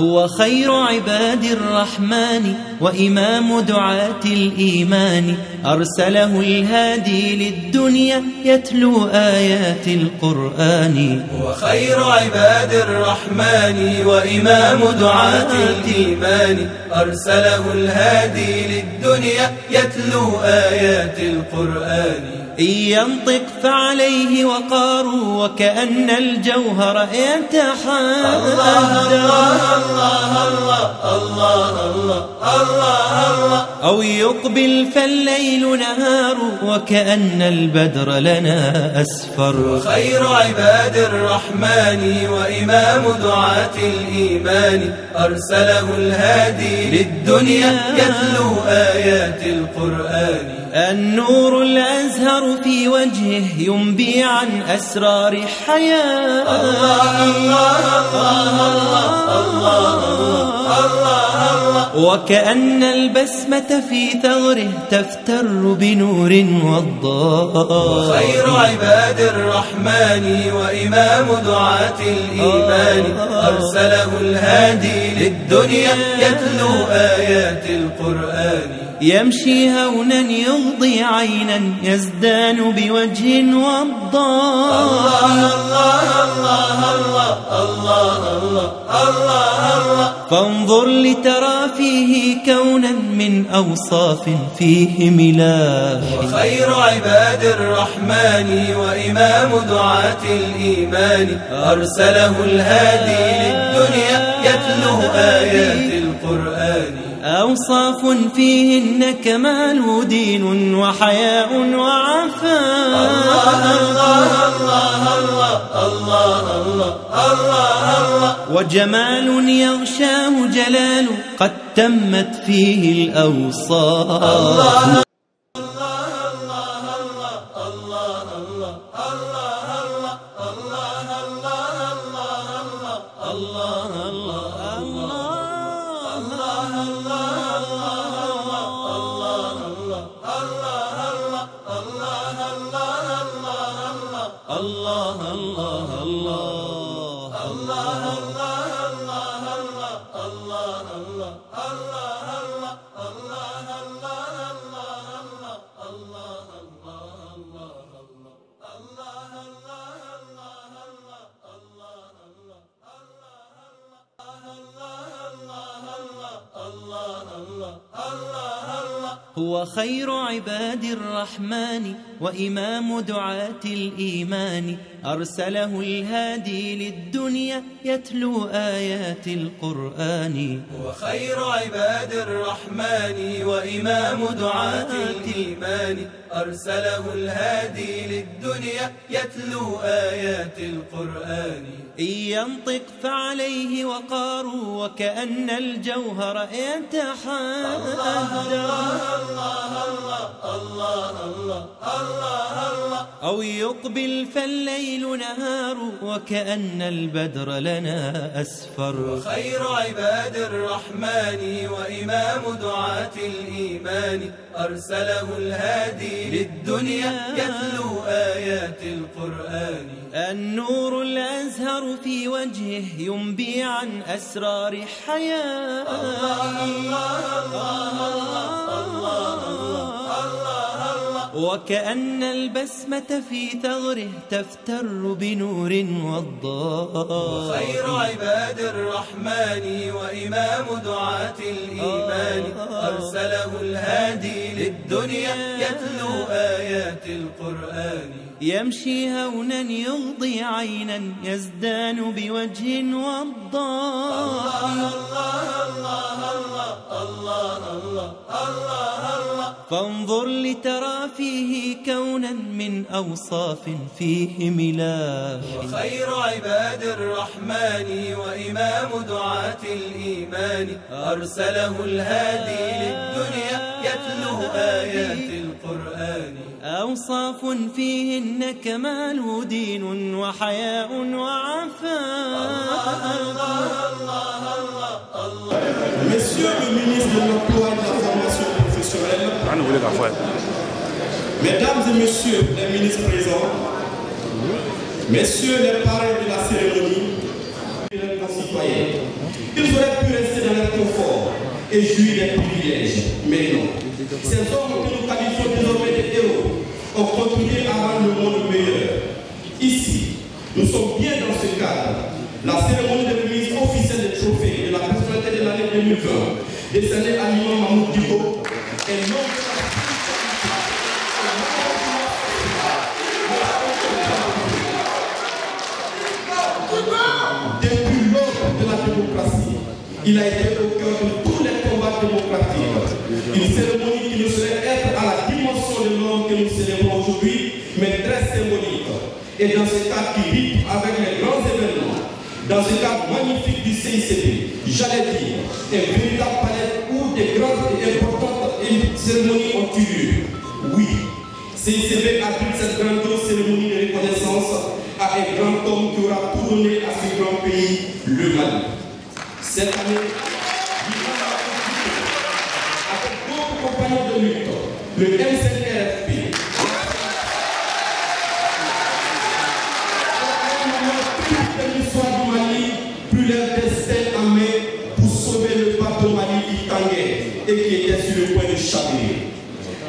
هو خير عباد الرحمن وإمام دعاة الإيمان أرسله الهادي للدنيا يتلو آيات القرآن هو خير عباد الرحمن وإمام دعاة الإيمان أرسله الهادي للدنيا يتلو آيات القرآن إن ينطق فعليه وقار وكأن الجوهر يتحدى الله الله الله الله الله الله الله أو يقبل فالليل نهار وكأن البدر لنا أسفر وخير عباد الرحمن وإمام دعاة الإيمان أرسله الهادي للدنيا يتلو آيات القرآن النور الأزهر في وجهه ينبي عن أسرار الحياة الله الله الله الله الله الله وكأن البسمة في ثغره تفتر بنور وضاء خير عباد الرحمن وإمام دعاة الإيمان أرسله الهادي للدنيا يتلو آيات القرآن يمشي هونا يغضي عينا يزدان بوجه وضاء الله الله الله الله الله الله الله الله فانظر لترى فيه كونا من أوصاف فيه ملاح وخير عباد الرحمن وإمام دعاة الإيمان أرسله الهادي للدنيا يتلو آيات القرآن أوصاف فيهن كمال ودين وحياء وعفاء الله الله الله الله الله الله الله الله وجمال يغشاه جلال قد تمت فيه الأوصاف الله وهو خير عباد الرحمن وإمام دعاة الإيمان أرسله الهادي للدنيا يتلو آيات القرآن هو خير عباد الرحمن وإمام دعاة الإيمان أرسله الهادي للدنيا يتلو آيات القرآن إن ينطق فعليه وقار وكأن الجوهر يتحدى الله الله الله الله الله الله الله أو يقبل فالليل نهار وكأن البدر لنا أسفر وخير عباد الرحمن وإمام دعاة الإيمان أرسله الهادي للدنيا يتلو آيات القرآن النور الأزهر في وجهه ينبي عن أسرار حياة الله الله الله الله الله الله وكأن البسمة في ثغره تفتر بنور وضاء خير عباد الرحمن وإمام دعاة الإيمان أرسله الهادي للدنيا يتلو آيات القرآن يمشي هونا يغضي عينا يزدان بوجه وضاء الله الله الله الله الله الله الله الله فانظر لترى فيه كونا من أوصاف فيه ملاح وخير عباد الرحمن وإمام دعاة الإيمان أرسله الهادي للدنيا يتلو آيات القرآن أوصاف فيهن كمال ودين وحياء وعفاء الله الله الله الله Monsieur le ministre de l'Emploi et de la Formation professionnelle, Mesdames et Messieurs les ministres présents, Messieurs les parrains de la cérémonie, les concitoyens, ils auraient pu rester dans leur confort et jouir des privilèges, mais non. Ces hommes que nous qualifions désormais de héros ont contribué à rendre le monde meilleur. Ici, nous sommes bien dans ce cadre. La cérémonie de remise officielle des trophées de la personnalité de l'année 2020, décernée à l'imam Mahmoud Dibo, est non Depuis lors de la démocratie, il a été au cœur de démocratique. Une cérémonie qui ne serait être à la dimension de l'homme que nous célébrons aujourd'hui, mais très symbolique. Et dans cet cadre qui vit avec les grands événements, dans un cadre magnifique du CICB, j'allais dire, un véritable palais où des grandes et importantes cérémonies ont eu lieu. Oui, a pris cette grande cérémonie de reconnaissance à un grand homme qui aura couronné à ce grand pays, le Mali. Cette année, de de le l'histoire le Mali, Plus leur destin en main pour sauver le de Mali qui tanguait et qui était sur le point de chavirer.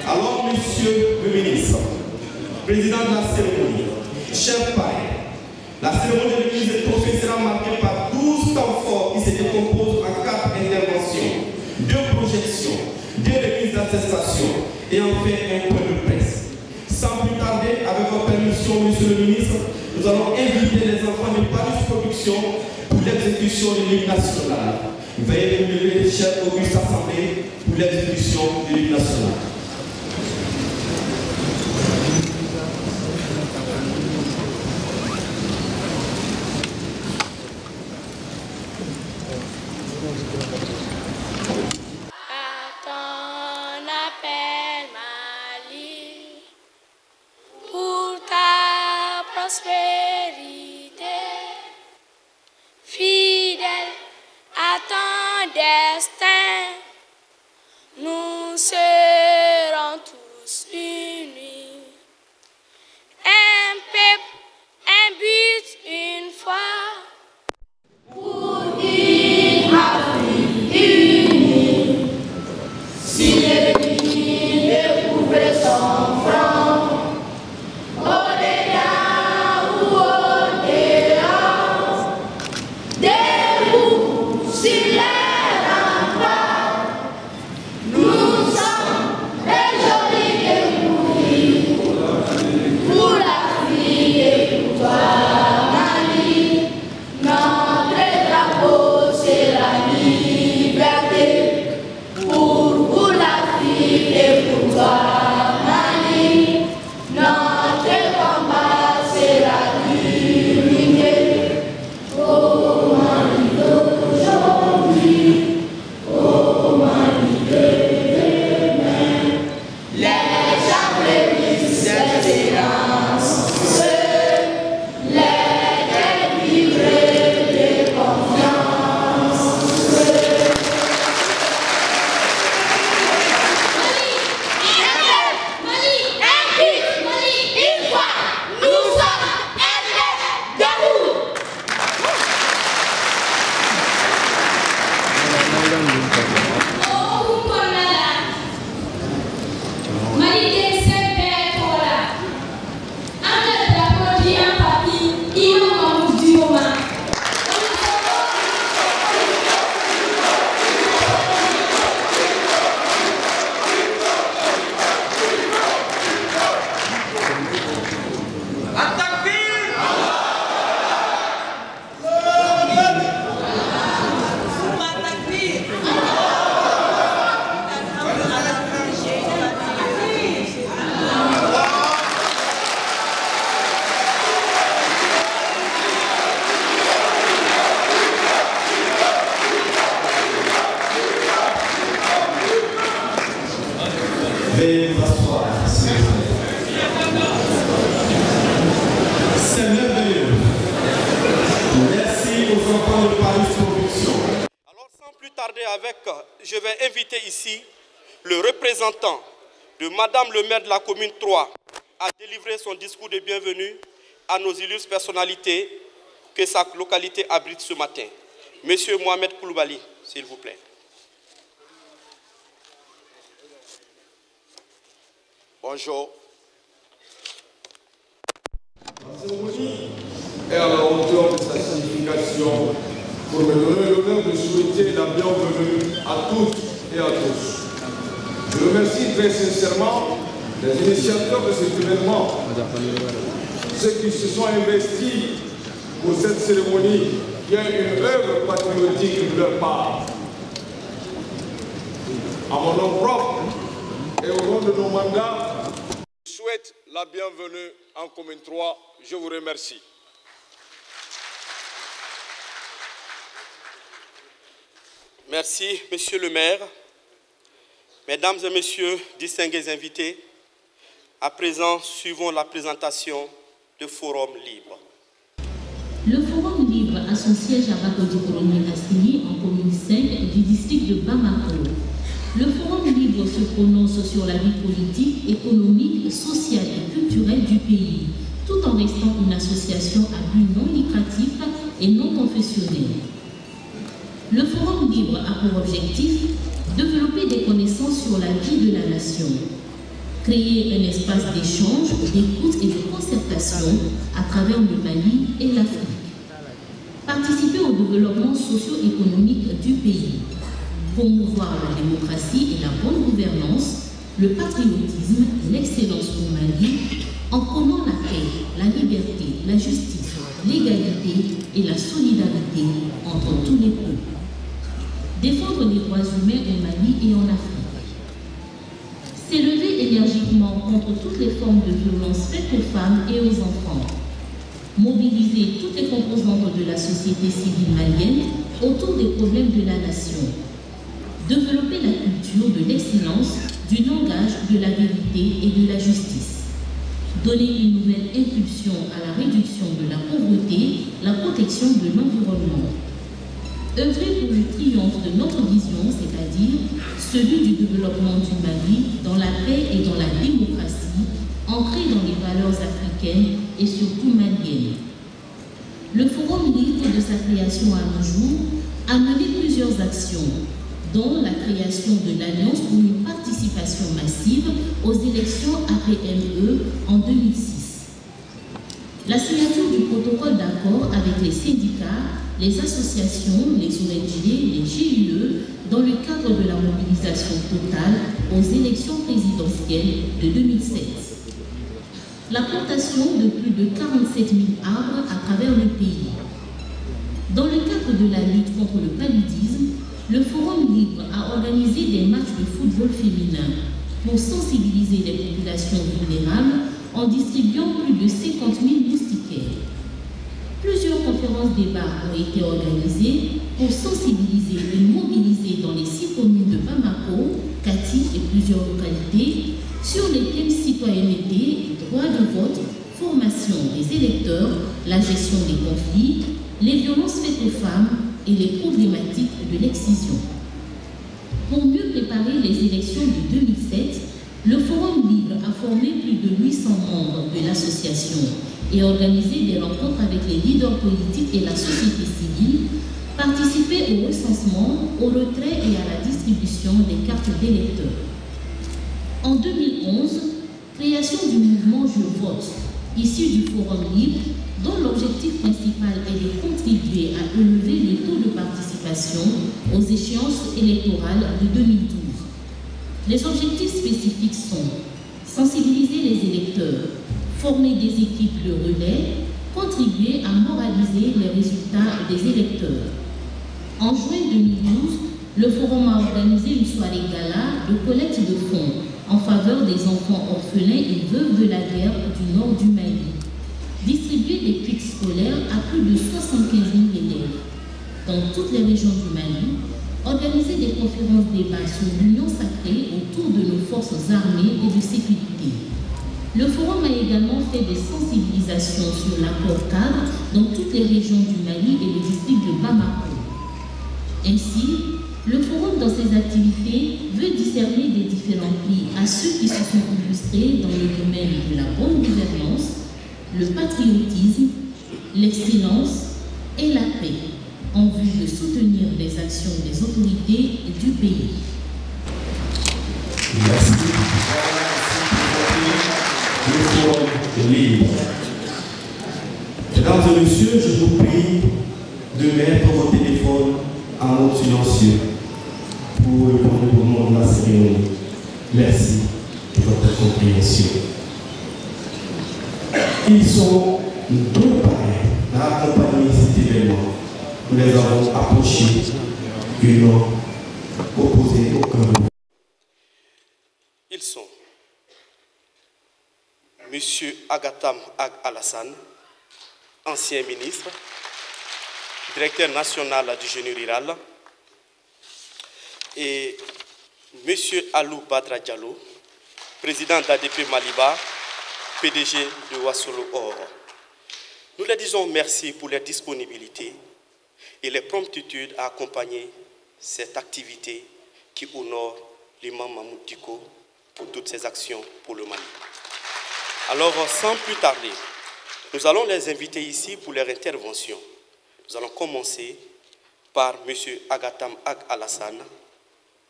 Alors, monsieur le ministre, président de la cérémonie, chef paille, la cérémonie de l'église est trophée sera marquée par 12 temps forts qui s'étaient des remises d'attestation et enfin un point de presse. Sans plus tarder, avec votre permission, Monsieur le ministre, nous allons inviter les enfants de Paris Production pour l'exécution de l'île national. Veuillez lever les chefs Auguste Assemblée pour l'exécution de lignes national. este, no sé. Madame le maire de la commune 3 a délivré son discours de bienvenue à nos illustres personnalités que sa localité abrite ce matin. Monsieur Mohamed Kouloubali, s'il vous plaît. Bonjour. Et à la hauteur de sa signification pour me donner de souhaiter la bienvenue à toutes et à tous. Je remercie très sincèrement les initiateurs de cet événement, ceux qui se sont investis pour cette cérémonie qui est une œuvre patriotique de leur part. À mon nom propre et au nom de nos mandats, je souhaite la bienvenue en Commune 3. Je vous remercie. Merci, Monsieur le maire. Mesdames et messieurs, distingués invités, à présent, suivons la présentation de Forum Libre. Le Forum Libre a son siège à Bakodikoroné-Castini, en commune 5 du district de Bamako. Le Forum Libre se prononce sur la vie politique, économique, sociale et culturelle du pays, tout en restant une association à but non lucratif et non confessionnel. Le Forum Libre a pour objectif développer des connaissances sur la vie de la nation, créer un espace d'échange, d'écoute et de concertation à travers le Mali et l'Afrique, participer au développement socio-économique du pays, promouvoir la démocratie et la bonne gouvernance, le patriotisme, et l'excellence au Mali, en prônant la paix, la liberté, la justice, l'égalité et la solidarité entre tous les peuples défendre les droits humains en Mali et en Afrique. S'élever énergiquement contre toutes les formes de violence faites aux femmes et aux enfants. Mobiliser toutes les composantes de la société civile malienne autour des problèmes de la nation. Développer la culture de l'excellence, du langage, de la vérité et de la justice donner une nouvelle impulsion à la réduction de la pauvreté, la protection de l'environnement œuvrer pour le triomphe de notre vision, c'est-à-dire celui du développement du Mali dans la paix et dans la démocratie, ancré dans les valeurs africaines et surtout maliennes. Le Forum livre de sa création à nos jours a mené plusieurs actions, dont la création de l'Alliance pour une participation massive aux élections APME en 2006. La signature du protocole d'accord avec les syndicats les associations, les ONG, les GUE, dans le cadre de la mobilisation totale aux élections présidentielles de 2007. La plantation de plus de 47 000 arbres à travers le pays. Dans le cadre de la lutte contre le paludisme, le Forum Libre a organisé des matchs de football féminin pour sensibiliser les populations vulnérables en distribuant plus de 50 000 moustiquaires plusieurs conférences débats ont été organisées pour sensibiliser et mobiliser dans les six communes de Bamako, Kati et plusieurs localités sur les thèmes citoyenneté, droit de vote, formation des électeurs, la gestion des conflits, les violences faites aux femmes et les problématiques de l'excision. Pour mieux préparer les élections de 2007, le Forum Libre a formé plus de 800 membres de l'association et organiser des rencontres avec les leaders politiques et la société civile, participer au recensement, au retrait et à la distribution des cartes d'électeurs. En 2011, création du mouvement Je vote, issu du Forum libre, dont l'objectif principal est de contribuer à élever les taux de participation aux échéances électorales de 2012. Les objectifs spécifiques sont sensibiliser les électeurs, former des équipes de relais, contribuer à moraliser les résultats des électeurs. En juin 2012, le forum a organisé une soirée gala de collecte de fonds en faveur des enfants orphelins et veuves de la guerre du nord du Mali. Distribuer des kits scolaires à plus de 75 000 élèves dans toutes les régions du Mali, organiser des conférences débats sur l'union sacrée autour de nos forces armées et de sécurité. Le forum a également fait des sensibilisations sur l'accord cadre dans toutes les régions du Mali et le district de Bamako. Ainsi, le forum dans ses activités veut discerner des différents pays à ceux qui se sont illustrés dans le domaine de la bonne gouvernance, le patriotisme, l'excellence et la paix en vue de soutenir les actions des autorités du pays. Mesdames et messieurs, je vous prie de mettre vos téléphones en mode silencieux pour répondre au nom de la cérémonie. Merci de votre compréhension. Ils sont deux parrains à accompagner cet événement. Nous les avons approchés nous n'ont opposé aucun M. Agatam Ag Alassane, ancien ministre, directeur national du génie rural, et M. Alou Badra Diallo, président d'ADP Maliba, PDG de Wassolo Or. Nous leur disons merci pour leur disponibilité et leur promptitude à accompagner cette activité qui honore l'imam Mahmoud Diko pour toutes ses actions pour le Mali. Alors, sans plus tarder, nous allons les inviter ici pour leur intervention. Nous allons commencer par M. Agatam Ag Alassane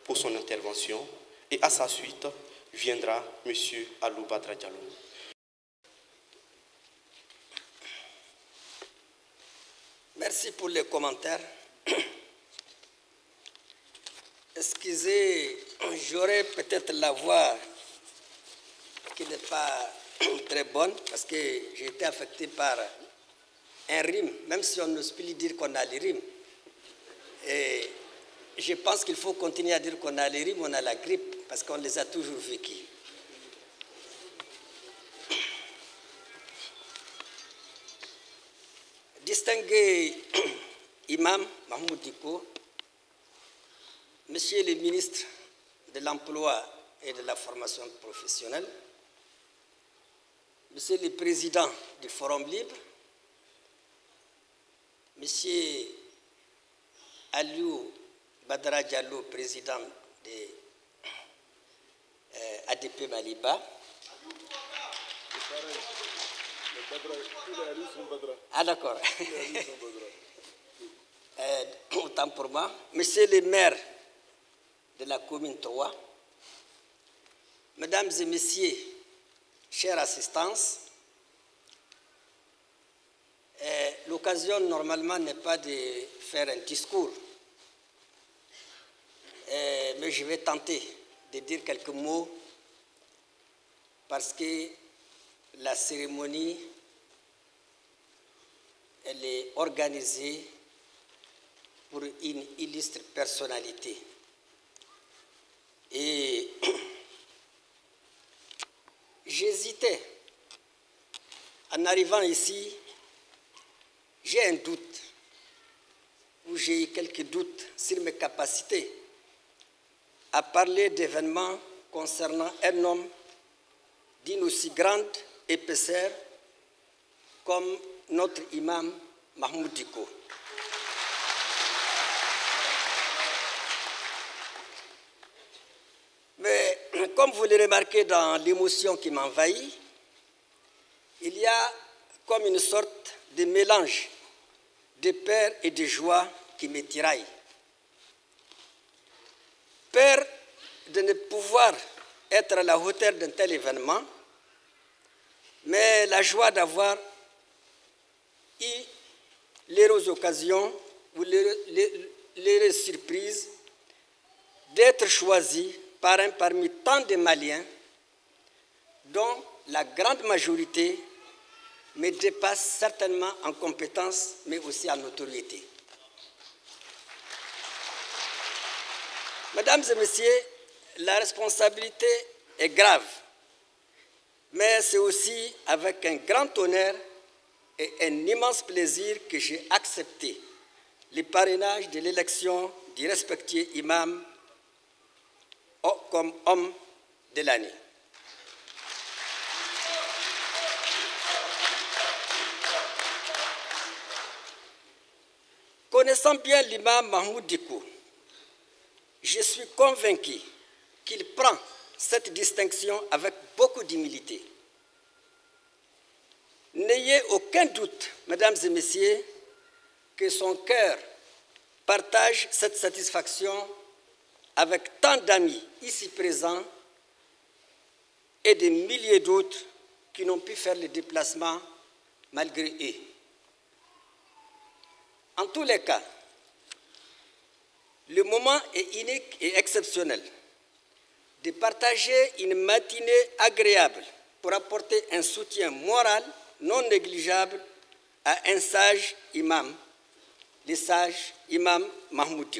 pour son intervention et à sa suite viendra M. Alou Badra Merci pour les commentaires. Excusez, j'aurais peut-être la voix qui n'est pas très bonne parce que j'ai été affecté par un rime, même si on n'ose plus dire qu'on a les rimes. Et je pense qu'il faut continuer à dire qu'on a les rimes, on a la grippe, parce qu'on les a toujours vécues. Distingué Imam Mahmoud Diko, Monsieur le ministre de l'Emploi et de la formation professionnelle, Monsieur le Président du Forum Libre, Monsieur Aliou Badra Diallo, président de euh, ADP Maliba. Ah d'accord. Euh, autant pour moi. Monsieur le maire de la commune 3, Mesdames et Messieurs, chère assistance, eh, l'occasion normalement n'est pas de faire un discours, eh, mais je vais tenter de dire quelques mots parce que la cérémonie, elle est organisée pour une illustre personnalité. Et j'hésitais. En arrivant ici, j'ai un doute, ou j'ai eu quelques doutes sur mes capacités à parler d'événements concernant un homme d'une aussi grande épaisseur comme notre imam Mahmoud Diko. comme vous le remarquez dans l'émotion qui m'envahit, il y a comme une sorte de mélange de peur et de joie qui me tiraille. Peur de ne pouvoir être à la hauteur d'un tel événement, mais la joie d'avoir eu les occasions ou les, surprise surprises d'être choisi par parmi tant de Maliens dont la grande majorité me dépasse certainement en compétence, mais aussi en notoriété. Mesdames et messieurs, la responsabilité est grave, mais c'est aussi avec un grand honneur et un immense plaisir que j'ai accepté le parrainage de l'élection du respectueux imam comme homme de l'année. Connaissant bien l'imam Mahmoud Dikou, je suis convaincu qu'il prend cette distinction avec beaucoup d'humilité. N'ayez aucun doute, mesdames et messieurs, que son cœur partage cette satisfaction avec tant d'amis ici présents et des milliers d'autres qui n'ont pu faire le déplacement malgré eux. En tous les cas, le moment est unique et exceptionnel de partager une matinée agréable pour apporter un soutien moral non négligeable à un sage imam, le sage imam Mahmoud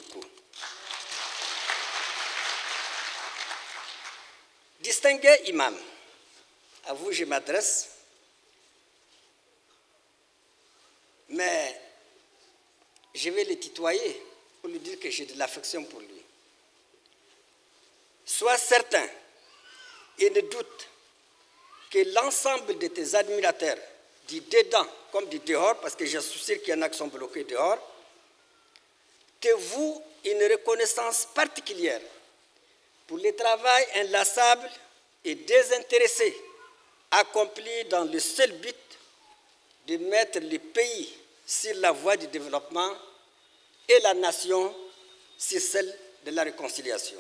Distingué imam, à vous je m'adresse, mais je vais le titoyer pour lui dire que j'ai de l'affection pour lui. Sois certain et ne doute que l'ensemble de tes admirateurs, du dedans comme du dehors, parce que j'ai suis sûr qu'il y en a qui sont bloqués dehors, te vous, une reconnaissance particulière pour le travail inlassable et désintéressé accompli dans le seul but de mettre le pays sur la voie du développement et la nation sur celle de la réconciliation.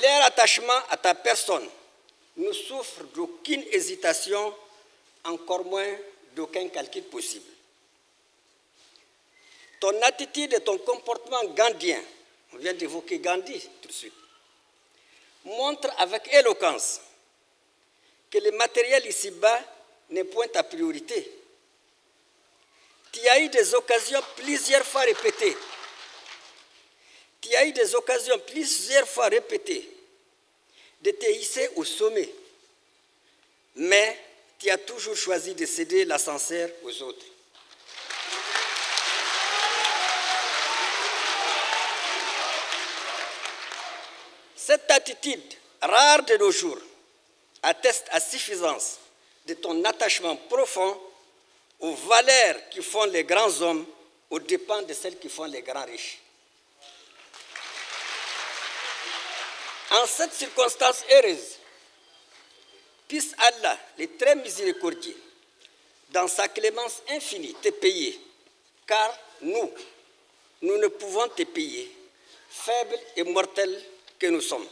Leur attachement à ta personne ne souffre d'aucune hésitation, encore moins d'aucun calcul possible ton attitude et ton comportement gandhien, on vient d'évoquer Gandhi tout de suite, montrent avec éloquence que le matériel ici-bas n'est point ta priorité. Tu as eu des occasions plusieurs fois répétées. Tu as eu des occasions plusieurs fois répétées de te hisser au sommet. Mais tu as toujours choisi de céder l'ascenseur aux autres. Cette attitude, rare de nos jours, atteste à suffisance de ton attachement profond aux valeurs qui font les grands hommes aux dépens de celles qui font les grands riches. En cette circonstance heureuse, puisse Allah, le très miséricordieux, dans sa clémence infinie, te payer, car nous, nous ne pouvons te payer, faibles et mortels que nous sommes.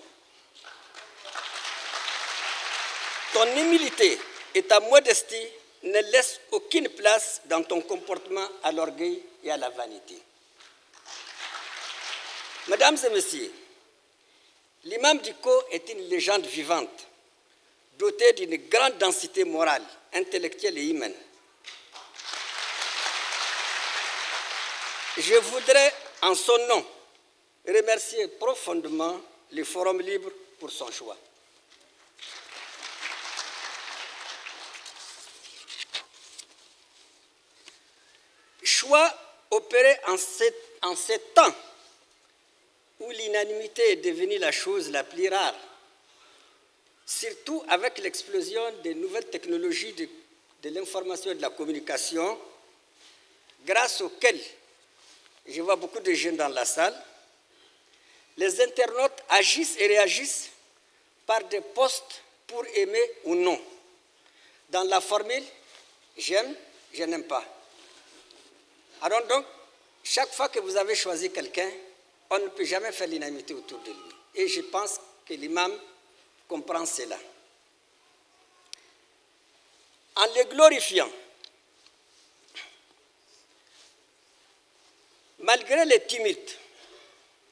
Ton humilité et ta modestie ne laissent aucune place dans ton comportement à l'orgueil et à la vanité. Mesdames et messieurs, l'imam Diko est une légende vivante, dotée d'une grande densité morale, intellectuelle et humaine. Je voudrais, en son nom, remercier profondément les forums libres pour son choix. Choix opéré en ces, en temps où l'unanimité est devenue la chose la plus rare, surtout avec l'explosion des nouvelles technologies de, de l'information et de la communication, grâce auxquelles je vois beaucoup de jeunes dans la salle, les internautes agissent et réagissent par des postes pour aimer ou non. Dans la formule, j'aime, je n'aime pas. Alors donc, chaque fois que vous avez choisi quelqu'un, on ne peut jamais faire l'unanimité autour de lui. Et je pense que l'imam comprend cela. En les glorifiant, malgré les timides,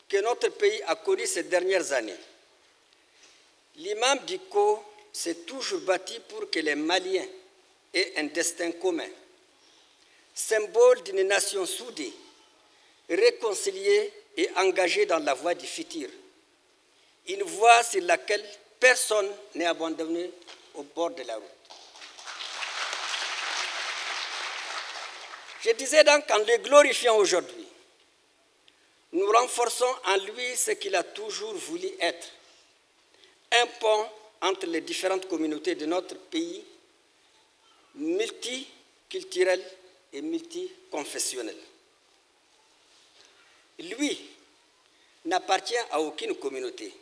que notre pays a connu ces dernières années. L'imam Diko s'est toujours bâti pour que les Maliens aient un destin commun, symbole d'une nation soudée, réconciliée et engagée dans la voie du futur, une voie sur laquelle personne n'est abandonné au bord de la route. Je disais donc en le glorifiant aujourd'hui nous renforçons en lui ce qu'il a toujours voulu être, un pont entre les différentes communautés de notre pays, multiculturel et multiconfessionnel. Lui n'appartient à aucune communauté.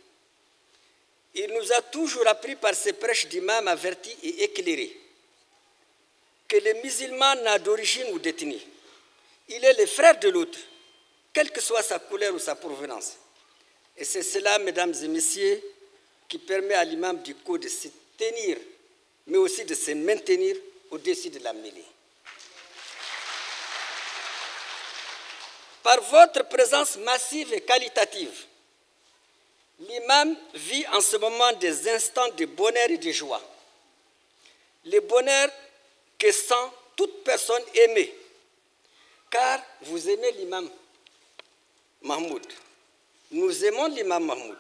Il nous a toujours appris par ses prêches d'imam avertis et éclairés que le musulman n'a d'origine ou d'ethnie. Il est le frère de l'autre quelle que soit sa couleur ou sa provenance. Et c'est cela, mesdames et messieurs, qui permet à l'imam du coup de se tenir, mais aussi de se maintenir au-dessus de la mêlée. Par votre présence massive et qualitative, l'imam vit en ce moment des instants de bonheur et de joie. Le bonheur que sent toute personne aimée, car vous aimez l'imam Mahmoud. Nous aimons l'imam Mahmoud.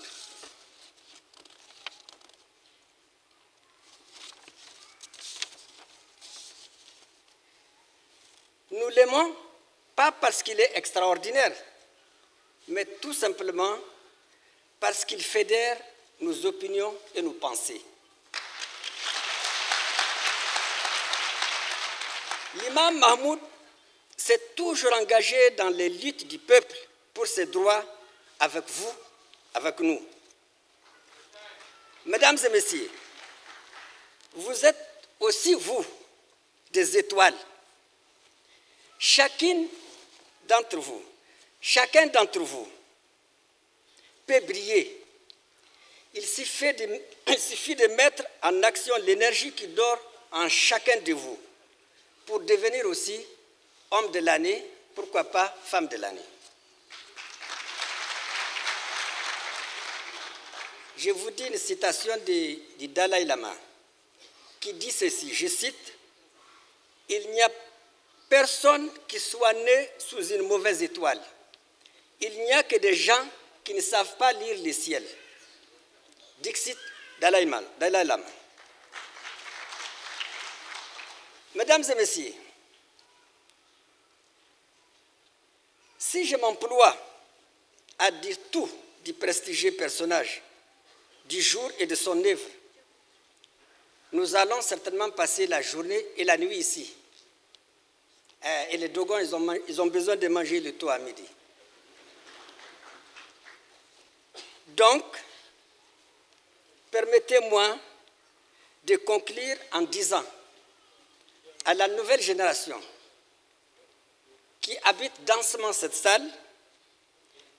Nous l'aimons pas parce qu'il est extraordinaire, mais tout simplement parce qu'il fédère nos opinions et nos pensées. L'imam Mahmoud s'est toujours engagé dans les luttes du peuple pour ses droits avec vous, avec nous. Mesdames et messieurs, vous êtes aussi, vous, des étoiles. Chacune d'entre vous, chacun d'entre vous peut briller. Il de, il suffit de mettre en action l'énergie qui dort en chacun de vous pour devenir aussi homme de l'année, pourquoi pas femme de l'année. Je vous dis une citation du, Dalai Lama qui dit ceci, je cite, Il n'y a personne qui soit né sous une mauvaise étoile. Il n'y a que des gens qui ne savent pas lire le ciel. Dixit Dalai Lama. Mesdames et messieurs, si je m'emploie à dire tout du prestigieux personnage du jour et de son œuvre. Nous allons certainement passer la journée et la nuit ici. Euh, et les Dogons, ils ont, besoin de manger le tout à midi. Donc, permettez-moi de conclure en disant à la nouvelle génération qui habite densement cette salle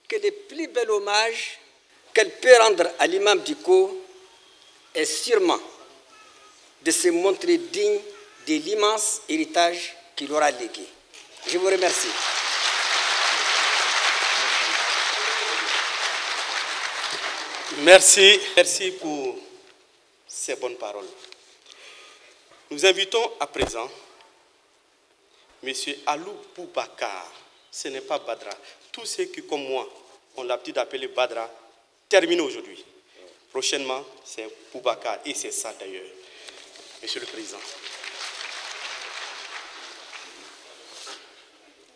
que le plus bel hommage qu'elle peut rendre à l'imam Diko est sûrement de se montrer digne de l'immense héritage qu'il aura légué. Je vous remercie. Merci, merci pour ces bonnes paroles. Nous invitons à présent M. Alou Boubacar, ce n'est pas Badra. Tous ceux qui, comme moi, ont l'habitude d'appeler Badra, terminé aujourd'hui. Prochainement, c'est Poubaka et c'est ça d'ailleurs. Monsieur le Président.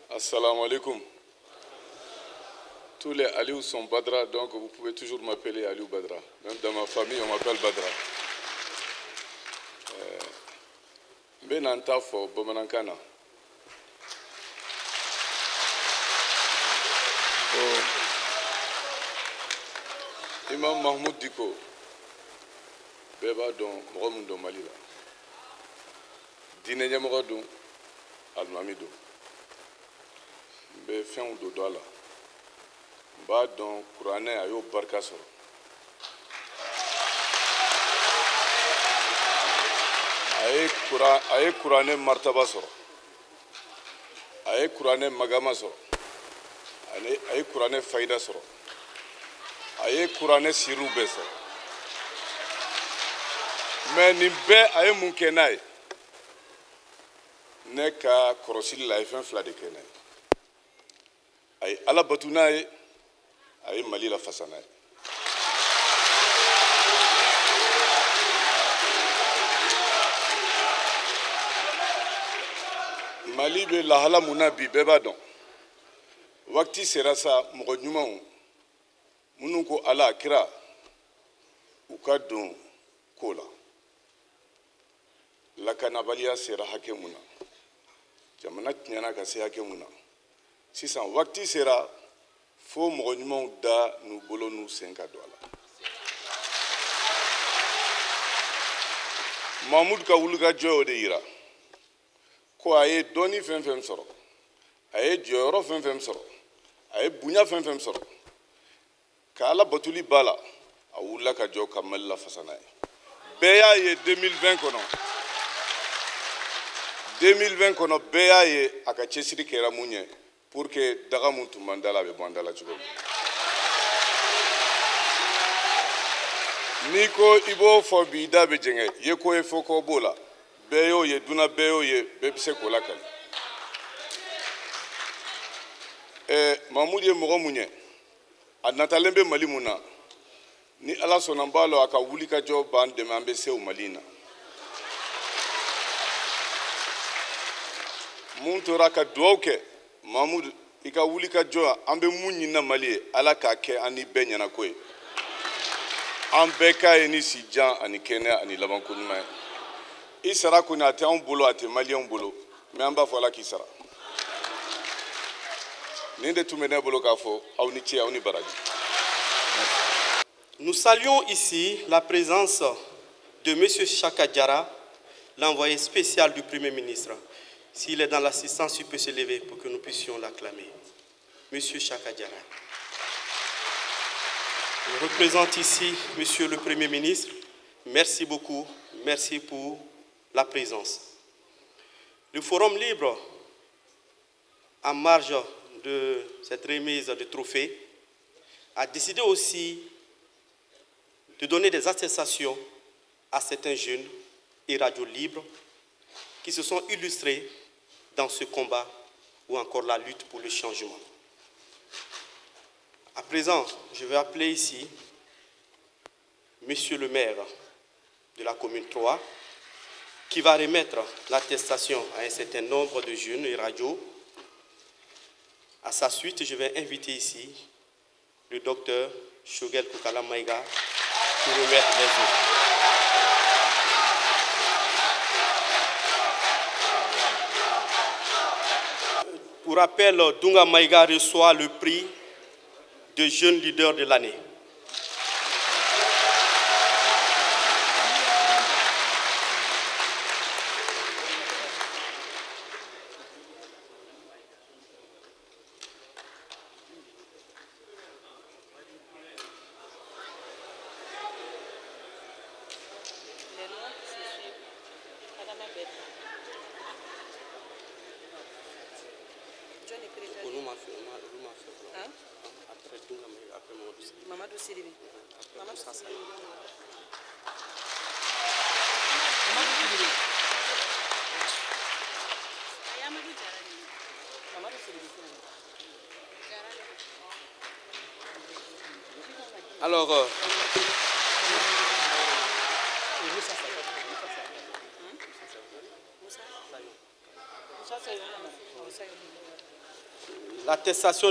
Assalamu alaikum. Tous les Aliou sont Badra, donc vous pouvez toujours m'appeler Aliou Badra. Même dans ma famille, on m'appelle Badra. Euh, Bomanankana. imam mahmud diko bɛɛ b'a dɔn mɔgɔ min dɔn mali la diinɛ ɲɛmɔgɔ don alimami don n bɛ fɛnw do dɔ a la n b'a dɔn kuranɛ a y'o barika sɔrɔ a ye kuranɛ maritaba sɔrɔ a ye kuranɛ magama sɔrɔ a ye kuranɛ fayida sɔrɔ a ye kuranɛ siriw bɛɛ sɔrɔ mɛ nin bɛɛ a ye mun kɛ n'a ye ne ka kɔrɔsili la a ye fɛn fila de kɛ n'a ye a ye ala bato n'a ye a ye mali lafasa n'a ye mali bɛ lahala mun na bi bɛɛ b'a dɔn wagati sera sa mɔgɔ ɲumanw minnu ko ala kira u ka don ko la lakanabaliya sera hakɛ mun na jamana tiɲɛna ka se hakɛ mun na sisan wakati sera fo mɔgɔ ɲumanw da n'u bolo n'u sen ka don a la mahamudu ka wulikajɔ y'o de yira ko a ye dɔɔni fɛn fɛn sɔrɔ a ye jɔyɔrɔ fɛn fɛn sɔrɔ a ye bonya fɛn fɛn sɔrɔ ka ala batuli b'a la a wulila ka jɔ ka mali lafasa n'a ye bɛɛ y'a ye 2020 kɔnɔ 2020 kɔnɔ bɛɛ y'a ye a ka cɛsiri kɛra mun ye pour que daga mun tun man da la a bɛ bɔ an da la cogo min n'i ko i b'o fɔ bi i da bɛ jɛngɛ ye ko ye fɔ kɔ b'o la bɛɛ y'o ye dunan bɛɛ y'o ye bɛɛ bɛ se k'o lakali ɛɛ mamudu ye mɔgɔ mun ye a natalen bɛ mali mun na ni ala sɔnna n b'a lɔ a ka wuli ka jɔ b'an dɛmɛ an bɛ se o mali in na mun tora ka duwawu kɛ mahamudu i ka wuli ka jɔ an bɛ mun ɲinina mali ye ala k'a kɛ an ni bɛɛ ɲɛnako ye an bɛɛ k'a ye ni sijan ani kɛnɛya ani labankoɲuman ye i sara kɔni a tɛ anw bolo a tɛ maliyɛnw bolo mɛ an b'a fɔ ala k'i sara Nous saluons ici la présence de M. Chakadjara, l'envoyé spécial du Premier ministre. S'il est dans l'assistance, il peut se lever pour que nous puissions l'acclamer. M. Chakadjara. Je représente ici Monsieur le Premier ministre. Merci beaucoup. Merci pour la présence. Le Forum libre, en marge de cette remise de trophée a décidé aussi de donner des attestations à certains jeunes et radios libres qui se sont illustrés dans ce combat ou encore la lutte pour le changement. À présent, je vais appeler ici Monsieur le maire de la commune 3 qui va remettre l'attestation à un certain nombre de jeunes et radios à sa suite, je vais inviter ici le docteur Shogel Koukala Maïga pour remettre les autres. Pour rappel, Dunga Maïga reçoit le prix de jeune leader de l'année.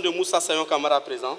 de Moussa Sayon Kamara présent,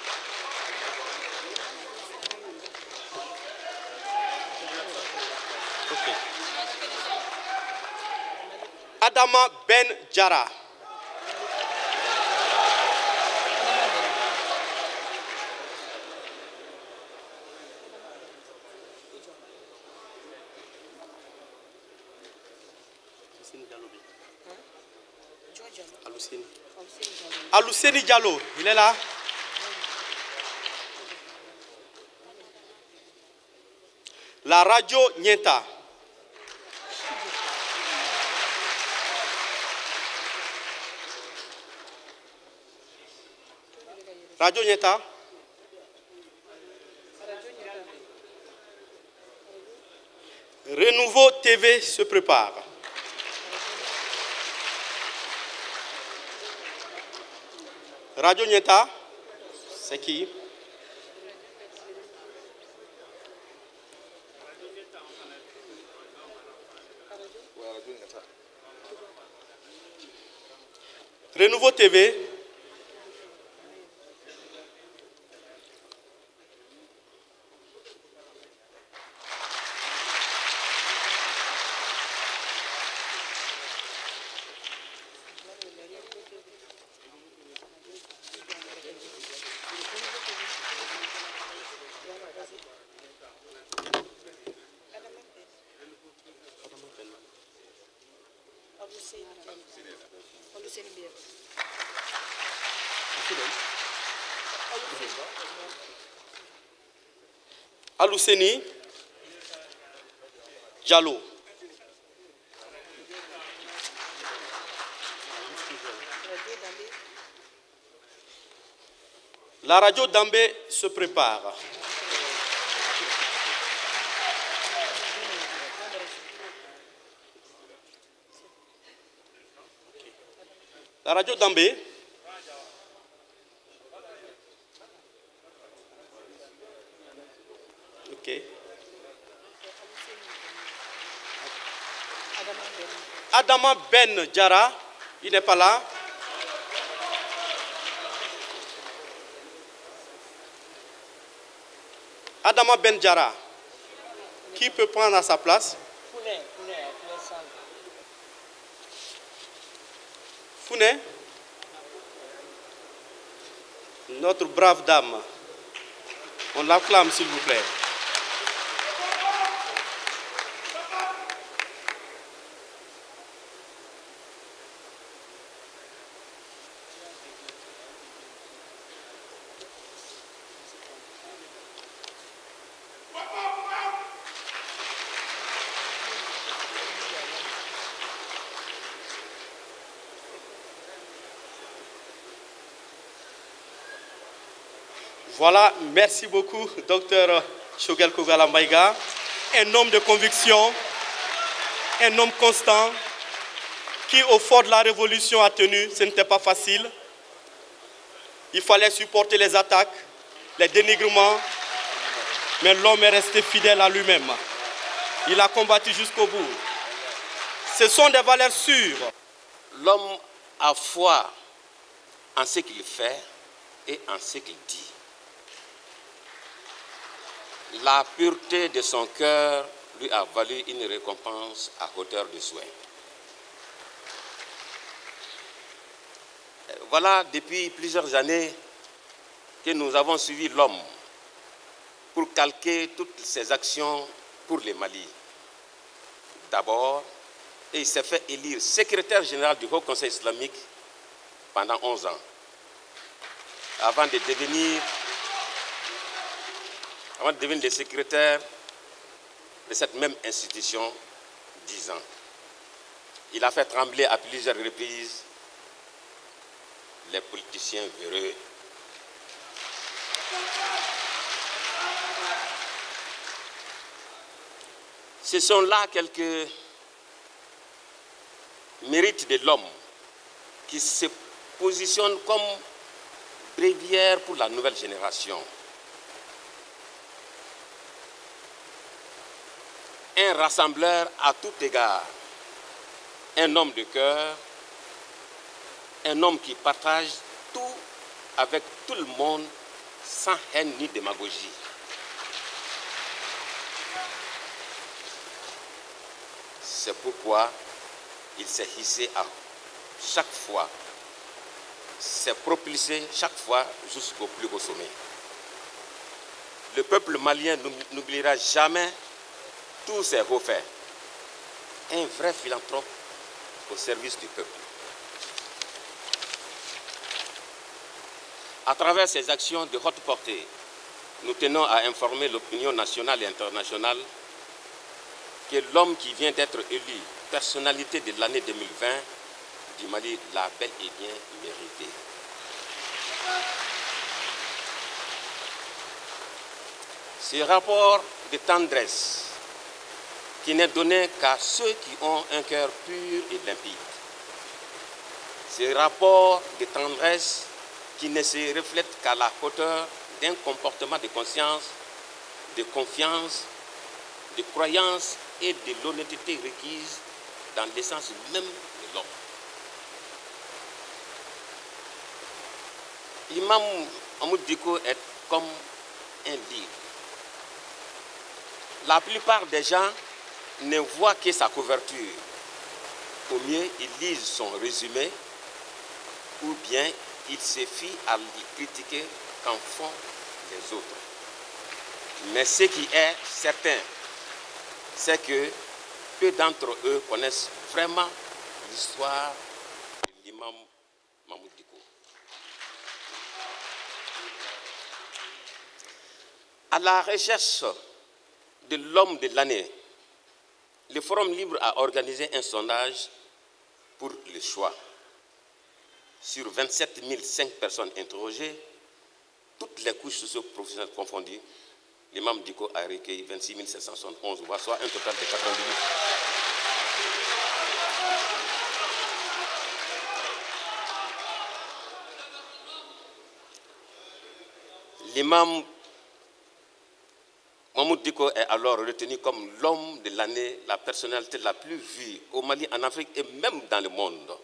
Ben Jara. Aluseni hein? Diallo, il est là. La radio Nieta. Radio Renouveau TV se prépare. Radio Nieta, c'est qui Renouveau TV La radio d'Ambé se prépare. La radio d'Ambé Adama Ben Djara, il n'est pas là. Adama Ben Benjara, qui peut prendre à sa place Founé, notre brave dame, on l'acclame s'il vous plaît. Voilà, merci beaucoup, docteur Shogel Kogala Un homme de conviction, un homme constant, qui au fort de la révolution a tenu, ce n'était pas facile. Il fallait supporter les attaques, les dénigrements, mais l'homme est resté fidèle à lui-même. Il a combattu jusqu'au bout. Ce sont des valeurs sûres. L'homme a foi en ce qu'il fait et en ce qu'il dit. La pureté de son cœur lui a valu une récompense à hauteur de soin. Voilà depuis plusieurs années que nous avons suivi l'homme pour calquer toutes ses actions pour les Mali. D'abord, il s'est fait élire secrétaire général du Haut Conseil islamique pendant 11 ans, avant de devenir avant de devenir le secrétaire de cette même institution, 10 ans. Il a fait trembler à plusieurs reprises les politiciens véreux. Ce sont là quelques mérites de l'homme qui se positionne comme bréviaire pour la nouvelle génération. un rassembleur à tout égard, un homme de cœur, un homme qui partage tout avec tout le monde sans haine ni démagogie. C'est pourquoi il s'est hissé à chaque fois, s'est propulsé chaque fois jusqu'au plus haut sommet. Le peuple malien n'oubliera jamais tous ces hauts faits. Un vrai philanthrope au service du peuple. À travers ces actions de haute portée, nous tenons à informer l'opinion nationale et internationale que l'homme qui vient d'être élu personnalité de l'année 2020 du Mali l'a bel et bien mérité. Ce rapport de tendresse qui n'est donné qu'à ceux qui ont un cœur pur et limpide. Ces rapport de tendresse qui ne se reflète qu'à la hauteur d'un comportement de conscience, de confiance, de croyance et de l'honnêteté requise dans l'essence même de l'homme. L'imam Amoud est comme un livre. La plupart des gens ne voit que sa couverture. Au mieux, il lisent son résumé ou bien il se fie à les critiquer qu'en font les autres. Mais ce qui est certain, c'est que peu d'entre eux connaissent vraiment l'histoire de l'imam Mamoudiko. À la recherche de l'homme de l'année, le Forum libre a organisé un sondage pour le choix. Sur 27 005 personnes interrogées, toutes les couches socio-professionnelles confondues, les membres du a recueilli 26 771 voix, soit un total de 98. Les membres Mahmoud Diko est alors retenu comme l'homme de l'année, la personnalité la plus vue au Mali, en Afrique et même dans le monde.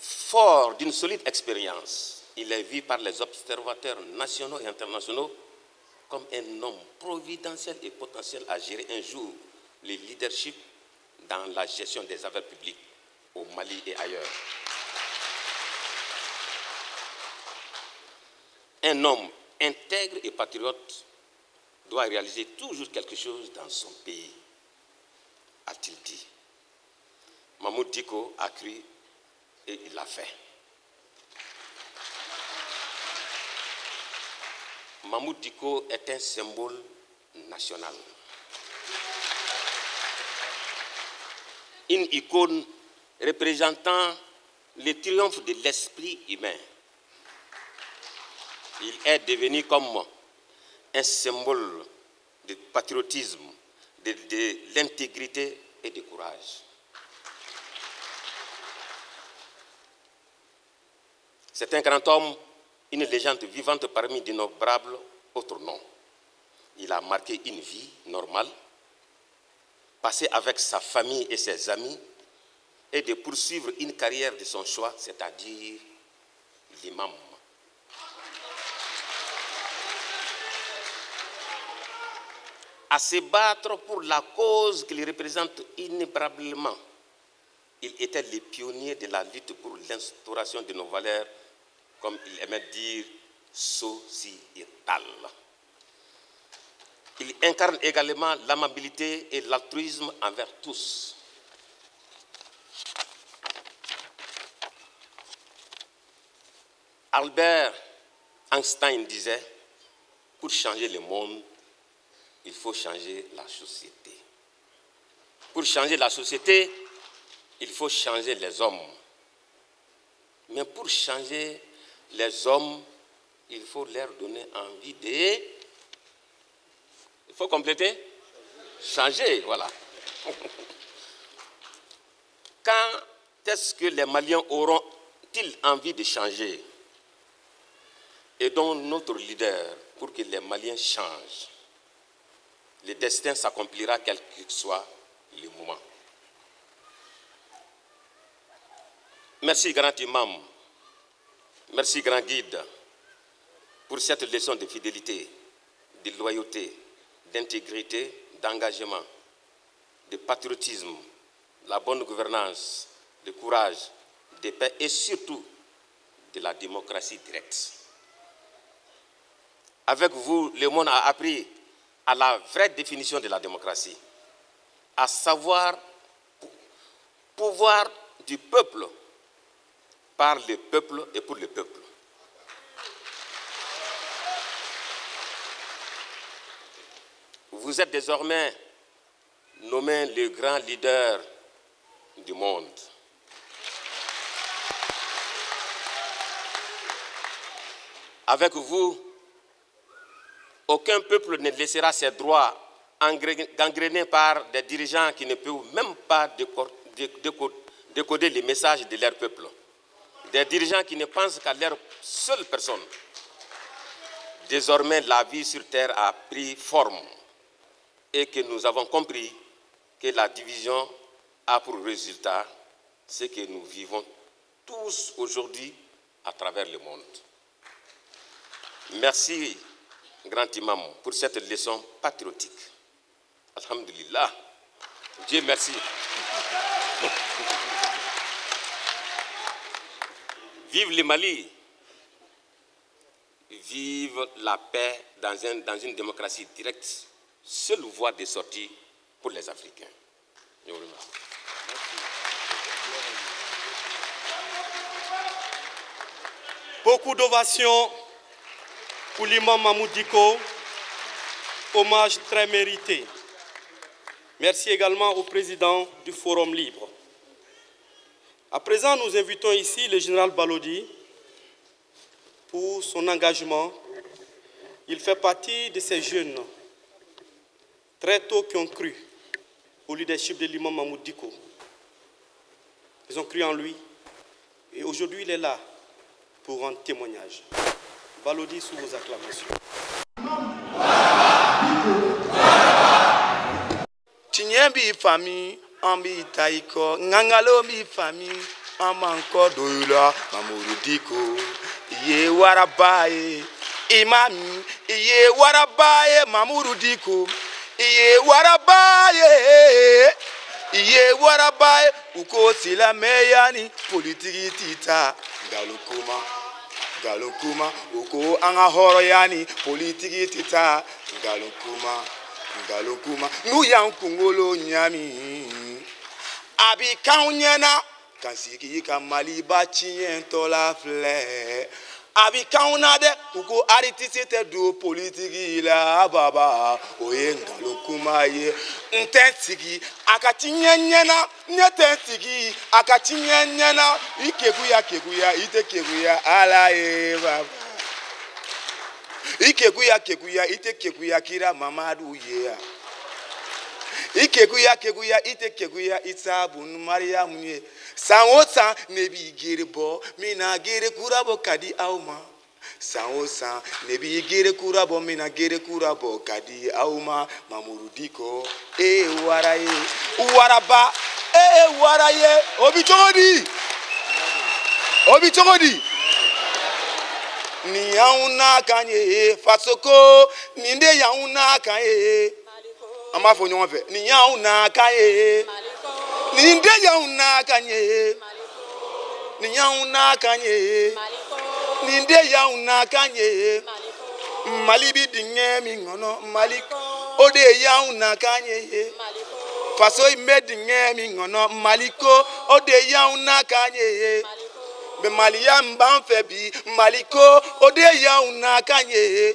Fort d'une solide expérience, il est vu par les observateurs nationaux et internationaux comme un homme providentiel et potentiel à gérer un jour le leadership dans la gestion des affaires publiques au Mali et ailleurs. Un homme intègre et patriote doit réaliser toujours quelque chose dans son pays, a-t-il dit. Mahmoud Diko a cru et il l'a fait. Mahmoud Diko est un symbole national. Une icône représentant le triomphe de l'esprit humain. Il est devenu comme un symbole de patriotisme, de, l'intégrité et du courage. C'est un grand homme, une légende vivante parmi d'innombrables autres noms. Il a marqué une vie normale, passée avec sa famille et ses amis, et de poursuivre une carrière de son choix, c'est-à-dire l'imam à se battre pour la cause qu'il représente inébranlablement. Il était le pionnier de la lutte pour l'instauration de nos valeurs, comme il aimait dire, Tal ». Il incarne également l'amabilité et l'altruisme envers tous. Albert Einstein disait, pour changer le monde, il faut changer la société. Pour changer la société, il faut changer les hommes. Mais pour changer les hommes, il faut leur donner envie de... Il faut compléter Changer, voilà. Quand est-ce que les Maliens auront-ils envie de changer Et donc notre leader pour que les Maliens changent le destin s'accomplira quel que soit le moment. Merci grand imam, merci grand guide pour cette leçon de fidélité, de loyauté, d'intégrité, d'engagement, de patriotisme, la bonne gouvernance, de courage, de paix et surtout de la démocratie directe. Avec vous, le monde a appris à la vraie définition de la démocratie, à savoir pouvoir du peuple par le peuple et pour le peuple. Vous êtes désormais nommé le grand leader du monde. Avec vous, aucun peuple ne laissera ses droits gangrénés par des dirigeants qui ne peuvent même pas décoder les messages de leur peuple. Des dirigeants qui ne pensent qu'à leur seule personne. Désormais, la vie sur Terre a pris forme et que nous avons compris que la division a pour résultat ce que nous vivons tous aujourd'hui à travers le monde. Merci grand imam, pour cette leçon patriotique. Alhamdulillah. Dieu merci. Vive le Mali. Vive la paix dans, une démocratie directe. Seule voie de sortie pour les Africains. Beaucoup d'ovations. Pour l'imam Mamoudiko, hommage très mérité. Merci également au président du Forum Libre. À présent, nous invitons ici le général Balodi pour son engagement. Il fait partie de ces jeunes très tôt qui ont cru au leadership de l'imam Mamoudiko. Ils ont cru en lui et aujourd'hui il est là pour un témoignage. Balodi sous vos acclamations. Tiɲɛ b'i faamu an b'i ta i kɔ ŋaŋalo b'i faamu an b'an kɔ don i la mamuru diko i ye waraba ye i ma min i ye waraba ye mamuru diko i ye waraba ye. iye waraba ye u ko silamɛya ni politiki ti ta nkalon ko ma. ngalon kuma oko an ka hɔrɔnya ni politiki tɛ taa ngalon kuma ngalon kuma n'u y'an kunkolo ɲami a bi k'anw ɲɛna ka sigi ka maliba tiɲɛtɔla filɛ. abi kan na dɛ u aritisi tɛ politiki la baba o ye nkalon kuma ye n tɛ n sigi a ka ci ɲɛ ɲɛna ne tɛ sigi a ka ci ɲɛ ɲɛna i keguya keguya i tɛ keguya ala ye baba i keguya keguya i tɛ keguya kira mamadu ye yan. ikegu ya kegu ya itekegu ya itsaabu mari ya munye sanwosa nebi igere bo mina gere kura kurabo kadi auma san nebi igere kura kurabo mina gere kura kurabo kadi auma mamurudiko e waraye ba e waraye obi chogodi obi chogodi ni yanwu n'aka nye fasoko ni nde yanwu n'aka ye an b'a fɔ ɲɔgɔn fɛ nin y'anw naka ye nin y'anw nin y'anw nin y'anw mali bi dingɛ min kɔnɔ mali o de y'anw faso in bɛ dingɛ min kɔnɔ mali ko o de y'anw maliya n e.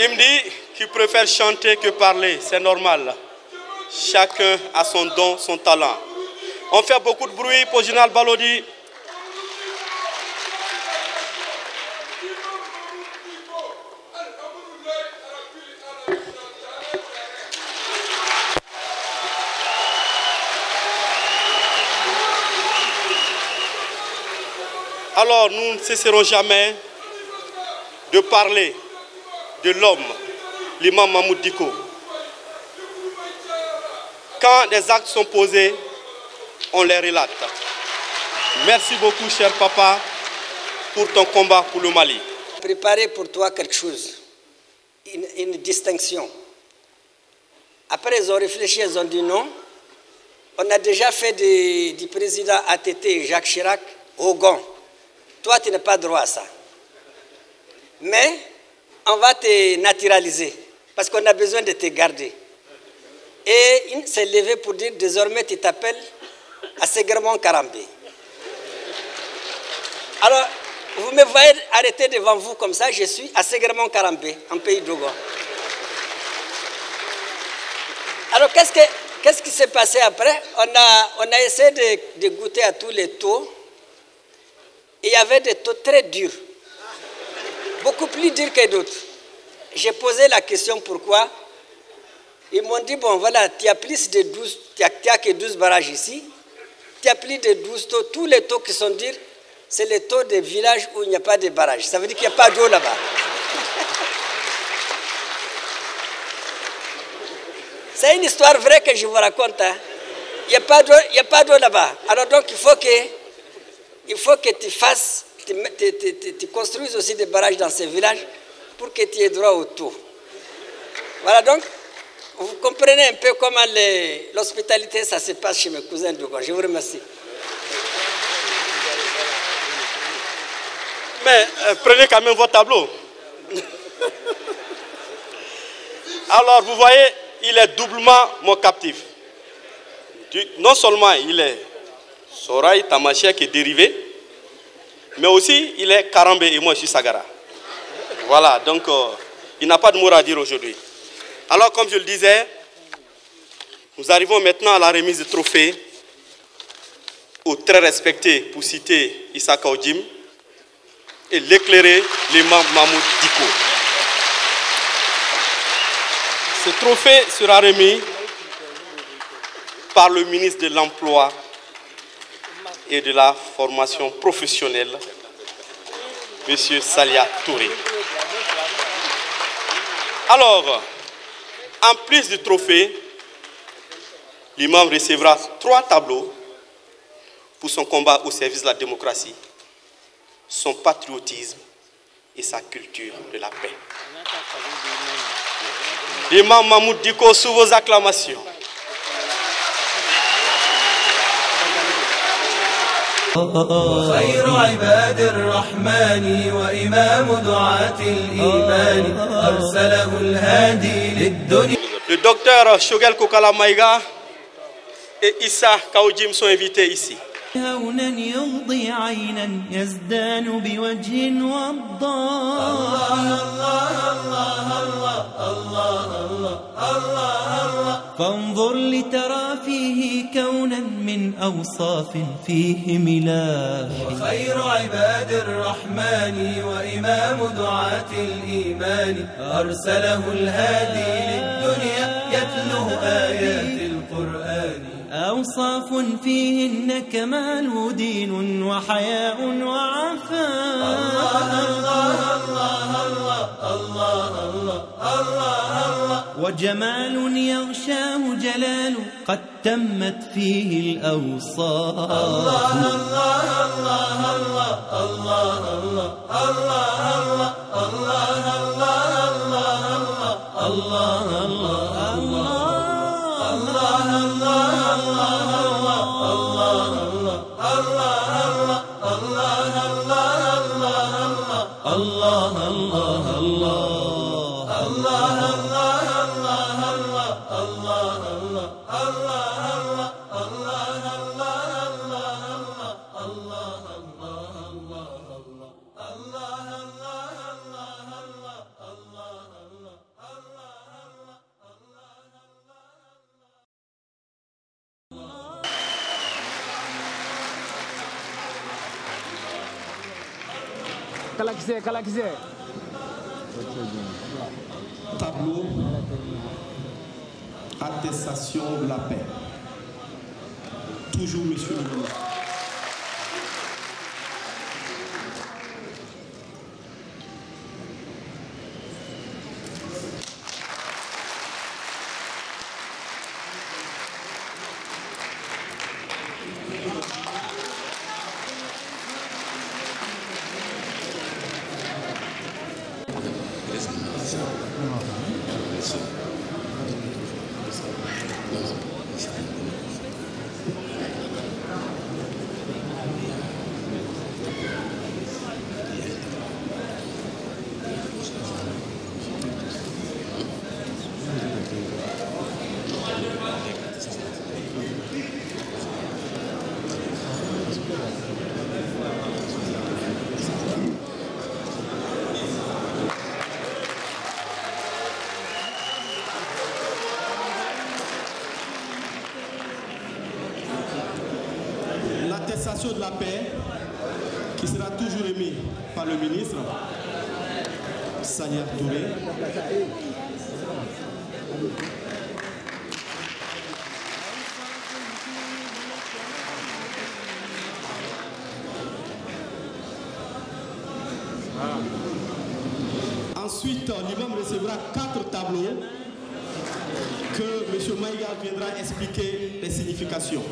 Il me dit qu'il préfère chanter que parler, c'est normal. Chacun a son don, son talent. On fait beaucoup de bruit pour Général Balodi. Alors, nous ne cesserons jamais de parler de l'homme, l'imam Mahmoud Diko. Quand des actes sont posés, on les relate. Merci beaucoup, cher papa, pour ton combat pour le Mali. Préparer pour toi quelque chose, une, distinction. Après, ils ont réfléchi, ils ont dit non. On a déjà fait du, président ATT Jacques Chirac au gant. Toi, tu n'as pas droit à ça. Mais on va te naturaliser parce qu'on a besoin de te garder. Et il s'est levé pour dire désormais tu t'appelles Assegremon Karambé. Alors, vous me voyez arrêter devant vous comme ça, je suis Assegremon Karambé, en pays d'Ogon. Alors, qu'est-ce, que, qui s'est passé après on a, on a essayé de, de goûter à tous les taux. Il y avait des taux très durs beaucoup plus dur que d'autres. J'ai posé la question pourquoi. Ils m'ont dit, bon voilà, tu as plus de 12, que 12 barrages ici, tu as plus de 12 taux, tous les taux qui sont durs, c'est les taux des villages où il n'y a pas de barrage. Ça veut dire qu'il n'y a pas d'eau là-bas. c'est une histoire vraie que je vous raconte. Hein. Il n'y a pas d'eau là-bas. Alors donc il faut que, il faut que tu fasses tu, construis aussi des barrages dans ces villages pour que tu aies droit au tout. Voilà donc, vous comprenez un peu comment l'hospitalité, ça se passe chez mes cousins du Je vous remercie. Mais euh, prenez quand même vos tableaux. Alors, vous voyez, il est doublement mon captif. Non seulement il est Soraï qui est dérivé, mais aussi, il est Karambe et moi, je suis Sagara. Voilà, donc euh, il n'a pas de mots à dire aujourd'hui. Alors, comme je le disais, nous arrivons maintenant à la remise de trophée au très respecté, pour citer Issa Kaudjim, et l'éclairé, les Mahmoud Diko. Ce trophée sera remis par le ministre de l'Emploi et de la formation professionnelle, M. Salia Touré. Alors, en plus du trophée, l'imam recevra trois tableaux pour son combat au service de la démocratie, son patriotisme et sa culture de la paix. L'imam Mahmoud Diko, sous vos acclamations. خير عباد الرحمن وإمام دعاة الإيمان أرسله الهادي للدنيا Le docteur Shogel Kokalamaiga et Issa Kaojim sont invités ici. هونا يغضي عينا يزدان بوجه وضاء الله الله الله الله الله الله الله الله فانظر لترى فيه كونا من أوصاف فيه ملاح وخير عباد الرحمن وإمام دعاة الإيمان أرسله الهادي للدنيا يتلو آيات القرآن أوصاف فيهن كمال دين وحياء وعفاء الله الله الله الله الله الله الله وجمال يغشاه جلال قد تمت فيه الأوصاف الله الله الله الله الله الله tableau attestation de la paix toujours monsieur le ministre ton recevra quatre tableaux que M. Maïga viendra expliquer les significations.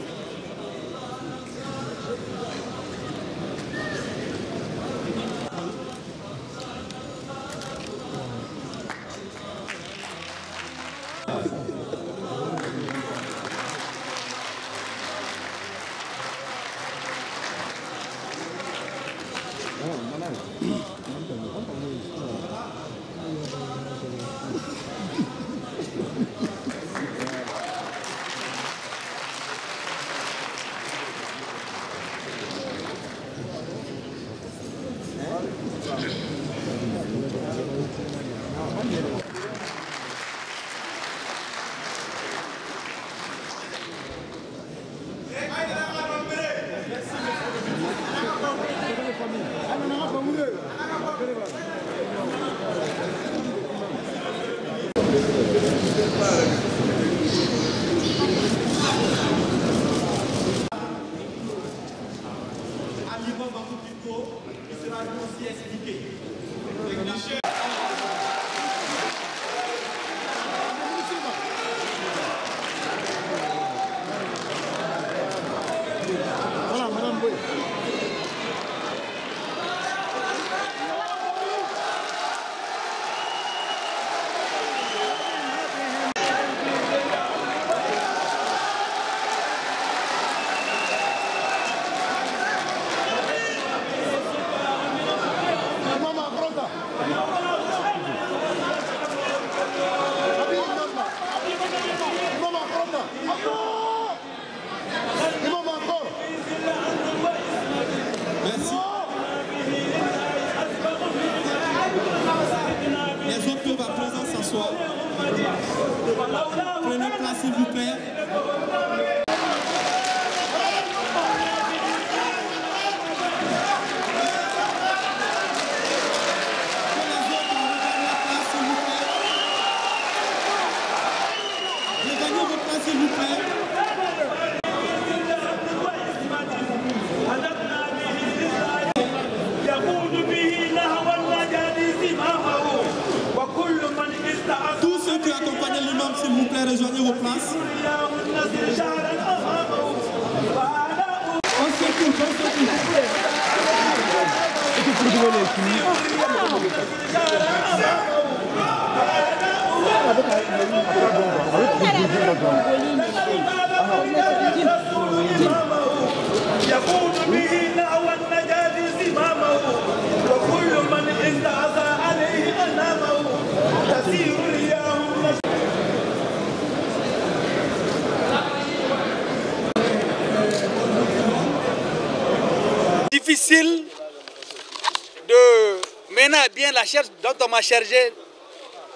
m'a chargé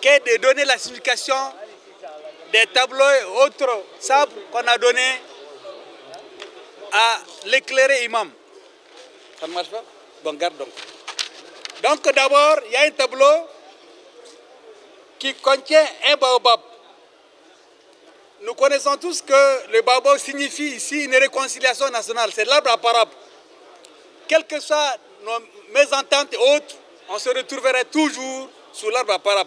que de donner la signification des tableaux et autres sables qu'on a donné à l'éclairé imam. Ça ne marche pas Bon, garde donc. Donc d'abord, il y a un tableau qui contient un baobab. Nous connaissons tous que le baobab signifie ici une réconciliation nationale. C'est l'arbre à parable. Quelles que soient nos mésententes et autres, on se retrouverait toujours sous l'arbre à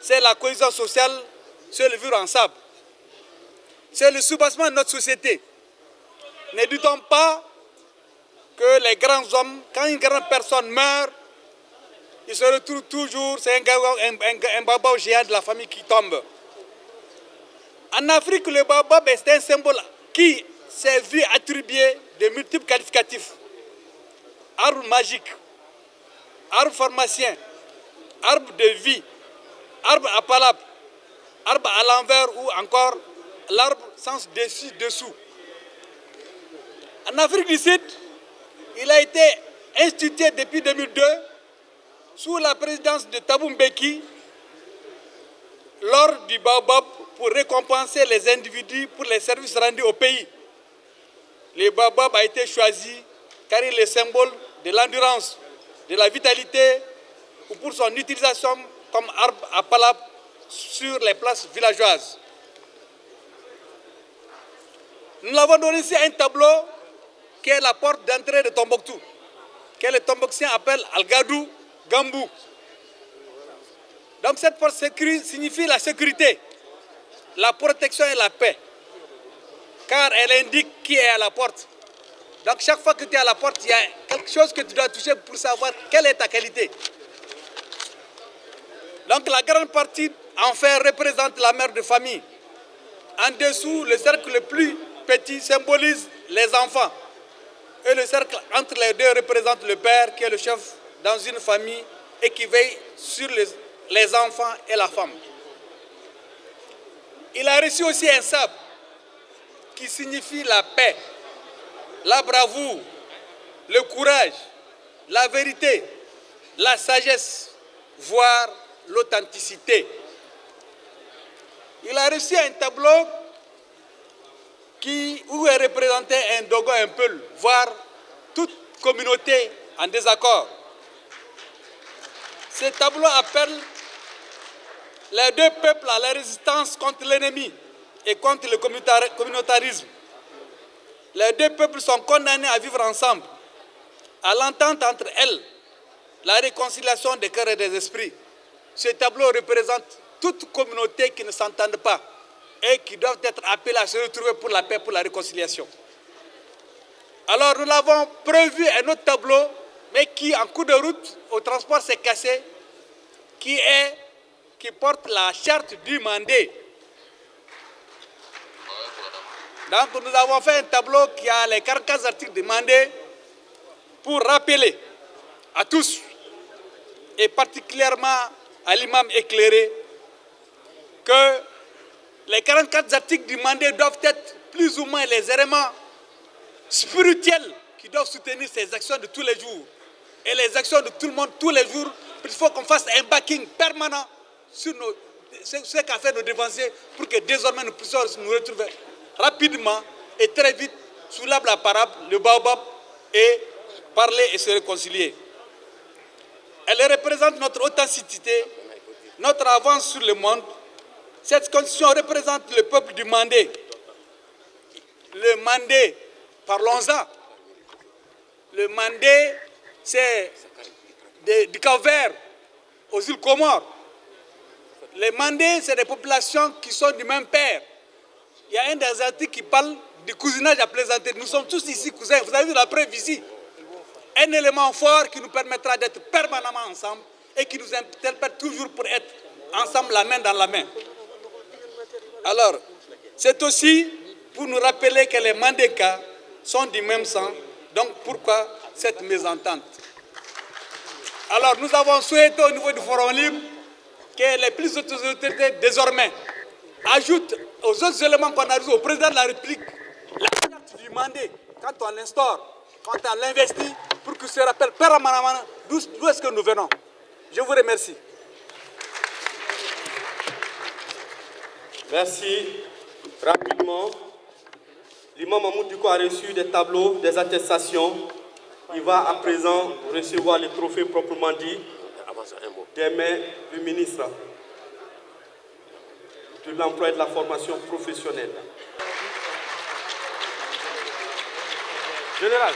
C'est la cohésion sociale, c'est le en sable. C'est le soubassement de notre société. Ne doutons pas que les grands hommes, quand une grande personne meurt, ils se retrouvent toujours, c'est un, un, géant de la famille qui tombe. En Afrique, le baba, ben, c'est un symbole qui s'est vu attribuer de multiples qualificatifs. Arbre magique, arbre pharmacien, arbre de vie, arbre à palabre, arbre à l'envers ou encore l'arbre sans dessus-dessous. En Afrique du Sud, il a été institué depuis 2002 sous la présidence de Thabo Mbeki lors du Baobab pour récompenser les individus pour les services rendus au pays. Le Baobab a été choisi car il est symbole de l'endurance, de la vitalité ou pour son utilisation comme arbre à palabre sur les places villageoises. Nous l'avons donné ici un tableau qui est la porte d'entrée de Tombouctou, que les Tombouctiens appellent al Gambou. Donc cette porte signifie la sécurité, la protection et la paix, car elle indique qui est à la porte. Donc chaque fois que tu es à la porte, il y a quelque chose que tu dois toucher pour savoir quelle est ta qualité. Donc la grande partie en fait représente la mère de famille. En dessous, le cercle le plus petit symbolise les enfants. Et le cercle entre les deux représente le père qui est le chef dans une famille et qui veille sur les, les enfants et la femme. Il a reçu aussi un sable qui signifie la paix la bravoure, le courage, la vérité, la sagesse, voire l'authenticité. Il a réussi un tableau qui, où est représenté un Dogon, un peuple, voire toute communauté en désaccord. Ce tableau appelle les deux peuples à la résistance contre l'ennemi et contre le communautarisme. Les deux peuples sont condamnés à vivre ensemble, à l'entente entre elles, la réconciliation des cœurs et des esprits. Ce tableau représente toute communauté qui ne s'entendent pas et qui doivent être appelés à se retrouver pour la paix, pour la réconciliation. Alors nous l'avons prévu un autre tableau, mais qui en coup de route au transport s'est cassé, qui, est, qui porte la charte du Mandé, donc nous avons fait un tableau qui a les 44 articles demandés pour rappeler à tous, et particulièrement à l'imam éclairé, que les 44 articles demandés doivent être plus ou moins les éléments spirituels qui doivent soutenir ces actions de tous les jours. Et les actions de tout le monde tous les jours, il faut qu'on fasse un backing permanent sur nos, ce qu'a fait nos défenseurs pour que désormais nous puissions nous retrouver rapidement et très vite soulève à parable, le baobab, et parler et se réconcilier. Elle représente notre authenticité, notre avance sur le monde. Cette constitution représente le peuple du Mandé. Le Mandé, parlons-en. Le Mandé, c'est du Cap aux îles Comores. Le Mandé, c'est des populations qui sont du même père. Il y a un des articles qui parle du cousinage à plaisanter. Nous sommes tous ici cousins. Vous avez vu la preuve ici. Un élément fort qui nous permettra d'être permanemment ensemble et qui nous interpelle toujours pour être ensemble la main dans la main. Alors, c'est aussi pour nous rappeler que les Mandeka sont du même sang. Donc pourquoi cette mésentente Alors nous avons souhaité au niveau du Forum Libre que les plus hautes autorités désormais ajoute aux autres éléments qu'on a au président de la République la carte du mandat quand on l'instaure, quand on l'investit, pour que se rappelle permanemment d'où est-ce que nous venons. Je vous remercie. Merci. Rapidement, l'imam Mahmoud Duko a reçu des tableaux, des attestations. Il va à présent recevoir les trophées proprement dit des mains du ministre de l'emploi et de la formation professionnelle. Général.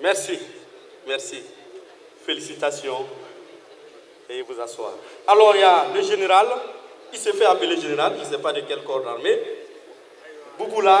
Merci, merci. Félicitations. Veuillez vous asseoir. Alors, il y a le général, il se fait appeler général, je ne sais pas de quel corps d'armée. Bouboula,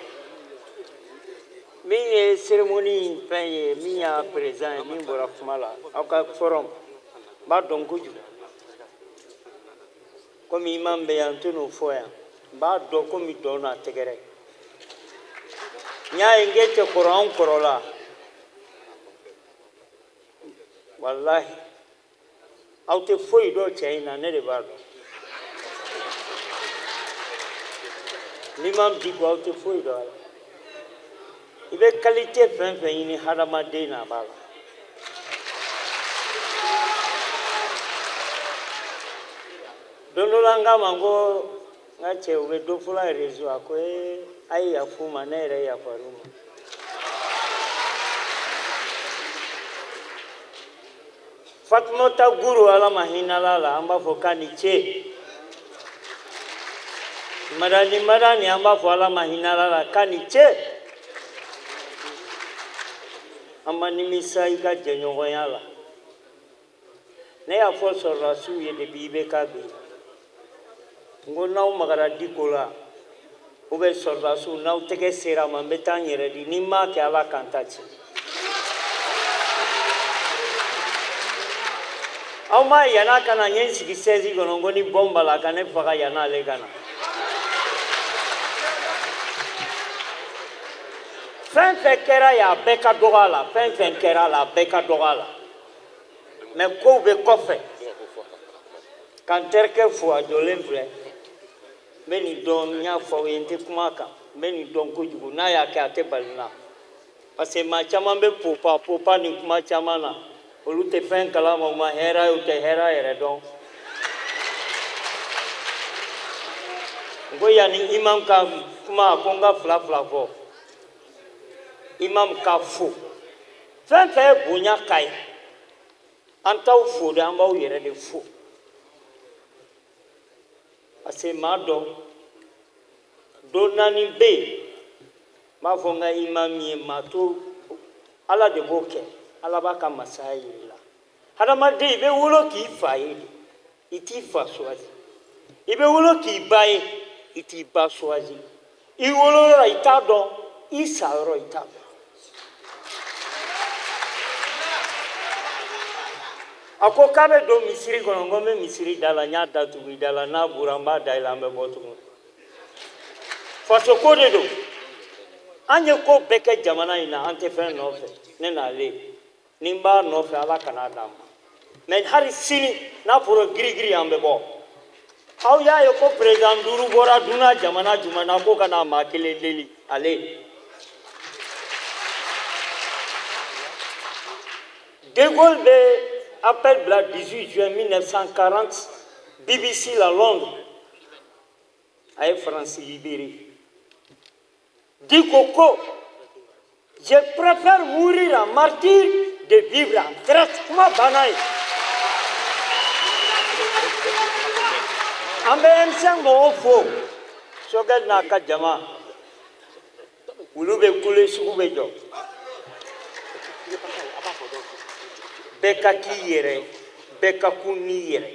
min ye seremoni in fɛn ye min y'a perezan ye min bɔra kuma la aw ka fɔrɔm n b'a dɔn kojugu komi e iman bɛ yan n tɛ n'o fɔ yan n b'a dɔn komi dɔn n'a tɛgɛrɛ n y'a ye n k'e tɛ kɔrɔ anw kɔrɔ la walahi aw tɛ foyi dɔn cɛ in na ne de b'a dɔn n'i ma bi ko aw tɛ foyi dɔn a la. i bɛ kalite fɛn fɛn ɲini hadamaden na b'a la don dɔ la n k'a ma n ko n ka cɛ u bɛ rezo a ko ee a ye ma ne yɛrɛ yafar'u ma fatumata guru ala ma hinala la an b'a fɔ k'a ni ce madani madani an b'a fɔ ala ma hinala la k'a ni ce an ma nimisa i ka jɛɲɔgɔnya la ne y'a fɔ sɔrɔlasiw ye depi i bɛ ka bi n ko n'aw magara diko la u bɛ sɔrɔlasiw n'aw tɛgɛ sera ma n bɛ taa n yɛrɛ di ni n m'a kɛ ala kan ta ci aw m'a yann'a ka na n ye n sigi sɛzi kɔnɔ n ko ni bɔn b'a la ka ne faga yann'ale ka na fɛn fɛn kɛra yan a bɛɛ ka dɔgɔ a la fɛn fɛn kɛra a la a bɛɛ ka dɔgɔ a la mɛ kow bɛ kɔfɛ ka n terikɛ fo a jɔlen filɛ n bɛ nin dɔn n y'a fɔ aw ye n tɛ kuma a kan n bɛ nin dɔn kojugu n'a y'a kɛ a tɛ bali n na parce que maa caman bɛ popa popa nin kuma caman na olu tɛ fɛn kalama u ma hɛrɛ ye u tɛ hɛrɛ yɛrɛ dɔn n ko yanni i man ka kuma ko n ka fila fila fɔ imam ka fo fɛn fɛn ye bonya ka ye an t'aw fo de an b'aw yɛrɛ de fo parce que maa dɔ don naani bɛ yen n b'a fɔ n ka imam ye maa to ala de b'o kɛ ala b'a ka masaya yir'i la hadamaden i bɛ wolo k'i fa ye de i t'i fa suwazi i bɛ wolo k'i ba ye i t'i ba suwazi i woloyɔrɔ i t'a dɔn i sayɔrɔ i t'a dɔn. a ko k'a bɛ don misiri kɔnɔ n ko n bɛ misiri da la n y'a datugu i da la n'a bora n b'a da i la an bɛ bɔ tugun faso ko de don an ye ko bɛɛ kɛ jamana in na an tɛ fɛn nɔfɛ ne n'ale ni n b'a nɔfɛ ala kana d'an ma mɛ hali sini n'a fɔra girigiri an bɛ bɔ aw y'a ye ko perezan duuru bɔra dunan jamana jumɛn na ko ka na maa kelen deli ale de gaulle bɛ Appel le 18 juin 1940, BBC la Londres, avec Francis Ibéry. Dit Coco, je préfère mourir en martyr de vivre en traitement banal. an bɛ ɛmisɛn n'a ka jama vous bɛɛ ka k'i yɛrɛ bɛɛ ka kun n'i yɛrɛ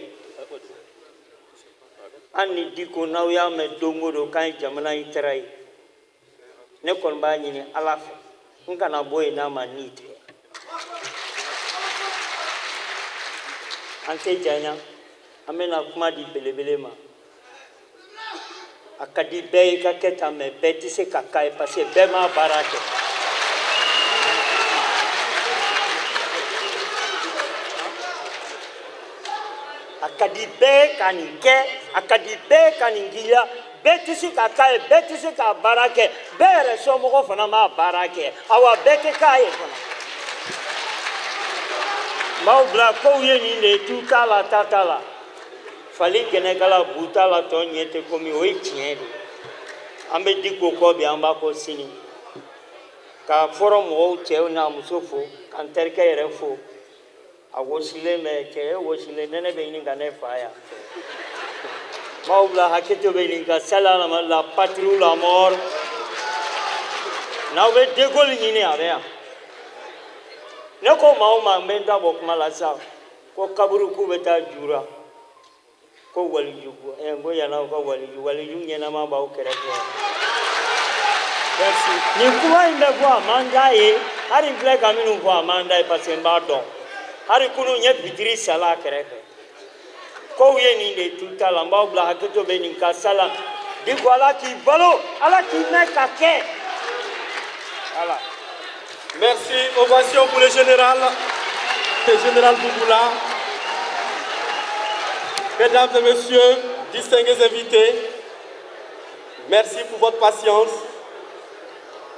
an ni diko n'aw y'a mɛn don o don k'an ye jamana in tɛra ye ne kɔni b'a ɲini ala fɛ n kana bɔ yen n'a ma ni tɛ an tɛ janya an bɛna kuma di belebele ma a ka di bɛɛ ye i ka kɛ tan mɛ bɛɛ tɛ se ka k'a ye paseke bɛɛ m'a baara kɛ a ka di bɛɛ ka nin kɛ a ka di bɛɛ ka nin k'i bɛɛ tɛ se ka k'a ye bɛɛ tɛ se k'a baara kɛ bɛɛ yɛrɛ somɔgɔ fana m'a baara kɛ awa bɛɛ tɛ k'a ye fana maaw bila kow ye nin de ye tu t'a la ta t'a la fali kɛnɛkala bu t'a la tɔ ɲɛ tɛ komi o ye tiɲɛ de an bɛ di ko kɔ bi an b'a kɔ sini ka fɔlɔ mɔgɔw cɛw n'a muso fo k'an terikɛ yɛrɛ fo i wosilen bɛ cɛ ye wosilen nɛnɛ ne fa maubla maaw bila hakɛto la patrie la mort n'aw bɛ dekoli ɲini a bɛ ne ko maa o da kuma la sa ko kaburu k'u bɛ jura ko waliju ko ɛ n ko yann'aw ka waliju waliju ɲɛnama b'aw kɛrɛfɛ. nin kuma in bɛ fɔ a man d'a ye hali n filɛ a ye parce que n hali kunu ɲɛ bitiri sala kɛrɛfɛ kow ye nin de tuta la n b'aw bila hakɛto bɛ nin ka sala bi ko ala k'i balo ala k'i mɛn ka kɛ voilà. merci ovation pour le général le général bouboula mesdames et messieurs distingués invités merci pour votre patience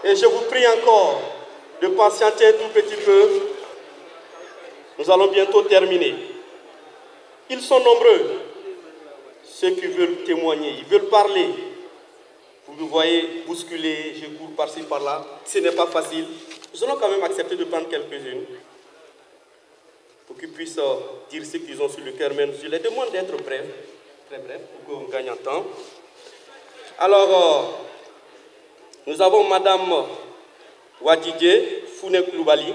et je vous prie encore de patienter un tout petit peu nous allons bientôt terminer. Ils sont nombreux, ceux qui veulent témoigner, ils veulent parler. Vous me voyez bousculer, je cours par-ci, par-là. Ce n'est pas facile. Nous allons quand même accepter de prendre quelques-unes pour qu'ils puissent euh, dire ce qu'ils ont sur le cœur. Même je les demande d'être brefs, très brefs, pour qu'on gagne en temps. Alors, euh, nous avons Madame Wadidje Foune Kloubali.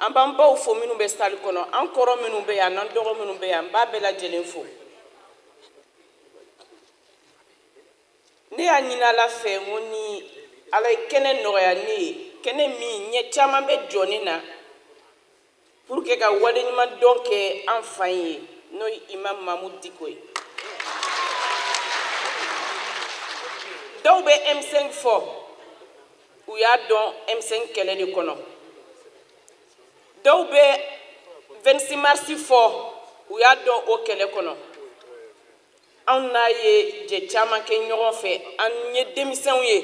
an b'an baw fo minnu bɛ sali kɔnɔ an kɔrɔ minnu bɛ yan an'an dɔgɔ minnu bɛ yan n b'a bɛɛ lajɛlen fo ne y'a ɲini ala fɛ n ko ni ala ye kɛnɛ nɔgɔya ne ye kɛnɛ min ɲɛ caman bɛ jɔ ne na pour que ka waleɲuman dɔn kɛ an fa in ye n'o ye imam mamu diko ye dɔw bɛ m5 fɔ u y'a dɔn m5 kɛlɛ de kɔnɔ dɔw bɛ 26 marisi fɔ u y'a dɔn o kɛlɛ kɔnɔ anw n'a ye jɛ caman kɛ ɲɔgɔn fɛ an ye denmisɛnw ye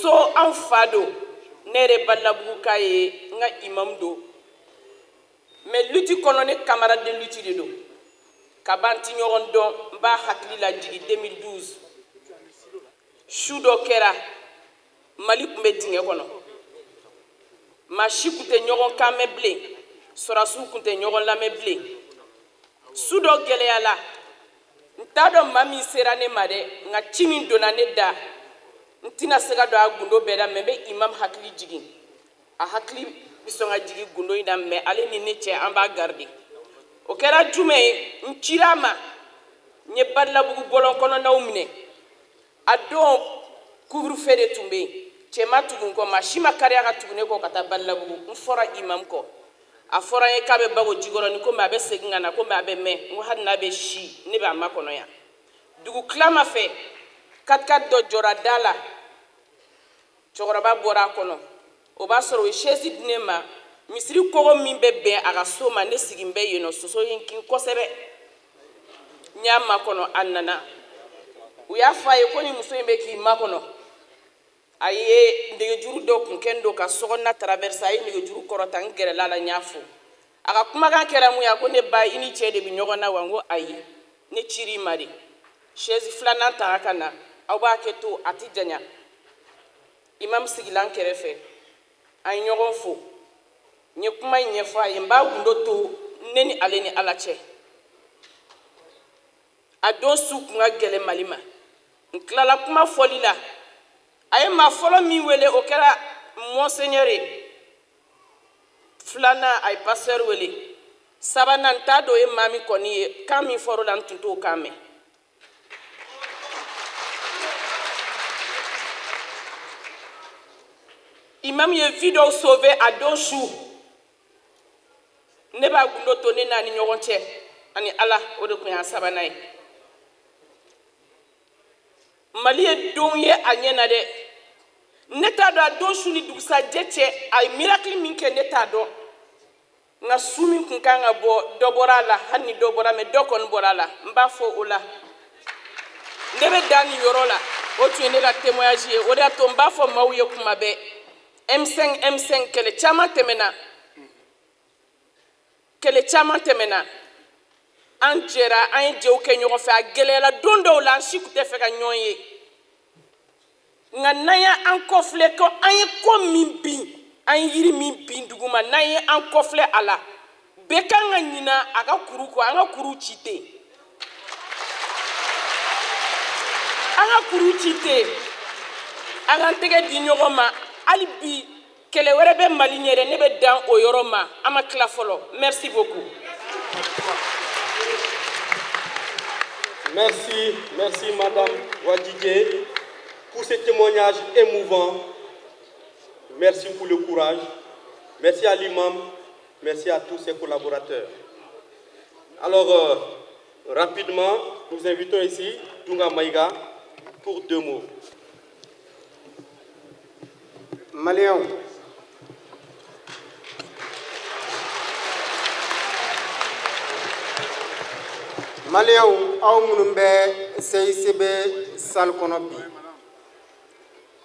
so anw fa don ne yɛrɛ balabuguka ye n ka imamu don mɛ luti kɔnɔ ne kamaraden luti de don ka ban ti ɲɔgɔn dɔn n b'a hakili lajigi 2012 su dɔ kɛra mali tun bɛ dingɛ kɔnɔ masi kun tɛ ɲɔgɔn kan mɛn bilen sɔrasiw kun tɛ ɲɔgɔn lamɛn bilen su dɔ gwɛlɛyala n t'a dɔn ma min sera ne ma dɛ nka ci min donna ne da n tɛna se ka don a gundo bɛɛ la mɛ n bɛ imam hakili jigin a hakili bi sɔn ka jigin gundo in na mɛ ale ni ne cɛ an b'a garide o kɛra jumɛn ye n cira a ma n ye badilabugu bɔlɔn kɔnɔnaw minɛ a don kurufe de tun bɛ yen cɛma tugun kɔ ma si ma kariya ka tugune kɔ ka taa balilabugu n fɔra imam kɔ a fɔra n ye k'a bɛ bago jikɔrɔni komi a bɛ segin ka na komi a bɛ mɛn n ko hali n'a bɛ si ne b'a makɔnɔ yan dugu tilama fɛ katikati dɔ jɔra da la cɛkɔrɔba bɔra a kɔnɔ o b'a sɔrɔ o ye sɛsi di ne ma misiri kɔgɔ min bɛ bɛn a ka so ma ne sigin bɛ yen nɔ soso ye n kin kosɛbɛ n y'a makɔnɔ a nana u y'a fɔ a ye ko nin muso in bɛ k'i makɔnɔ a ye negejuru dɔ kunkɛn do ka sɔgɔna traverse a ye negejuru kɔrɔta n gɛrɛla la n y'a fo a ka kumakan kɛra mun ye a ko ne ba i ni cɛɛ de bi ɲɔgɔn na wa n ko ayi ne ciri ma de sɛzi filanan taga ka na aw b'a kɛ to a ti janya imam sigilan kɛrɛfɛ an ye ɲɔgɔn fo n ye kuma in ɲɛfɔ a ye n b'a gundo to ne ni ale ni ala cɛ a don su kun ka gɛlɛ mali ma n tilala kuma fɔli la a ye maa fɔlɔ min wele o kɛra monseigneur ye filanan a ye pasteur wele sabana n t'a dɔn ye maa min kɔni ye kan min fɔr'o la n tun t'o kan mɛn imam ye vi dɔw sauve a don su ne b'a gundo to ne n'a ɲɔgɔn cɛ ani ala o de tun y'a sabanan ye mali ye don ye a ɲɛ na dɛ ne t'a dɔn a don su ni dugusajɛ cɛ a ye mirakili min kɛ ne t'a dɔn nka su min kun kan ka bɔ dɔ bɔra a la hali ni dɔ bɔra mɛ dɔ kɔni bɔra a la n b'a fɔ o la ne bɛ da nin yɔrɔ la o tun ye ne ka témoignage ye o de y'a to n b'a fɔ maaw ye kuma bɛɛ M5 M5 kɛlɛ caman tɛmɛna kɛlɛ caman tɛmɛna an jɛra an ye jɛw kɛ ɲɔgɔn fɛ a gɛlɛyara don dɔw la an si tun tɛ fɛ ka ɲɔgɔn ye nka n'an y'an kɔfilɛ ko an ye ko min bin an yiri min bin duguma n'an ye an kɔfilɛ a la bɛɛ kan ka ɲina a ka kuru kɔ an ka kuru ci tɛ an ka kuru ci tɛ an k'an tɛgɛ di ɲɔgɔn ma hali bi kɛlɛ wɛrɛ bɛ mali ɲɛ dɛ ne bɛ dan o yɔrɔ ma an ma tila fɔlɔ merci beaucoup. merci merci madame wajijee. pour ce témoignage émouvant. Merci pour le courage. Merci à l'imam. Merci à tous ses collaborateurs. Alors, euh, rapidement, nous invitons ici Dunga Maïga pour deux mots. Maléon. Maléon, au CICB salle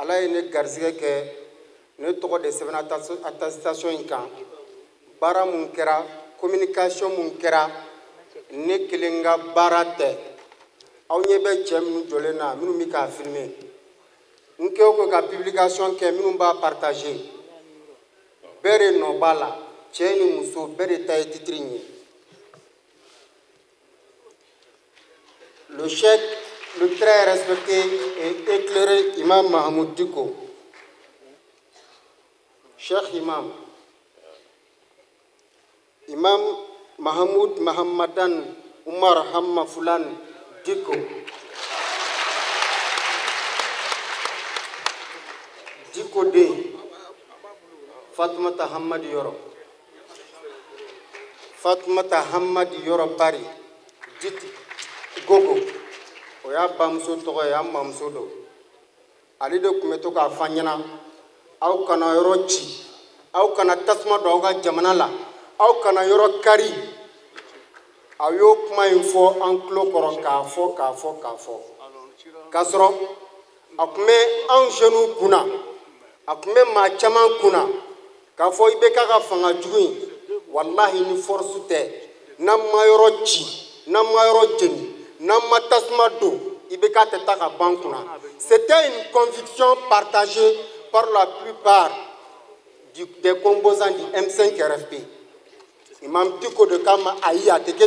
ala ye ne garisɛgɛ kɛ ne tɔgɔ de sɛbɛnna attestation in kan baara mun kɛra communication mun kɛra ne kelen ka baara tɛ aw ɲɛ bɛ cɛ minnu jɔlen na minnu bɛ k'a filime n kɛ o kɛ ka publication kɛ minnu b'a partage bɛɛ de nɔ b'a la cɛ ni muso bɛɛ de ta ye titiri ye le chèque le très respecté et éclairé Imam Mahmoud Diko. Cheikh Imam, Imam Mahmoud Mahamadan Umar Hamma Fulan Diko. Diko D. Fatmata Hamad Yoro. Fatmata Hamad Yoro Paris. Diti. Gogo. o y'a bamuso tɔgɔ ye an mamuso don ale de tun bɛ to k'a fɔ an ɲɛna aw kana yɔrɔ ci aw kana tasuma don aw ka jamana la aw kana yɔrɔ kari a y'o kuma in fɔ an tulo kɔrɔ k'a fɔ k'a fɔ k'a fɔ k'a sɔrɔ a tun bɛ anw zeniw kunna a tun bɛ maa caman kunna k'a fɔ i bɛ k'a ka fanga jugu in walahi ni force tɛ n'an ma yɔrɔ ci n'an ma yɔrɔ jeni c'était une conviction partagée par la plupart du, des composants du M5 RFP imam diko de kama je a tɛ kɛ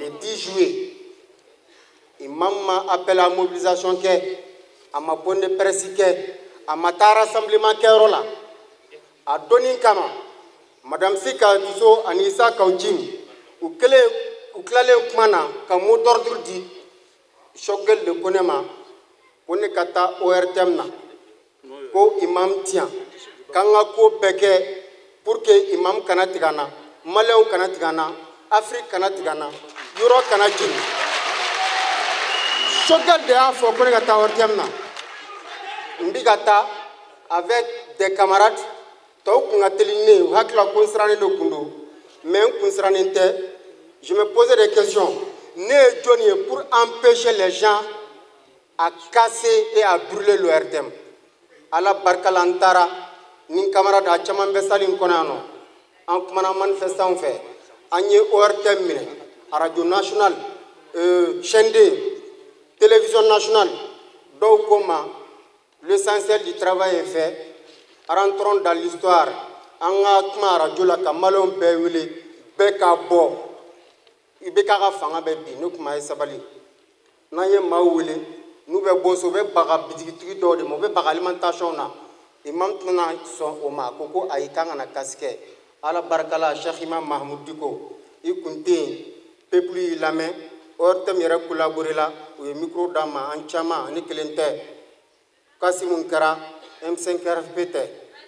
le 10 juillet imam ma appelé à mobilisation à a ma bonne presse kɛ a ma taa rassemblement à la a à kama madame sika duso Anissa isa u kɛlen u tilalen kuma na ka mot d'ordre di choguel de ko ne ma ko ne ka taa ortm na ko imam tiyan k'an ka ko bɛɛ kɛ pour que imam kana tigɛ an na maliyɛnw kana tigɛ an na afiriki kana tigɛ an na yɔrɔ kana jeni choguel de y'a fɔ ko ne ka taa ortm na n bi ka taa avec des camarades tɔw kun ka teli ne u hakilila ko n sirannen do kun do mais je me posais des questions Né ce pour empêcher les gens à casser et à brûler l'ORTM ala la n taara ni camarade a caman bɛ En n kɔnɔ manifestant fait, an kumana manifestanw radio nationale, euh, Chende, chaîne télévision nationale dɔw l'essentiel du travail est fait rentrons dans l'histoire an ka kuma arajo la ka maliyɛnw bɛɛ wele bɛɛ ka bɔ i bɛ k'a ka fanga bɛɛ bi ne kuma ye sabali n'an ye maaw wele n'u bɛ bɔ so u bɛ baga bitigitigi dɔw de ma u bɛ baga alimentation na imam tɛna sɔn o ma a ko ko ayi k'an kana kasi kɛ ala barika la sheikh imam mahamudu diko i kun tɛ yen pepulu y'i lamɛn ortem yɛrɛ collaboré la u ye micro d'a ma an caman ani kelen tɛ kasi mun kɛra m5 rfp tɛ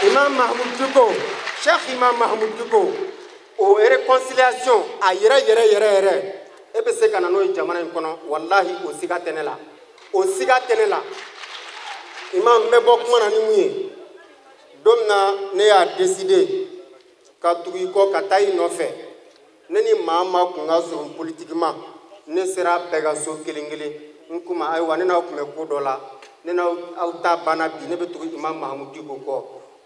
Imam Mahmoud Duko, Cheikh Imam Mahmoud Duko, o réconciliation a yɛrɛ yɛrɛ yɛrɛ yɛrɛ e bɛ se ka na n'o ye jamana in kɔnɔ walahi o siga tɛ ne la o siga tɛ ne la Imam n bɛ bɔ kuma na ni mun ye don min na ne y'a décidé ka tugu i kɔ ka taa i nɔfɛ ne ni maa ma kun ka surun politikima ne sera bɛɛ ka so kelen kelen n kuma ayiwa ne n'aw kun bɛ ko dɔ la ne n'aw ta banna bi ne bɛ tugu Imam mahamudu Duko kɔ.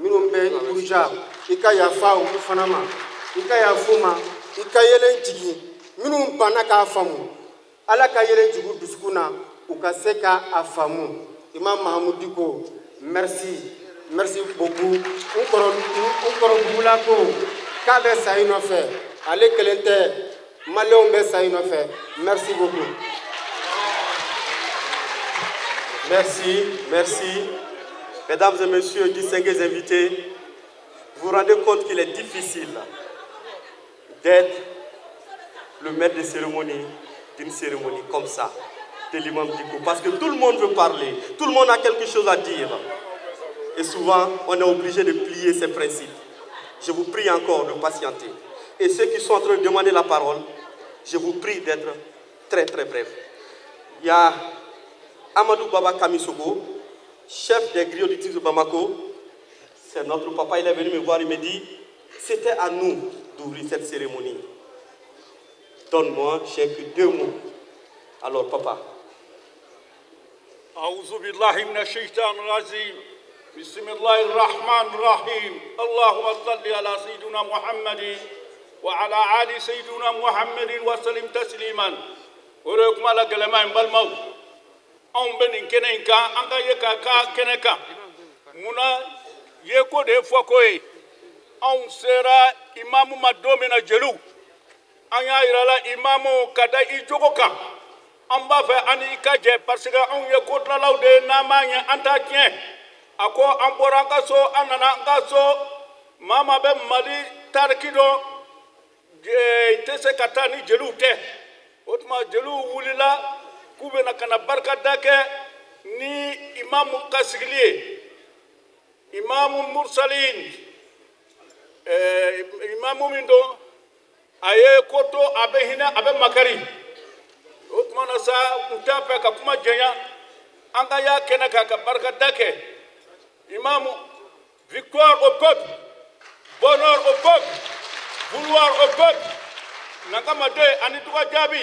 minnu bɛ i buruja i ka yafa olu fana ma i ka yafa ma i ka yelen jigi minnu banna k'a faamu ala ka yelen jigi dusukun na u ka se k'a faamu ima mahamudu ko merci merci beaucoup n kɔrɔ n kɔrɔ bugula ko k'a bɛ sa i nɔfɛ ale kelen tɛ maliyɛnw bɛ sa i nɔfɛ merci beaucoup merci merci. Mesdames et messieurs, distingués invités, vous vous rendez compte qu'il est difficile d'être le maître de cérémonie d'une cérémonie comme ça, de l'imam Diko. Parce que tout le monde veut parler, tout le monde a quelque chose à dire. Et souvent, on est obligé de plier ses principes. Je vous prie encore de patienter. Et ceux qui sont en train de demander la parole, je vous prie d'être très très bref. Il y a Amadou Baba Kamisogo, chef des grilles de Bamako, c'est notre papa, il est venu me voir et me dit c'était à nous d'ouvrir cette cérémonie. Donne-moi, j'ai que deux mots. Alors, papa. Aouzoubillahi minash shaytan razim bismillahirrahmanirrahim allahu akbar li ala sayyiduna muhammadi wa ala ali sayyiduna muhammadi wassalim tasliman wa raykuma la anw bɛ nin kɛnɛ in kan an ka ye ka ka kɛnɛ kan munna ye ko de ye fɔko ye anw sera imamu ma don min na jeliw an y'a yira la imamu ka da i jogo kan an b'a fɛ an ni ka jɛ parce que anw ye kotilalaw de ye n'an b'a ɲɛ an t'a tiɲɛ a ko an bɔra an ka so an nana an ka so maa maa bɛ mali tariki dɔn i tɛ se ka taa ni jeliw tɛ o tuma jeliw wulila. kube na kana na dake ni imamu ka imamu mursalin eh, imamu mindo aye koto abe hina abe makari o sa n kakuma jenya ka kuma y'a kena k'a ka barikada imamu victoire au peuple bonheur au peuple vouloir au peuple nankamaden ani tɔgɔ jabi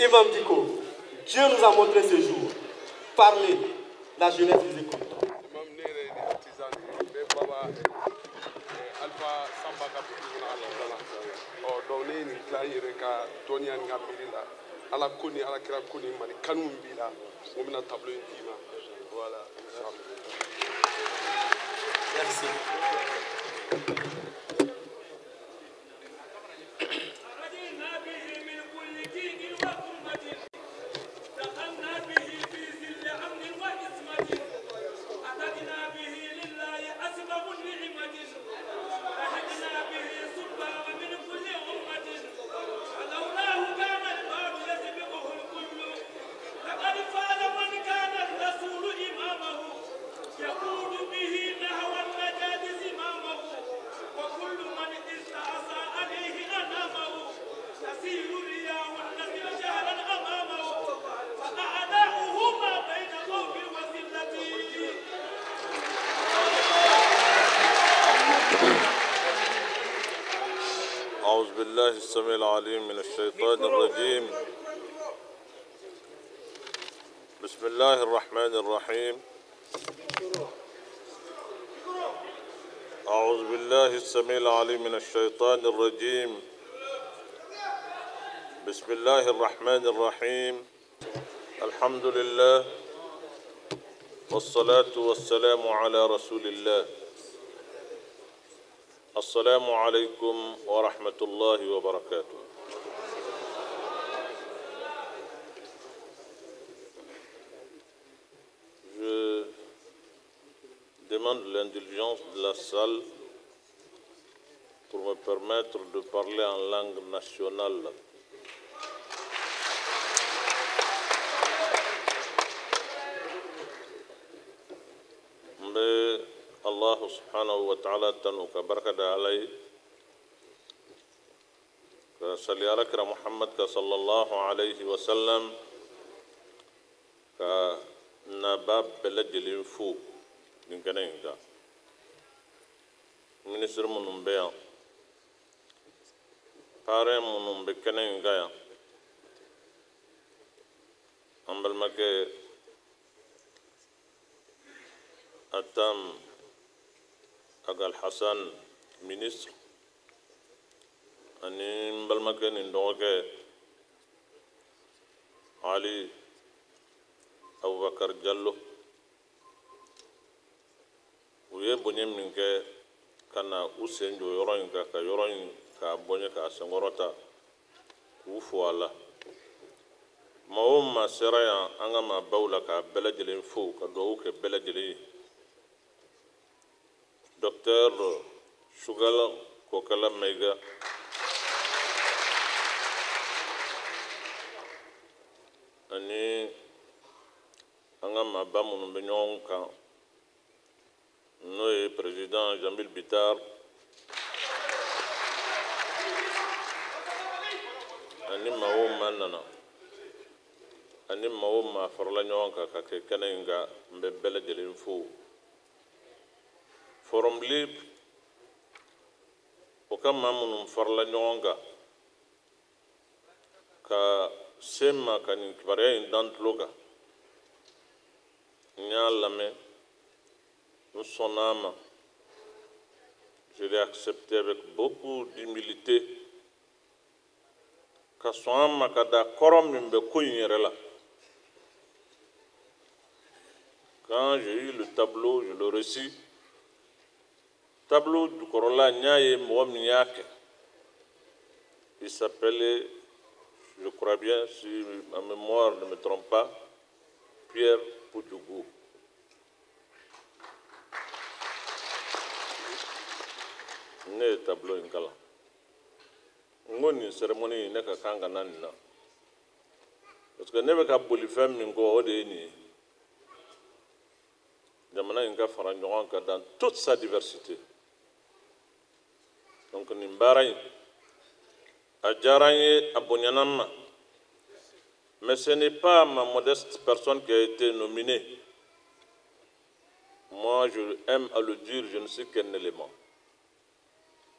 Imam Dieu nous a montré ce jour. Parlez, la jeunesse vous écoute. Eh, oh, Merci. العليم من الشيطان الرجيم بسم الله الرحمن الرحيم أعوذ بالله السميع العليم من الشيطان الرجيم بسم الله الرحمن الرحيم الحمد لله والصلاة والسلام على رسول الله السلام عليكم ورحمة الله وبركاته l'indulgence de la salle pour me permettre de parler en langue nationale. Mais Allah subhanahu wa ta'ala muhammad ka sallallahu alayhi wa sallam ka minisiri minnu bɛ yan paarɛ minnu bɛ kɛnɛ in ka yan an balimakɛ atam agal hasan minisiri ani n balimakɛ nin dɔgɔkɛ ali abubakar jalo u ye bonya min kɛ ka na u sen jo yɔrɔ in kan ka yɔrɔ in k'a bɔɲɛ k'a senkɔrɔta k'u fo a la ma o ma sera yan an ka maabaw la k'a bɛɛ lajɛlen fo ka dugawu kɛ bɛɛ lajɛlen ye dɔktɛr sugala kɔkala mayiga ani an ka maaba minnu bɛ ɲɔgɔn kan n'o ye président jamil bitar ani maa o nana ani maa o maa farala ɲɔgɔn kan ka kɛ kɛnɛ n bɛ bɛɛ lajɛlen fo forum libre o ka maa minnu farala ɲɔgɔn ka se n ma ka nin kibaruya in dan n y'a lamɛn son âme, je l'ai accepté avec beaucoup d'humilité. quand j'ai eu le tableau je le reçu tableau du Corolla, Nyaye il s'appelait je crois bien si ma mémoire ne me trompe pas Pierre Poudougou ne ye tabulo in kalan n ko nin sɛrɛmɔni ne ka kan ka na nin na parce que ne bɛ ka boli fɛn min kɔ o de ye nin ye jamana in ka dans toute sa diversité donc nin baara in a diyara n ma mais ce n'est pas ma modeste personne qui a été nominée moi je aime à le dire je ne suis qu'un élément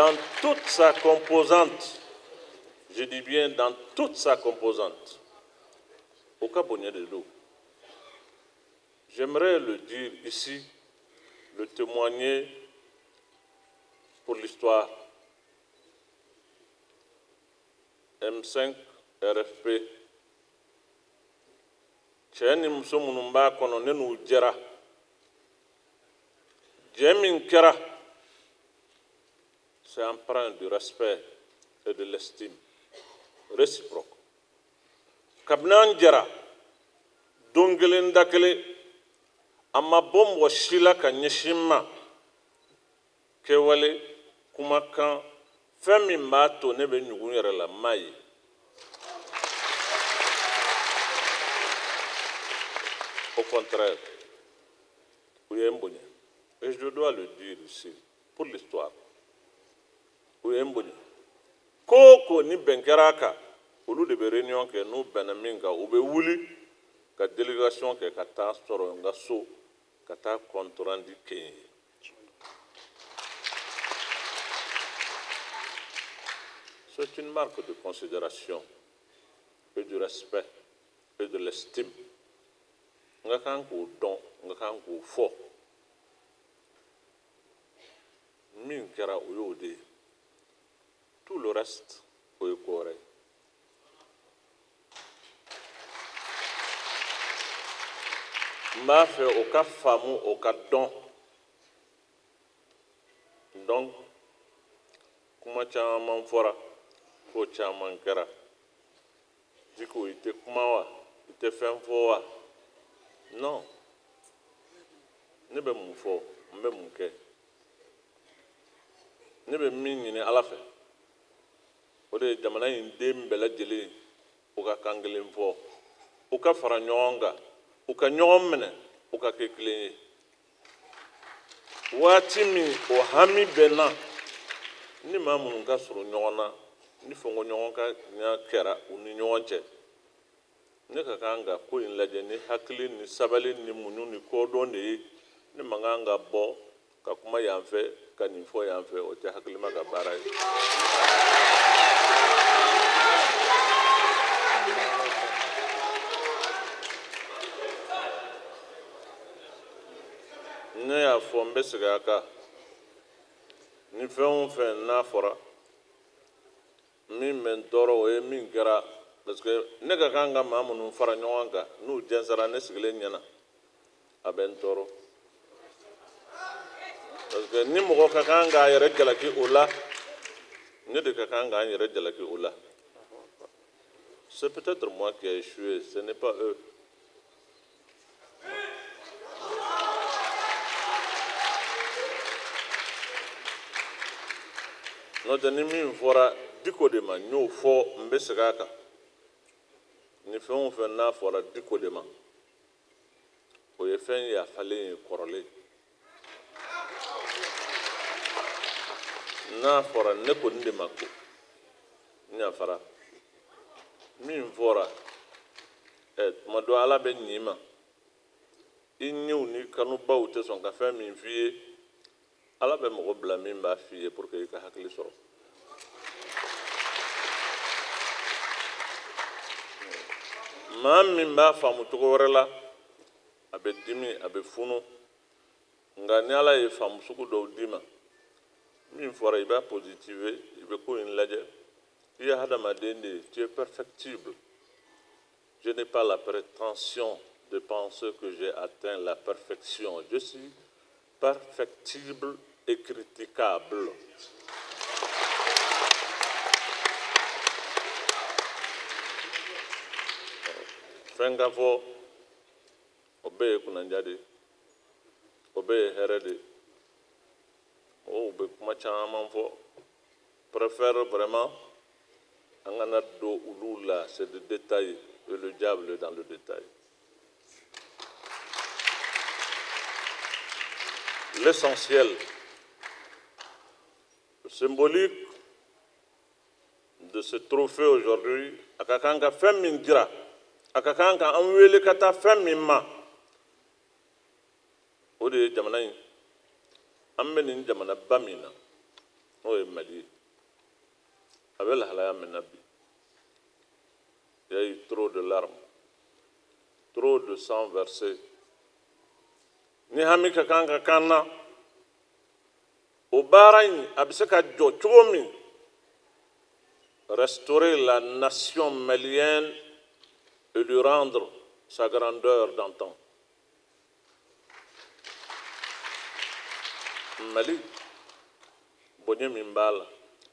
dans toute sa composante, je dis bien dans toute sa composante, au Cabonnier de l'eau. J'aimerais le dire ici, le témoigner pour l'histoire. M5 RFP c'est empreint du respect et de l'estime réciproque Kabna an jara don bombo da kelen a ma bɔ mɔgɔ la la au contraire y et je dois le dire ici pour l'histoire o ye n bonya ko ni bɛn a kan olu de bɛ reunion kɛ n'u bɛnna kan u bɛ wuli ka délégation kɛ ka taa sɔrɔ nga so ka taa compte rendu kɛ n c'est une marque de considération et du respect et de l'estime n ka kan k'o dɔn nga kan k'o fɔ min kɛra o y'o de Tout le reste au Corée. n b'a fɛ o ka faamu o ka dɔn donc kuma caman fɔra ko caman kɛra jiko i tɛ kuma wa i tɛ fɛn fɔ wa non ne bɛ mun fɔ n bɛ mun kɛ ne bɛ min ɲini ala fɛ o de ye jamana in den bɛɛ lajɛlen u ka kan kelen fɔ u ka fara ɲɔgɔn kan u ka ɲɔgɔn minɛ u ka kɛ kelen ye waati min o hami bɛ n na ni maa minnu ka surun ɲɔgɔn na ni ɲɔgɔn ka ɲa kɛra u ni ɲɔgɔn cɛ ne ka kan ka ko in lajɛ ni hakili ni sabali ni muɲu ni kɔdɔn de ye ne man kan ka bɔ ka kuma yan fɛ ka nin fɔ yan fɛ o tɛ hakilima ka baara ye ne y'a fɔ n bɛ segin a kan ni fɛn o fɛn n'a fɔra min bɛ n tɔɔrɔ o ye min kɛra parce que ne ka kan ka maa minnu fara ɲɔgɔn kan n'u jɛnsɛra ne sigilen ɲɛna a bɛ n tɔɔrɔ parce que ni mɔgɔ ka kan k'a yɛrɛ jalaki o la ne de ka kan k'an yɛrɛ jalaki o la c'est peut-être moi qui ai échoué ce n'est pas eux n'o tɛ ni min fɔra diko de ma n y'o fɔ n bɛ segin a kan ni fɛn o fɛn n'a fɔra diko de ma o ye fɛn yafalen ye kɔrɔlen n'a fɔra ne ko nin de ma ko n yafara min fɔra ɛ e, tuma dɔ ala bɛ ɲɛ ma i ɲɛw n'i kanubaw tɛ sɔn ka fɛn min f'i ye. ala bɛ mɔgɔ bila min b'a f'i ye pour que i ka hakili sɔrɔ maa min b'a faamu cogo wɛrɛ la a bɛ dimi a bɛ funu nka ni ala ye faamu sugu dɔw d'i ma min fɔra i b'a positiver i bɛ ko in lajɛ i ye hadamaden de ye tu es perfectible je n'ai pas la prétention de penser que j'ai atteint la perfection je suis perfectible critiquable. fengavo obeye fɔ obeye heredi ye kunnadiya préfère vraiment un anado do c'est le détail et le diable dans le détail l'essentiel symbolique de ce trophée aujourd'hui Akakanga ka kan ka fɛn dira a ka kan de ye jamana Bamina, il y a eu trop de larmes trop de sang versé ni hami au baara in a restaurer la nation malienne et lui rendre sa grandeur d'antan mali bonya min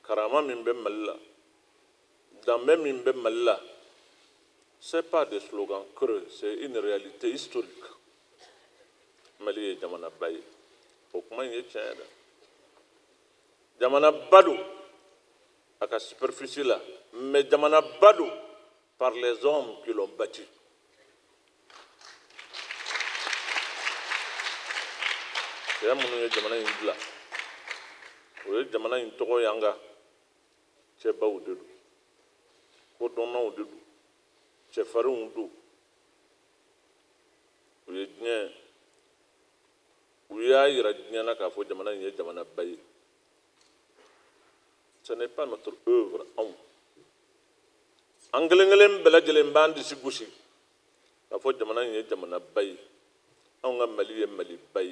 karama min bɛ mali la min c'est pas des slogans creux c'est une réalité historique mali ye jamanaba ye o kuma in jamanaba don a ka superficie la mais jamanaba don par les hommes qui l'ont bâti cɛya minnu ye jamana in dila o ye jamana in tɔgɔ y'an ka cɛbaw de don kodɔnnaw de don cɛfarinw don u ye diɲɛ u y'a yira diɲɛ na k'a fɔ jamana in ye jamanaba ye ce n'est pas notre œuvre anw anglais ngelen kelen bɛɛ lajɛlen b'an disi gosi k'a jamana in ye jamanaba ye anw mali ye mali bay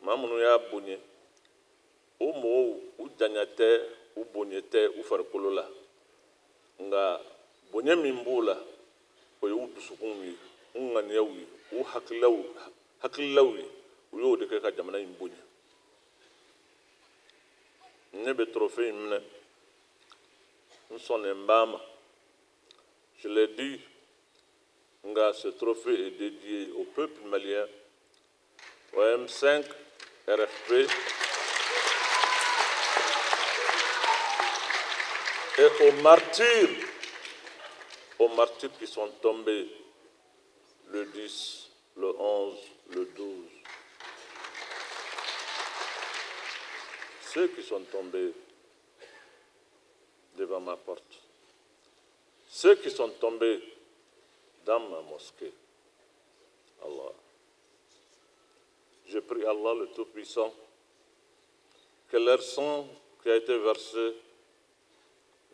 maa y'a bunye o mo u janyate u bunye te u farikolo la nga bunye min b'o la o y'u dusukunw ye u ŋaniyaw ye u hakililaw hakililaw ye u y'o de ka jamana ni bunye ne bɛ trophée in je l'ai dit ce trophée est dédié au peuple malien au M5 RFP et aux martyrs aux martyrs qui sont tombés le 10, le 11, le 12 ceux qui sont tombés devant ma porte, ceux qui sont tombés dans ma mosquée. Allah. Je prie Allah le Tout-Puissant que leur sang qui a été versé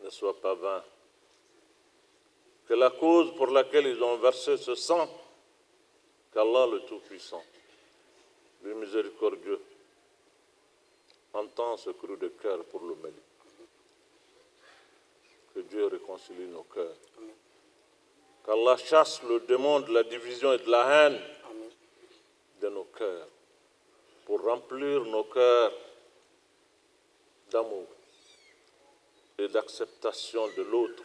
ne soit pas vain. Que la cause pour laquelle ils ont versé ce sang, qu'Allah le Tout-Puissant, le miséricordieux, Entend ce cru de cœur pour le Mali. Que Dieu réconcilie nos cœurs. Qu'Allah chasse le démon de la division et de la haine de nos cœurs. Pour remplir nos cœurs d'amour et d'acceptation de l'autre.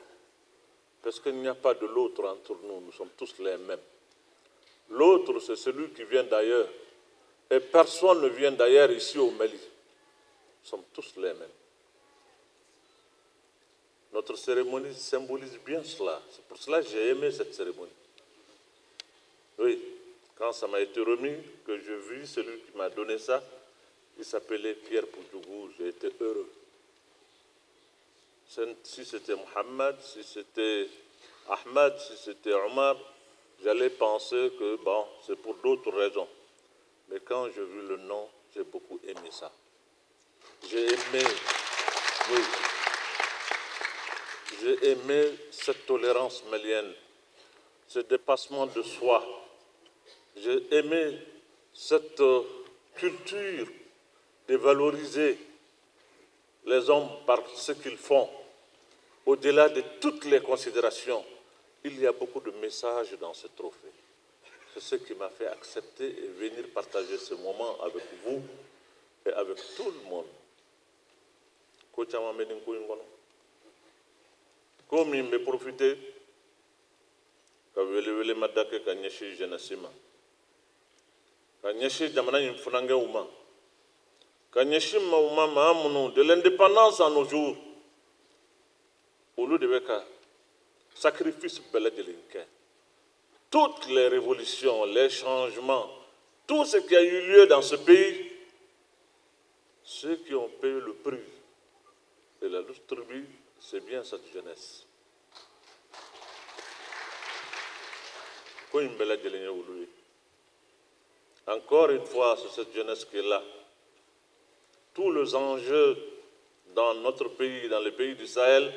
Parce qu'il n'y a pas de l'autre entre nous, nous sommes tous les mêmes. L'autre, c'est celui qui vient d'ailleurs. Et personne ne vient d'ailleurs ici au Mali sommes tous les mêmes. Notre cérémonie symbolise bien cela. C'est pour cela que j'ai aimé cette cérémonie. Oui, quand ça m'a été remis, que je vis celui qui m'a donné ça, il s'appelait Pierre Poudougou, j'ai été heureux. Si c'était Mohamed, si c'était Ahmed, si c'était Omar, j'allais penser que bon, c'est pour d'autres raisons. Mais quand j'ai vu le nom, j'ai beaucoup aimé ça. J'ai aimé, oui, j'ai aimé cette tolérance malienne, ce dépassement de soi. J'ai aimé cette euh, culture de valoriser les hommes par ce qu'ils font. Au-delà de toutes les considérations, il y a beaucoup de messages dans ce trophée. C'est ce qui m'a fait accepter et venir partager ce moment avec vous et avec tout le monde ko caman bɛ nin ko in kɔnɔ ko min bɛ porofite ka welewelemada kɛ ka ɲɛsin jɛnɛsi ma ka ɲɛsin jamana in ma ka ma maa de l'indépendance à nos jours olu de bɛ ka sacrifice bɛɛ lajɛlen toutes les révolutions les changements tout ce qui a eu lieu dans ce pays ceux qui ont payé le prix de la lustre c'est bien cette jeunesse. Encore une fois, c'est cette jeunesse qui est là. Tous les enjeux dans notre pays, dans le pays du Sahel,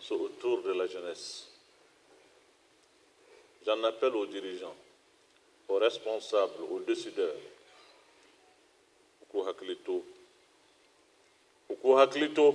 sont autour de la jeunesse. J'en appelle aux dirigeants, aux responsables, aux décideurs. Ukuhaklito. haklito.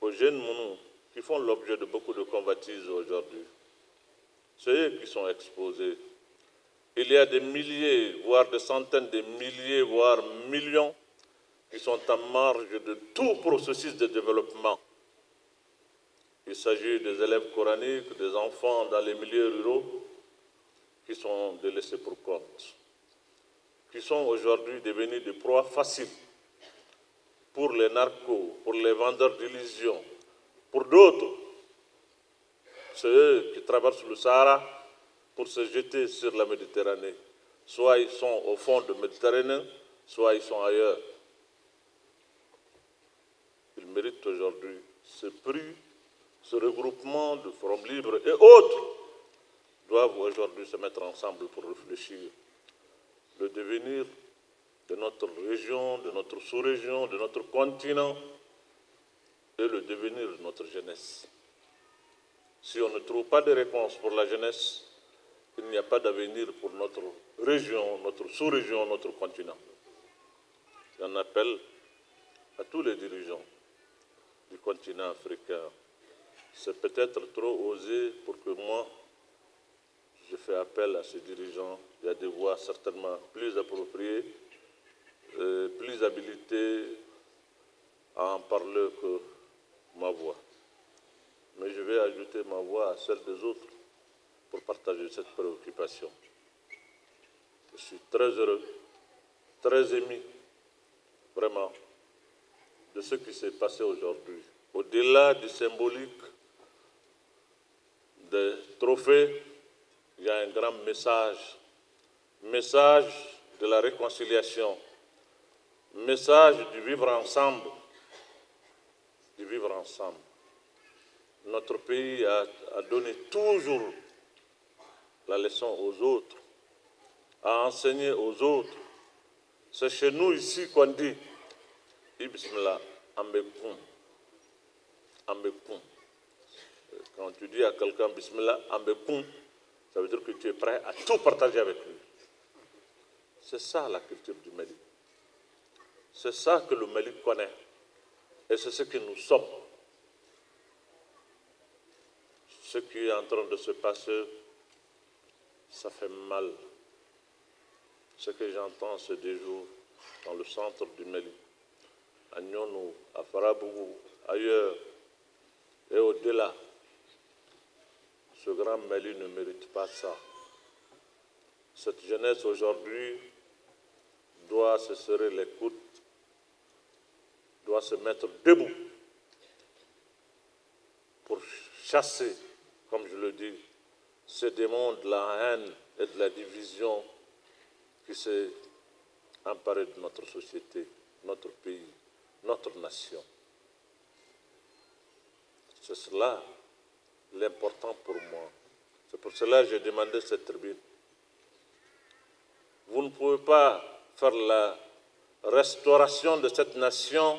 aux jeunes mounous qui font l'objet de beaucoup de convoitises aujourd'hui. ceux qui sont exposés. Il y a des milliers, voire des centaines de milliers, voire millions qui sont en marge de tout processus de développement. Il s'agit des élèves coraniques, des enfants dans les milieux ruraux qui sont délaissés pour compte, qui sont aujourd'hui devenus des proies faciles pour les narcos, pour les vendeurs d'illusions, pour d'autres, ceux qui traversent le Sahara pour se jeter sur la Méditerranée. Soit ils sont au fond de Méditerranée, soit ils sont ailleurs. Ils méritent aujourd'hui ce prix, ce regroupement de forums libres et autres doivent aujourd'hui se mettre ensemble pour réfléchir le devenir de notre région, de notre sous-région, de notre continent et le devenir de notre jeunesse. Si on ne trouve pas de réponse pour la jeunesse, il n'y a pas d'avenir pour notre région, notre sous-région, notre continent. J'en appelle à tous les dirigeants du continent africain. C'est peut-être trop osé pour que moi, je fais appel à ces dirigeants. Il à a des voix certainement plus appropriées à en parler que ma voix. Mais je vais ajouter ma voix à celle des autres pour partager cette préoccupation. Je suis très heureux, très ému, vraiment, de ce qui s'est passé aujourd'hui. Au-delà du symbolique, des trophées, il y a un grand message, message de la réconciliation, message du vivre ensemble, du vivre ensemble. Notre pays a, donné toujours la leçon aux autres, a enseigné aux autres. C'est chez nous ici qu'on dit kun Ambekoum. Ambekoum. Quand tu dis à quelqu'un Bismillah, Ambekoum, ça veut dire que tu es prêt à tout partager avec lui. C'est ça la culture du mérite. C'est ça que le Mali connaît. Et c'est ce que nous sommes. Ce qui est en train de se passer, ça fait mal. Ce que j'entends ces deux jours dans le centre du Mali, à Nyonou, à Farabougou, ailleurs et au-delà, ce grand Mali ne mérite pas ça. Cette jeunesse aujourd'hui doit se serrer les doit se mettre debout pour chasser, comme je le dis, ce démon de la haine et de la division qui s'est emparé de notre société, notre pays, notre nation. C'est cela l'important pour moi. C'est pour cela que j'ai demandé cette tribune. Vous ne pouvez pas faire la restauration de cette nation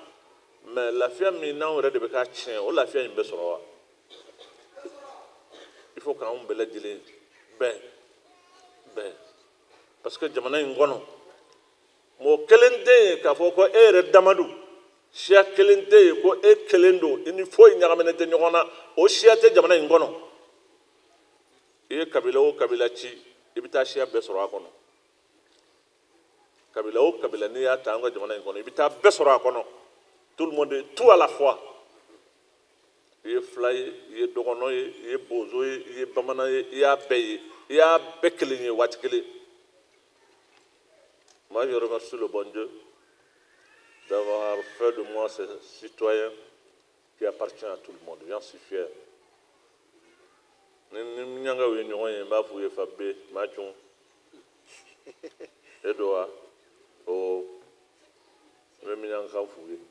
mɛ lafiya min n'anw yɛrɛ de bɛ k'a tiɲɛ o lafiya in bɛ sɔrɔ wa il faut k'anw bɛɛ lajɛlen bɛn bɛn parce que jamana in kɔnɔ mɔgɔ kelen tɛ yen k'a fɔ ko e yɛrɛ damadu siya kelen tɛ yen ko e kelen don i ni foyi ɲagaminen tɛ ɲɔgɔn na o siya tɛ jamana in kɔnɔ i ye kabila o kabila ci i bɛ taa siya bɛɛ sɔrɔ a kɔnɔ kabila o kabila n'i y'a ta an ka jamana in kɔnɔ i bɛ taa bɛɛ sɔrɔ a kɔnɔ. tout le monde est tout à la fois Il est Fly, il est ye il est beau, il est il il est bamanan il est il il est moi je remercie le bon dieu d'avoir fait de moi ce citoyen qui appartient à tout le monde j'en suis fier ni ni vous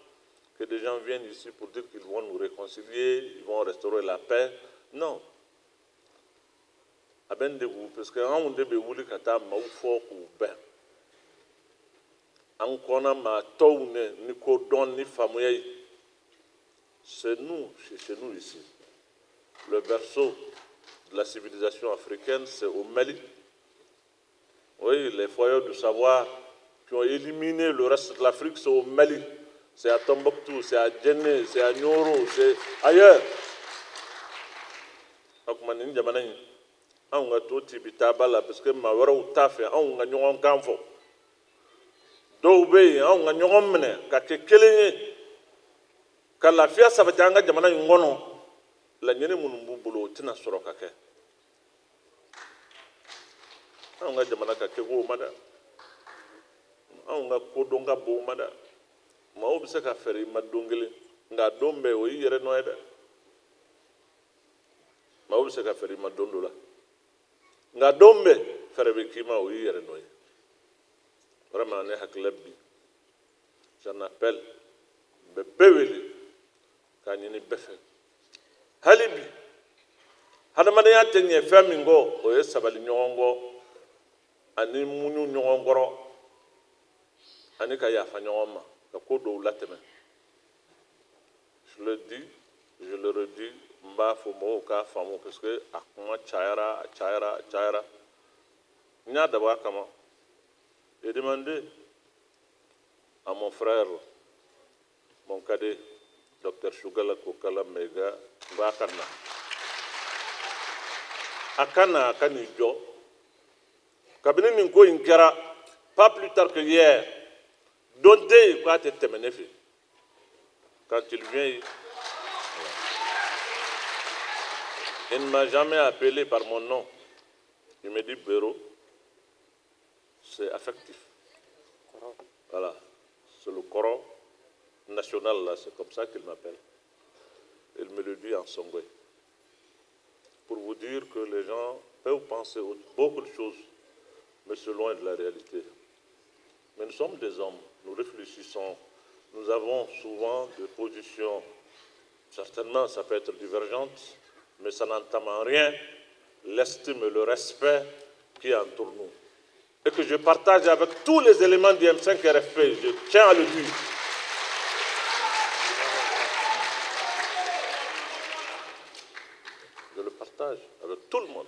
que des gens viennent ici pour dire qu'ils vont nous réconcilier, ils vont restaurer la paix. Non. parce que on vous kata fort ou ben. En ma ni ni famoye, C'est nous, c'est nous ici. Le berceau de la civilisation africaine, c'est au Mali. Oui, les foyers du savoir qui ont éliminé le reste de l'Afrique, c'est au Mali. c'est à Tombouctou, c'est à Djenné, c'est à Nyoro, c'est ailleurs. A je nin jamana in anw ka to ti bi taaba parce que maa wɛrɛw t'a fɛ anw ka ɲɔgɔn kan fɔ dɔw bɛ yen anw ka ɲɔgɔn minɛ ka kɛ kelen ye ka lafiya sabati an ka jamana in kɔnɔ laɲini minnu b'u bolo o tɛna sɔrɔ ka kɛ anw ka jamana ka kɛko ma dɛ anw ka maaw bɛ se ka fɛɛrɛ i ma don kelen nka a don bɛɛ o y'i yɛrɛ nɔ ye dɛ maaw bɛ se ka fɛɛrɛ i e. ma don dɔ la nka don bɛɛ fɛɛrɛ bɛ k'i ma o y'i yɛrɛ nɔ ye vraiment ne hakilila bi j'en appelle bɛ bɛɛ wele k'a ɲini bɛɛ fɛ hali bi hadamadenya tɛ ɲɛ fɛn min kɔ o ye sabali ɲɔgɔn kɔ ani muɲu ɲɔgɔn kɔrɔ ani ka yafa ɲɔgɔn ma ka ko dɔw latɛmɛ le di je le redis n b'a fɔ mɔgɔw k'a faamu parce que a kuma cayara a cayara a cayara n y'a dabɔ a kama j'ai demandé à mon frère mon cadet docteur k'o kala Mega n ko a ka na a ka na a ka n'i jɔ kabini nin ko in kɛra pas plus tard que hier Donnez quand il vient il ne m'a jamais appelé par mon nom il me dit Béro c'est affectif voilà c'est le coran national là c'est comme ça qu'il m'appelle il me le dit en songwe pour vous dire que les gens peuvent penser beaucoup de choses mais c'est loin de la réalité mais nous sommes des hommes nous réfléchissons, nous avons souvent des positions, certainement ça peut être divergente, mais ça n'entame en rien l'estime et le respect qui entoure nous. Et que je partage avec tous les éléments du M5 RFP, je tiens à le dire. Je le partage avec tout le monde.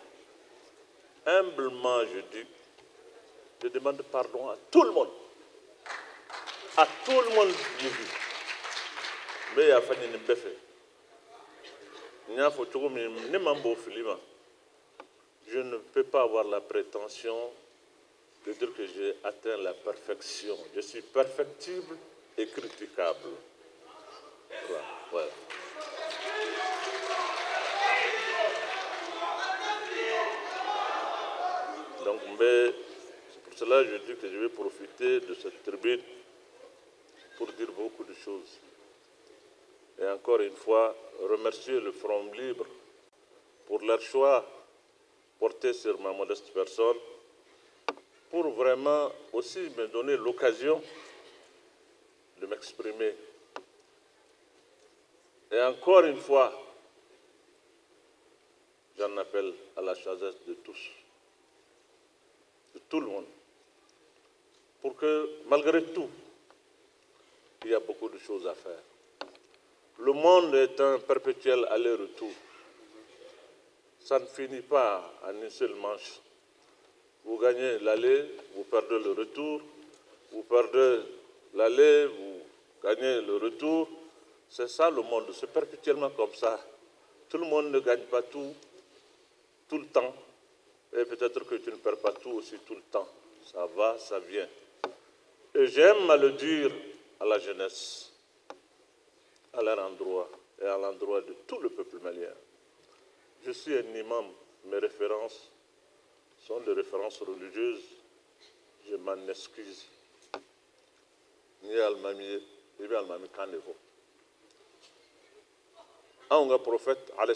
humblement, je dis, je demande pardon à tout le monde. À tout le monde, je Mais il y a Fanny Il a je ne peux pas avoir la prétention de dire que j'ai atteint la perfection. Je suis perfectible et critiquable. Voilà. voilà. Mais c'est pour cela que je dis que je vais profiter de cette tribune pour dire beaucoup de choses. Et encore une fois, remercier le Front Libre pour leur choix porté sur ma modeste personne, pour vraiment aussi me donner l'occasion de m'exprimer. Et encore une fois, j'en appelle à la chasse de tous tout le monde, pour que malgré tout, il y a beaucoup de choses à faire. Le monde est un perpétuel aller-retour. Ça ne finit pas en une seule manche. Vous gagnez l'aller, vous perdez le retour, vous perdez l'aller, vous gagnez le retour. C'est ça le monde, c'est perpétuellement comme ça. Tout le monde ne gagne pas tout, tout le temps. Et peut-être que tu ne perds pas tout aussi tout le temps. Ça va, ça vient. Et j'aime à le dire à la jeunesse, à leur endroit et à l'endroit de tout le peuple malien. Je suis un imam. Mes références sont des références religieuses. Je m'en excuse. Ni ni Un ah, prophète, alayhi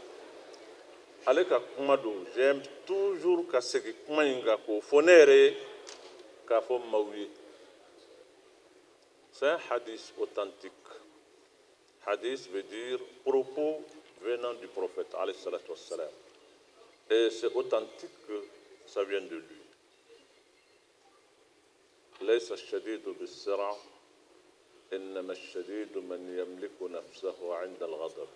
ale ka kuma don j'aime toujours ka segin kuma in kan k'o fɔ ne yɛrɛ ye k'a fɔ maaw ye c'est un hadith authentique hadith veut dire propos venant du prophète alayhi salatu wassalam et c'est authentique que ça vient de lui ليس الشديد بالسرعة إنما الشديد من يملك نفسه عند الغضب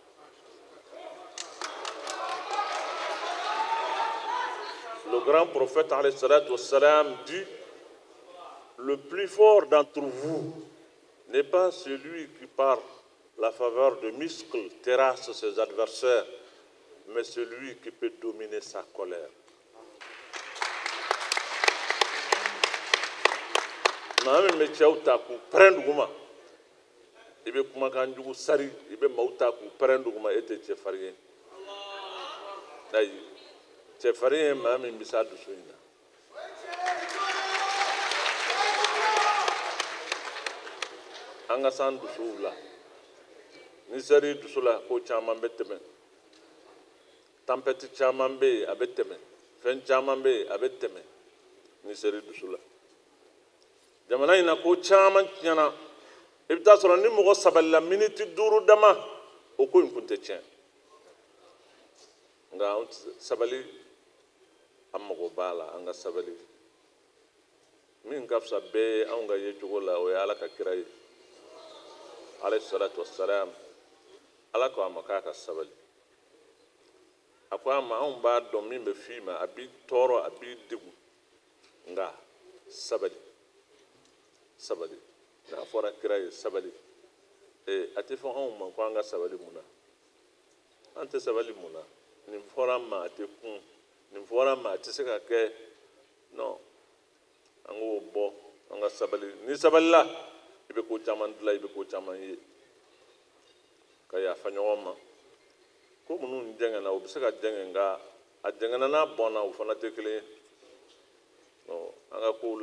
le grand prophète salam, dit Le plus fort d'entre vous n'est pas celui qui, par la faveur de muscles, terrasse ses adversaires, mais celui qui peut dominer sa colère. maa min bɛ cɛw k'u pɛrɛn dugu ma i bɛ de sari ibe bɛ k'u pɛrɛn dugu ma e tɛ cɛfarin ye maa min bisa dusu in na an ka san dusuw la ni seri dusu la ko caman bɛ tɛmɛ tanpɛti caman bɛ yen a bɛ tɛmɛ fɛn caman bɛ yen a bɛ tɛmɛ ni seri dusu la jamana in na ko caman tiɲɛna i bɛ taa sɔrɔ ni mɔgɔ sabalila miniti duuru dama o ko in kun tɛ tiɲɛ nka sabali an mago b'a la an ka sabali min ka fisa bɛɛ ye anw ka yecogo la o ye ala ka kira ye alayhi salatu wasalam ala ko a ma k'a ka sabali a ko a ma anw b'a dɔn min bɛ f'i ma a b'i tɔɔrɔ a b'i degun nka sabali sabali nka a fɔra kira ye sabali ee a tɛ fɔ anw ma ko an ka sabali mun na an tɛ sabali mun na nin fɔra an ma a tɛ kun nin ma maa a tɛ se ka non sabali ni sabalila i bɛ ko caman dilan i bɛ ko caman ye ka yafa ɲɔgɔn ma ko minnu jɛngɛnna u bɛ a n'a bɔnna o fana tɛ kelen ye ɔ an ka kow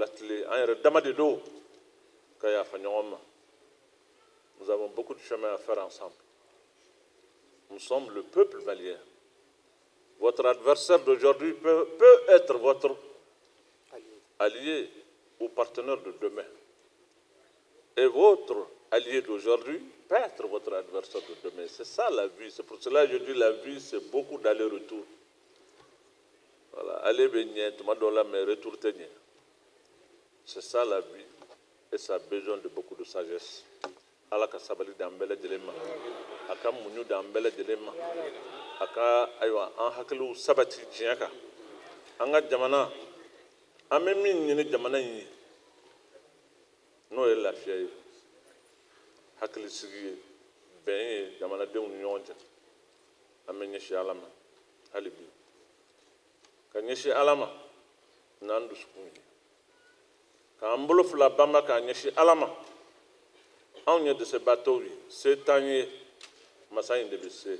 dama de nous avons beaucoup de chemin à faire ensemble nous sommes le peuple valérien. Votre adversaire d'aujourd'hui peut, être votre allié ou partenaire de demain. Et votre allié d'aujourd'hui peut être votre adversaire de demain. C'est ça la vie. C'est pour cela que je dis la vie, c'est beaucoup d'aller-retour. Voilà. Aller tout le monde mais retour C'est ça la vie. Et ça a besoin de beaucoup de sagesse. ala a ka ayiwa an hakiliw sabati diɲɛ kan an ka jamana an bɛ min ɲini jamana in ye n'o ye lafiya ye hakilisigi ye bɛn ye jamanadenw ni ɲɔgɔn cɛ an bɛ ɲɛsin ala ma hali bi ka ɲɛsin ala ma n'an dusukun ye k'an bolo fila banba k'a ɲɛsin ala ma anw ye dɛsɛbaatɔw ye se t'an ye masa in de bɛ se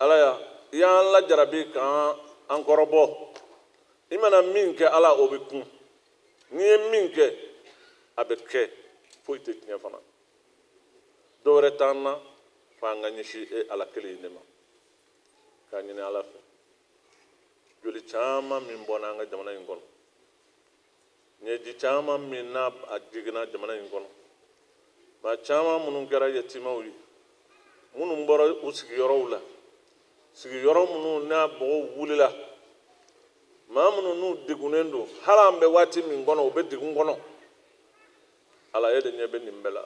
ala ya i y'an lajarabi k'an kɔrɔbɔ i mana min kɛ ala o bɛ kun n'i ye min kɛ a bɛ kɛ foyi tɛ tiɲɛ fana dɔwɛrɛ t'an na f'an ka ɲɛsin e ala kelen in de ma k'a ɲini ala fɛ joli caman min bɔnna an ka jamana in kɔnɔ ɲɛji caman min n'a a jiginna jamana in kɔnɔ maa caman minnu kɛra yatimaw ye minnu bɔra u sigiyɔrɔw la sigiyɔrɔ minnu n'a mɔgɔw wulila maa minnu n'u degunnen don hali an bɛ waati min kɔnɔ u bɛ degun kɔnɔ ala e de ɲɛ bɛ nin bɛɛ la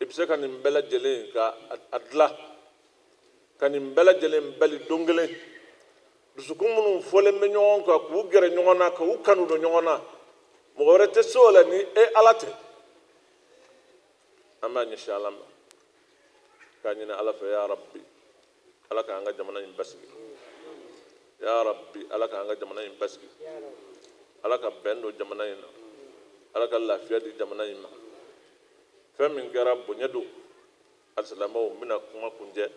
i bɛ se ka nin bɛɛ lajɛlen ka a dilan ka nin bɛɛ lajɛlen bali don kelen dusukun minnu fɔlen bɛ ɲɔgɔn kan k'u gɛrɛ ɲɔgɔn na k'u kanu don ɲɔgɔn na mɔgɔ wɛrɛ tɛ se o la ni e ala tɛ an b'a ɲɛsin ala ma k'a ɲini ala fɛ ya ala k'an ka jamana in basigi ya rabbi ala k'an ka jamana in basigi ala ka bɛn don jamana in na ala ka lafiya di jamana in ma fɛn min kɛra bonya don alisilamaw n bɛna kuma kuncɛ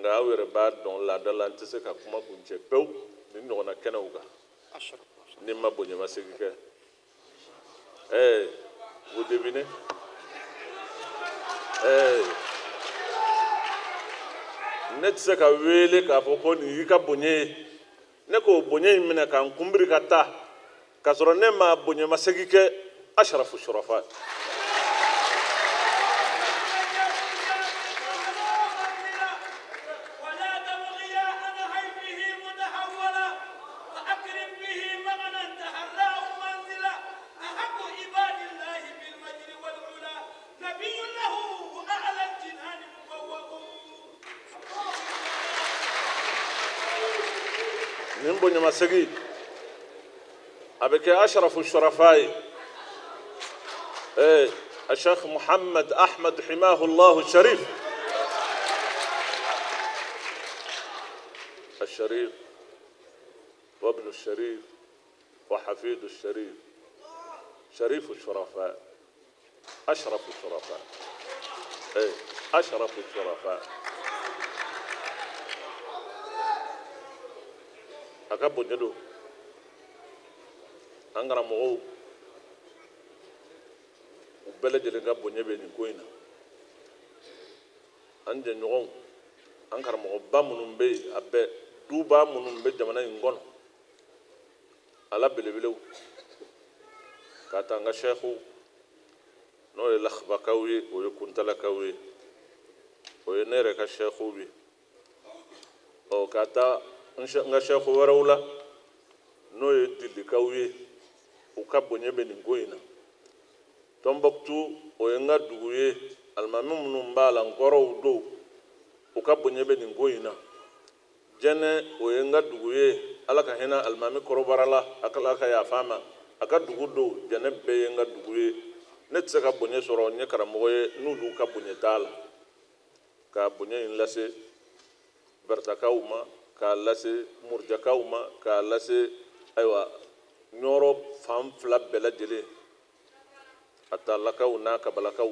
nka aw yɛrɛ b'a dɔn laada la n tɛ se ka kuma kuncɛ pewu ni ɲɔgɔnna kɛnɛw kan ni n ma bonyamasegin kɛ ɛɛ vous devinez ɛɛ. ne tɛ se ka wele k'a fɔ ko nin y'i ka bonya ye ne k'o bonya in minɛ ka n kunbiri ka taa k'a sɔrɔ ne ma bonyamasegin kɛ asarafu surafa نما مسجي أبيك أشرف الشرفاء إيه الشيخ محمد أحمد حماه الله الشريف الشريف وابن الشريف وحفيد الشريف شريف الشرفاء أشرف الشرفاء إيه أشرف الشرفاء a ka bonya don an karamɔgɔw u bɛɛ lajɛlen ka bonya bɛ nin ko in na an jɛɲɔgɔnw an karamɔgɔba minnu bɛ yen a bɛɛ duba minnu bɛ jamana in kɔnɔ ala belebelew k'a ta an ka sɛkiw n'o ye lahibakaw ye o ye kuntalakaw ye o ye ne yɛrɛ ka sɛkiw ye ɔ k'a ta nga ka sɛko wɛrɛw la n'o ye dilikaw ye u ka bonya bɛ nin ko in na tɔnbɔkutu o ye n ka dugu ye alimami minnu b'a la nkɔrɔw don u ka bonya bɛ nin ko in na jɛnɛ o ye n ka dugu ye ala ka hinɛ alimami kɔrɔbarala a kala ka yafa ma a ka dugu don jɛnɛ bɛɛ ye n ka dugu ye ne tɛ se ka bonya sɔrɔ n ye karamɔgɔ ye n'olu ka bonya t'a la ka bonya in lase baratakaw ma k'a lase murujakaw ma k'a lase ayiwa ɲɔrɔ fan fila bɛɛ lajɛlen a taalakaw n'a kabalakaw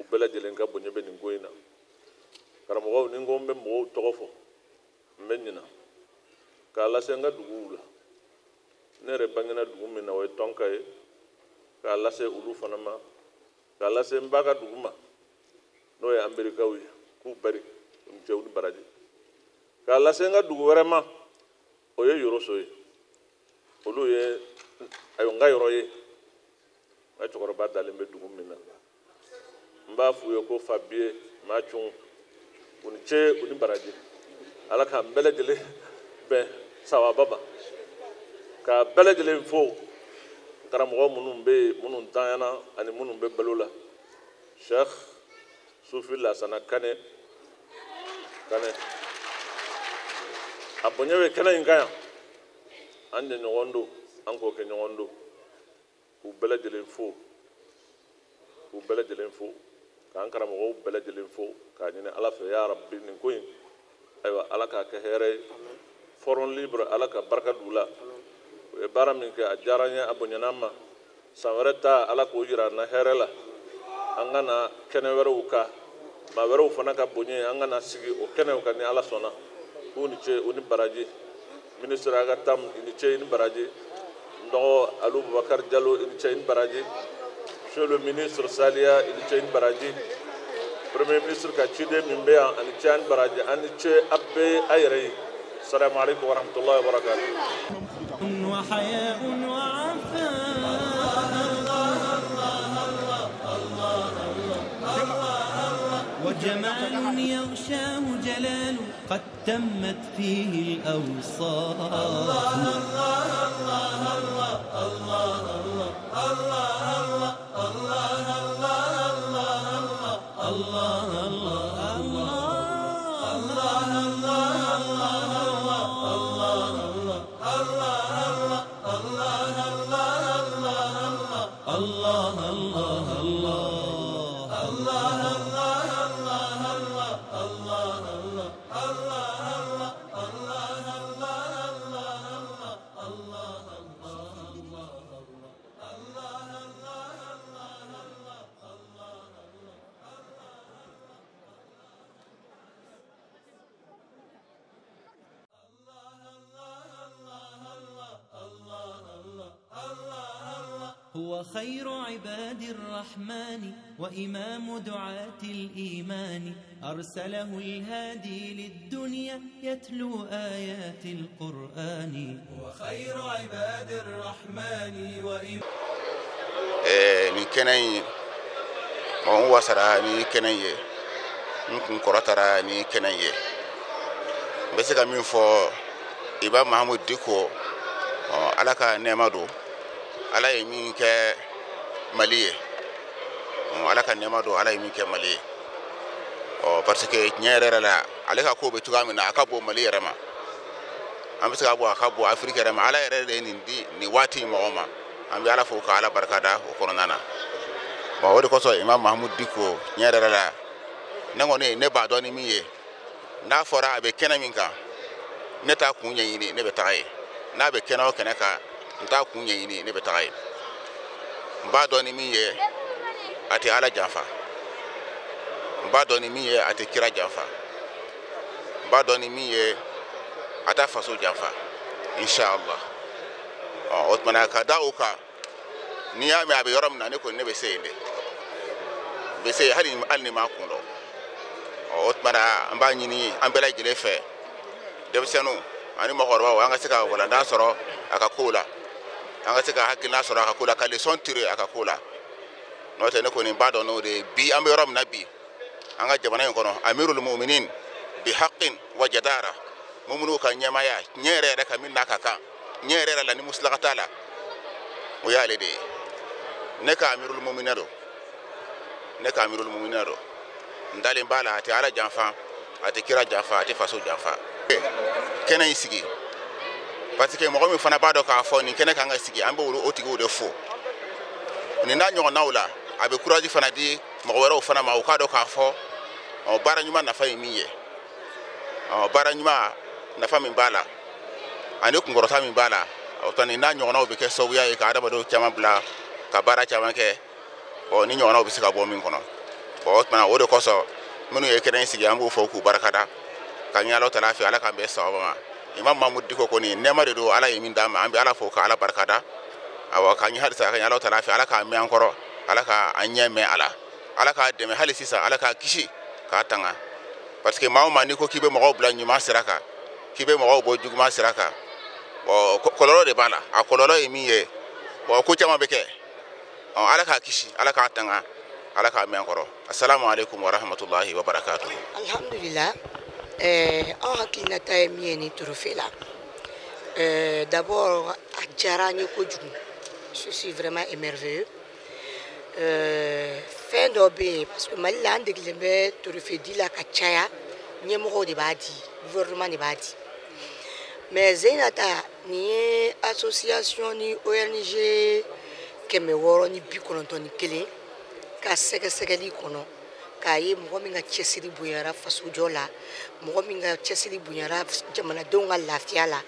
u bɛɛ lajɛlen ka bonya bɛ nin ko in na karamɔgɔw ni n ko n bɛ mɔgɔw tɔgɔ fɔ n bɛ ɲina k'a lase n ka duguw la ne yɛrɛ bangena dugu min na o ye tɔnka ye k'a lase olu fana ma k'a lase n ba ka dugu ma n'o ye anbirikaw ye k'u bari u ni cɛw ni baraji k'a lase n ka dugu wɛrɛ ma o ye yoroso ye olu ye ayi n ka yɔrɔ ye n ka cɛkɔrɔba dalen bɛ dugu min na n b'a f'u ye ko fabiye maa cun u ni ce u ni baraji ala k'an bɛɛ lajɛlen bɛn sawaba ma k'a bɛɛ lajɛlen fo karamɔgɔ minnu bɛ yen minnu tanyana ani minnu bɛ balo la sɛki sufi lasana kane kane. a bonya bɛ kɛnɛ an de ɲɔgɔn do an k'o kɛ ɲɔgɔn do k'u bɛɛ fo k'u bɛɛ fo k'an karamɔgɔw bɛɛ fo k'a ɲini ala fɛ ya rabi nin ko in ayiwa ala k'a kɛ hɛrɛ ye foron libre ala ka barika d'u la u ye baara min kɛ a diyara n ye a bonyana n ma san wɛrɛ ta ala k'o yira na hɛrɛ la an ka na kɛnɛ wɛrɛw kan wɛrɛw fana ka bonya an ka na sigi o kɛnɛw ka ni ala sɔnna u ni ce u baraji ministre aga tam ini ce i baraji ndo alu bubakar jalo ini ni ce i baraji monsieur le ministre salia ini ni ce i baraji premier ministre ka ciden min bɛ ani ce baraji ani ce a bɛɛ a alaikum warahmatullahi wabarakatuh يغشاه جلاله قد تمت فيه الأوصاف الله الله الله الله الله الله الله الله وخير عباد الرحمن وإمام دعاة الإيمان أرسله الهادي للدنيا يتلو آيات القرآن وخير عباد الرحمن وإمام من كني من وسرا من كني من كن كرترا من كني بس كمين فو إبا محمود ديكو آه، على نعمة دو ala ye min kɛ mali ye ala ka nɛma don ala ye min kɛ mali ye ɔ parce que tiɲɛ yɛrɛ yɛrɛ la ale ka ko bɛ cogoya min na a ka bɔ mali yɛrɛ ma an bɛ se ka bɔ a ka bɔ afiriki yɛrɛ ma ala yɛrɛ de ye nin di nin waati in mɔgɔ ma an bɛ ala fo ka ala barika da o kɔnɔna na bon o de kosɔn imam mahamudu diko tiɲɛ yɛrɛ la ne kɔni ne b'a dɔn ni min ye n'a fɔra a bɛ kɛnɛ min kan ne t'a kun ɲɛɲini ne bɛ taga ye n'a bɛ kɛnɛ o kɛnɛ kan n t'a kun ɲɛɲini ne bɛ taga ye n b'a dɔn ni min ye a tɛ ala janfa n b'a dɔn ni min ye a tɛ kira janfa n b'a dɔn ni min ye a t'a faso janfa inshallah ɔ o tumana ka da o kan n'i y'a mɛn a bɛ yɔrɔ min na ne kɔni ne bɛ se yen de bɛ se hali hali ni ma kun dɔn ɔ o tumana an b'a ɲini an bɛɛ lajɛlen fɛ denmisɛnninw ani mɔgɔkɔrɔbaw an ka se ka walanda sɔrɔ a ka kow la an ka se ka hakilina sɔrɔ a ka ko la ka lesɔn tire a ka ko la n'o tɛ ne kɔni b'a dɔn n'o de ye bi an bɛ yɔrɔ min na bi an ka jamana in kɔnɔ amirul muminin bi haqqin wa jadara mumunu ka ɲɛmaya ɲɛ yɛrɛ yɛrɛ ka min n'a ka kan ɲɛ yɛrɛ yɛrɛ la ni musulaka t'a la o y'ale de ye ne ka amirul mumina don ne ka amirul mumina don n dalen b'a la a tɛ ala janfa a tɛ kira janfa a tɛ faso janfa kɛnɛ sigi parce que mɔgɔ min fana b'a dɔn k'a fɔ nin kɛnɛ kan ka sigi an b'olu o tigiw de fo nin n'a ɲɔgɔnnaw la a bɛ kuraji fana di mɔgɔ wɛrɛw fana ma u k'a dɔn k'a fɔ ɔ baara ɲuman nafa ye min ye ɔ baara ɲuman nafa min b'a la ani kunkɔrɔta min b'a la o tɔ nin n'a ɲɔgɔnnaw bɛ kɛ sababuya ye ka adamadenw caman bila ka baara caman kɛ ɔ ni ɲɔgɔnnaw bɛ se ka bɔ min kɔnɔ bɔn o tuma o de kosɔn minnu ye kɛnɛ in sigi an b'u fɔ k'u barakada ka ɲɛ ala ta fɛ ala k'an bɛn sababa ma imam mahmud diko koni nɛɛma de do ala ye min d'an ma ala fo ka ala barkada awa awɔ k'an ɲɛ halisa ka ɲɛ tala fɛ ala k'a mɛn an kɔrɔ ala ka an ɲɛ mɛn ala k'a dɛmɛ hali sisa ala k'a kisi k'a tanga parce que maa o n'i ko kibe bɛ mɔgɔw bila siraka kibe kan bo juguma siraka o juguman sira de b'a a kɔlɔlɔ ye min ye o ko caman bɛ kɛ ala k'a kisi ala k'a tanga ala k'a mɛn kɔrɔ asalamualeykum warahmatulahi wabarakatuhu. alhamdulillah an hakilinata ye min ye ni trophée la euh, d'abord a diyara an ye kojugu je suis vraiment émerveilleux fɛn dɔ bɛ yen parce que mali la an degilen bɛ trophée di la ka caya ɲɛmɔgɔw de b'a di gouvernement de b'a di mais zeinata nin ye association ni ong kɛmɛ wɔɔrɔ ni bi kɔnɔntɔn ni kelen ka sɛgɛsɛgɛli kɔnɔ k'a ye mɔgɔ min ka cɛsiri bonyara fasojɔ la mɔgɔ min ka cɛsiri bonyara jamanadenw ka lafiya la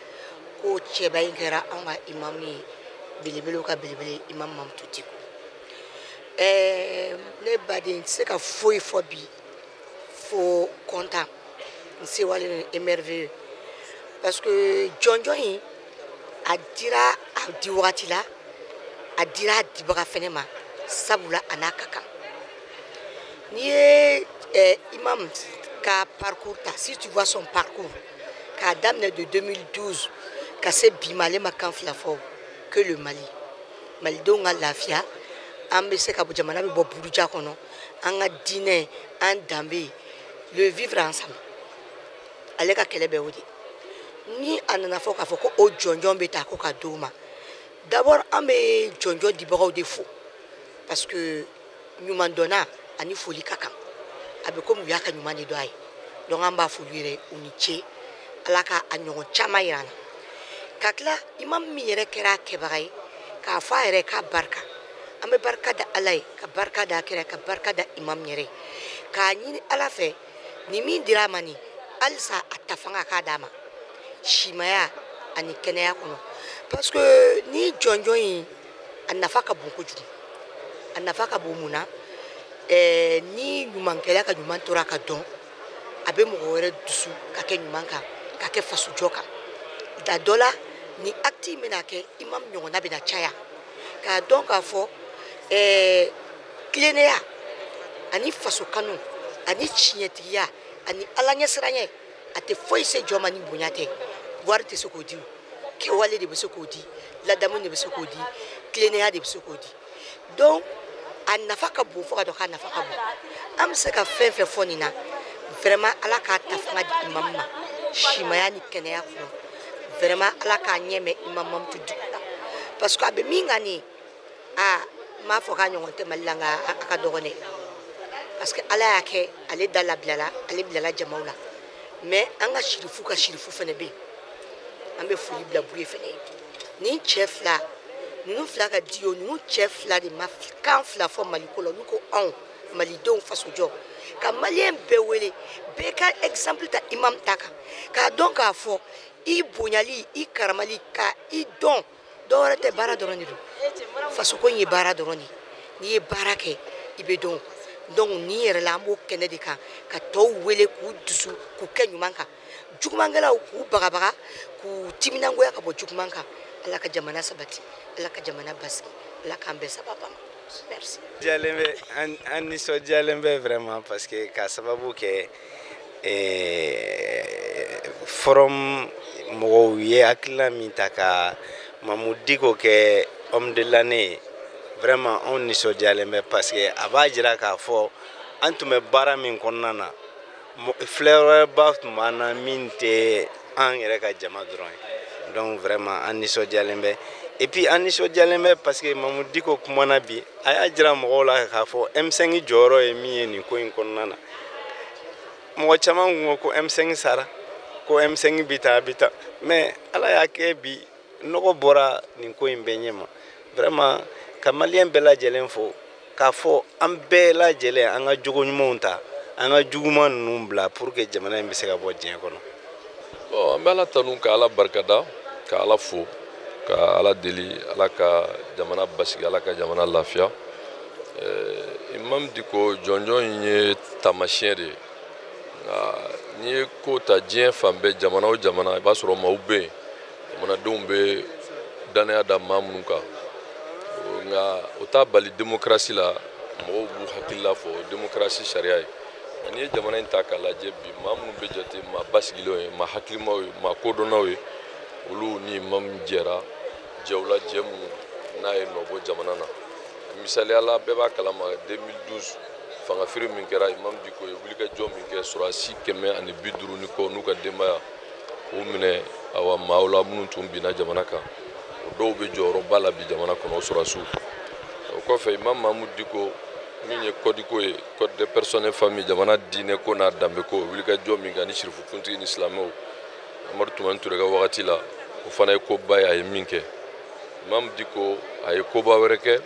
ko cɛba yi kɛra anw ka imamu ye belebelew ka belebele imamu mamutu diko ɛɛ ne baden tɛ se ka foyi fɔ bi fo kɔntan n sewale ni émerveilleux parce que jɔnjɔn yi a dira a di wagati la a dira a dibaga fɛnɛ ma sabula a n'a ka kan n'i ye eh, imam ka parcours ta si tu vois son parcours k'a daminɛ de 2012 ka se bi ma ale ma kan fila fɔ que le mali malidenw ka lafiya an bɛ se ka bɔ jamana bɛ bɔ buruja kɔnɔ an ka diinɛ an danbe le vivre ensemble ale ka kɛlɛ bɛ o de ni a nana fɔ k'a fɔ ko o jɔnjɔn bɛ ta ko ka di o ma d'abord an bɛ jɔnjɔn dibagaw de fo parce que ɲuman dɔnna ani foli ka kan a bɛ komi u y'a ka ɲuman de dɔ a ye donc an b'a f'olu yɛrɛ u ni ce ala ka a ɲɔgɔn caman yira an na ka tila imamu min yɛrɛ kɛra a kɛbaga ye k'a fɔ a yɛrɛ k'a barika an bɛ barika da ala ye ka barika da a kɛra ka barika da imamu yɛrɛ ye k'a ɲini ala fɛ nin min dira a ma nin halisa a ta fanga k'a d'a ma simaya ani kɛnɛya kɔnɔ parce que ni jɔnjɔn in a nafa ka bon kojugu a nafa ka bon mun na eh, ni ɲumankɛla ka ɲuman tora ka dɔn a bɛ mɔgɔ wɛrɛ dusu ka kɛ ɲuman kan ka kɛ fasojɔ kan da dɔ la ni akti in bɛna kɛ i ma ɲɔgɔnna bɛna caya k'a dɔn k'a fɔ eh, tilennenya ani faso kanu ani tiɲɛtigiya ani ala ɲɛsiranya a tɛ foyi se jɔ ma ni bonya tɛ wari tɛ se k'o di kɛwale de bɛ se k'o di ladamu de bɛ se k'o di tilennenya de bɛ se k'o di donc a nafa ka bon fo ka dɔ k'a nafa ka bon an bɛ se ka fɛn fɛn fɔ nin na vraiment ala k'a ta fanga di imamu ma simaya ni kɛnɛya kɔnɔ vraiment ala k'a ɲɛ mɛn imamu mamutu dugu la parce que a bɛ min kan nin aa n b'a fɔ k'a ɲɔgɔn tɛ mali la nka a ka dɔgɔn dɛ parce que ala y'a kɛ ale da labilala ale bilala jamaw la mais an ka sirifu ka sirifu fɛnɛ bɛ yen an bɛ foli bila bu ye fɛnɛ ye nin cɛ fila ninnu fila ka di o ninnu cɛ fila de ma kan fila fɔ maliko la olu ko anw malidenw fasojɔ ka maliyɛn bɛɛ wele bɛɛ ka ɛgisanpili ta imam ta kan k'a dɔn k'a fɔ i bonyali i karamali ka i dɔn dɔ wɛrɛ tɛ baara dɔrɔn de don fasoko ye baara dɔrɔn de n'i ye baara kɛ i bɛ dɔn donc ni yɛrɛ la an b'o kɛnɛ de kan ka tɔw wele k'u dusu k'u kɛ ɲuman kan jugumankɛlaw k'u bagabaga k'u timinangoya ka bɔ juguman kan ala ka jamana sabati ala ka jamana basigi ala k'an bɛɛ sababa ma diyalen bɛ an nisɔndiyalen bɛ vraiment parce que k'a sababu kɛ e, forum mɔgɔw ye hakilina min ta ka mamu diko kɛ homme de l'année vraiment anw nisɔndiyalen bɛ parce que a b'a jira k'a fɔ an tun bɛ baara min kɔnɔna na filɛyɔrɔba tun b'an na min tɛ an yɛrɛ ka jama dɔrɔn ye donc vraiment an nisɔndiyalen bɛ et puis an nisɔndiyalen bɛ parce que mamu diko kumana bi a y'a jira mɔgɔw la k'a fɔ m5 jɔyɔrɔ ye min ye nin ko in kɔnɔna na mɔgɔ caman kun ko ko m5 sara ko m5 bi ta a bi ta mais ala y'a kɛ bi nɔgɔ bɔra nin ko in bɛɛ ɲɛma vraiment ka maliyɛn bɛɛ lajɛlen fo k'a fɔ an bɛɛ lajɛlen an ka jogo ɲumanw ta an ka juguman ninnu bila pour que jamana in bɛ se ka bɔ diɲɛ kɔnɔ bon an bɛ ala tanu ka ala barikada ka ala fo ka ala deli ala ka jamana basigi ala ka jamana lafiya eh, imam diko jɔnjɔn ye taamasiyɛn de ye nka n'i ye ko ta diɲɛ fan bɛɛ jamana o jamana i b'a sɔrɔ maaw bɛ yen jamanadenw bɛ dannaya da maa minnu kan nka o t'a bali demokarasi la mɔgɔw b'u hakilila fɔ demokarasi sariya ye n'i ye jamana in ta k'a lajɛ bi maa minnu bɛ jate maa basigilenw ye maa hakilimaw ye maa kodɔnnaw ye olu ni ma min jɛra jɛw la jɛ minnu n'a ye nɔ bɔ jamana na misaliyala bɛɛ b'a kalama 2012 fanga feere min kɛra imam diko ye wulikajɔ min kɛ sɔrɔsi kɛmɛ ani bi duuru ni kɔ n'u ka denbaya o minɛ awa maaw la minnu tun binna jamana kan o dɔw bɛ jɔyɔrɔba la bi e, jamana kɔnɔ o sɔrɔsiw o kɔfɛ imam mahamudu diko min ye kɔdiko ye code de personne famille jamana diinɛ ko n'a danbe ko wulikajɔ min kɛ ani sirifukuntigi ni silamɛw amadu tumani ture ka wagati la o fana ye koba ye a ye min kɛ imamu diko a ye koba wɛrɛ kɛ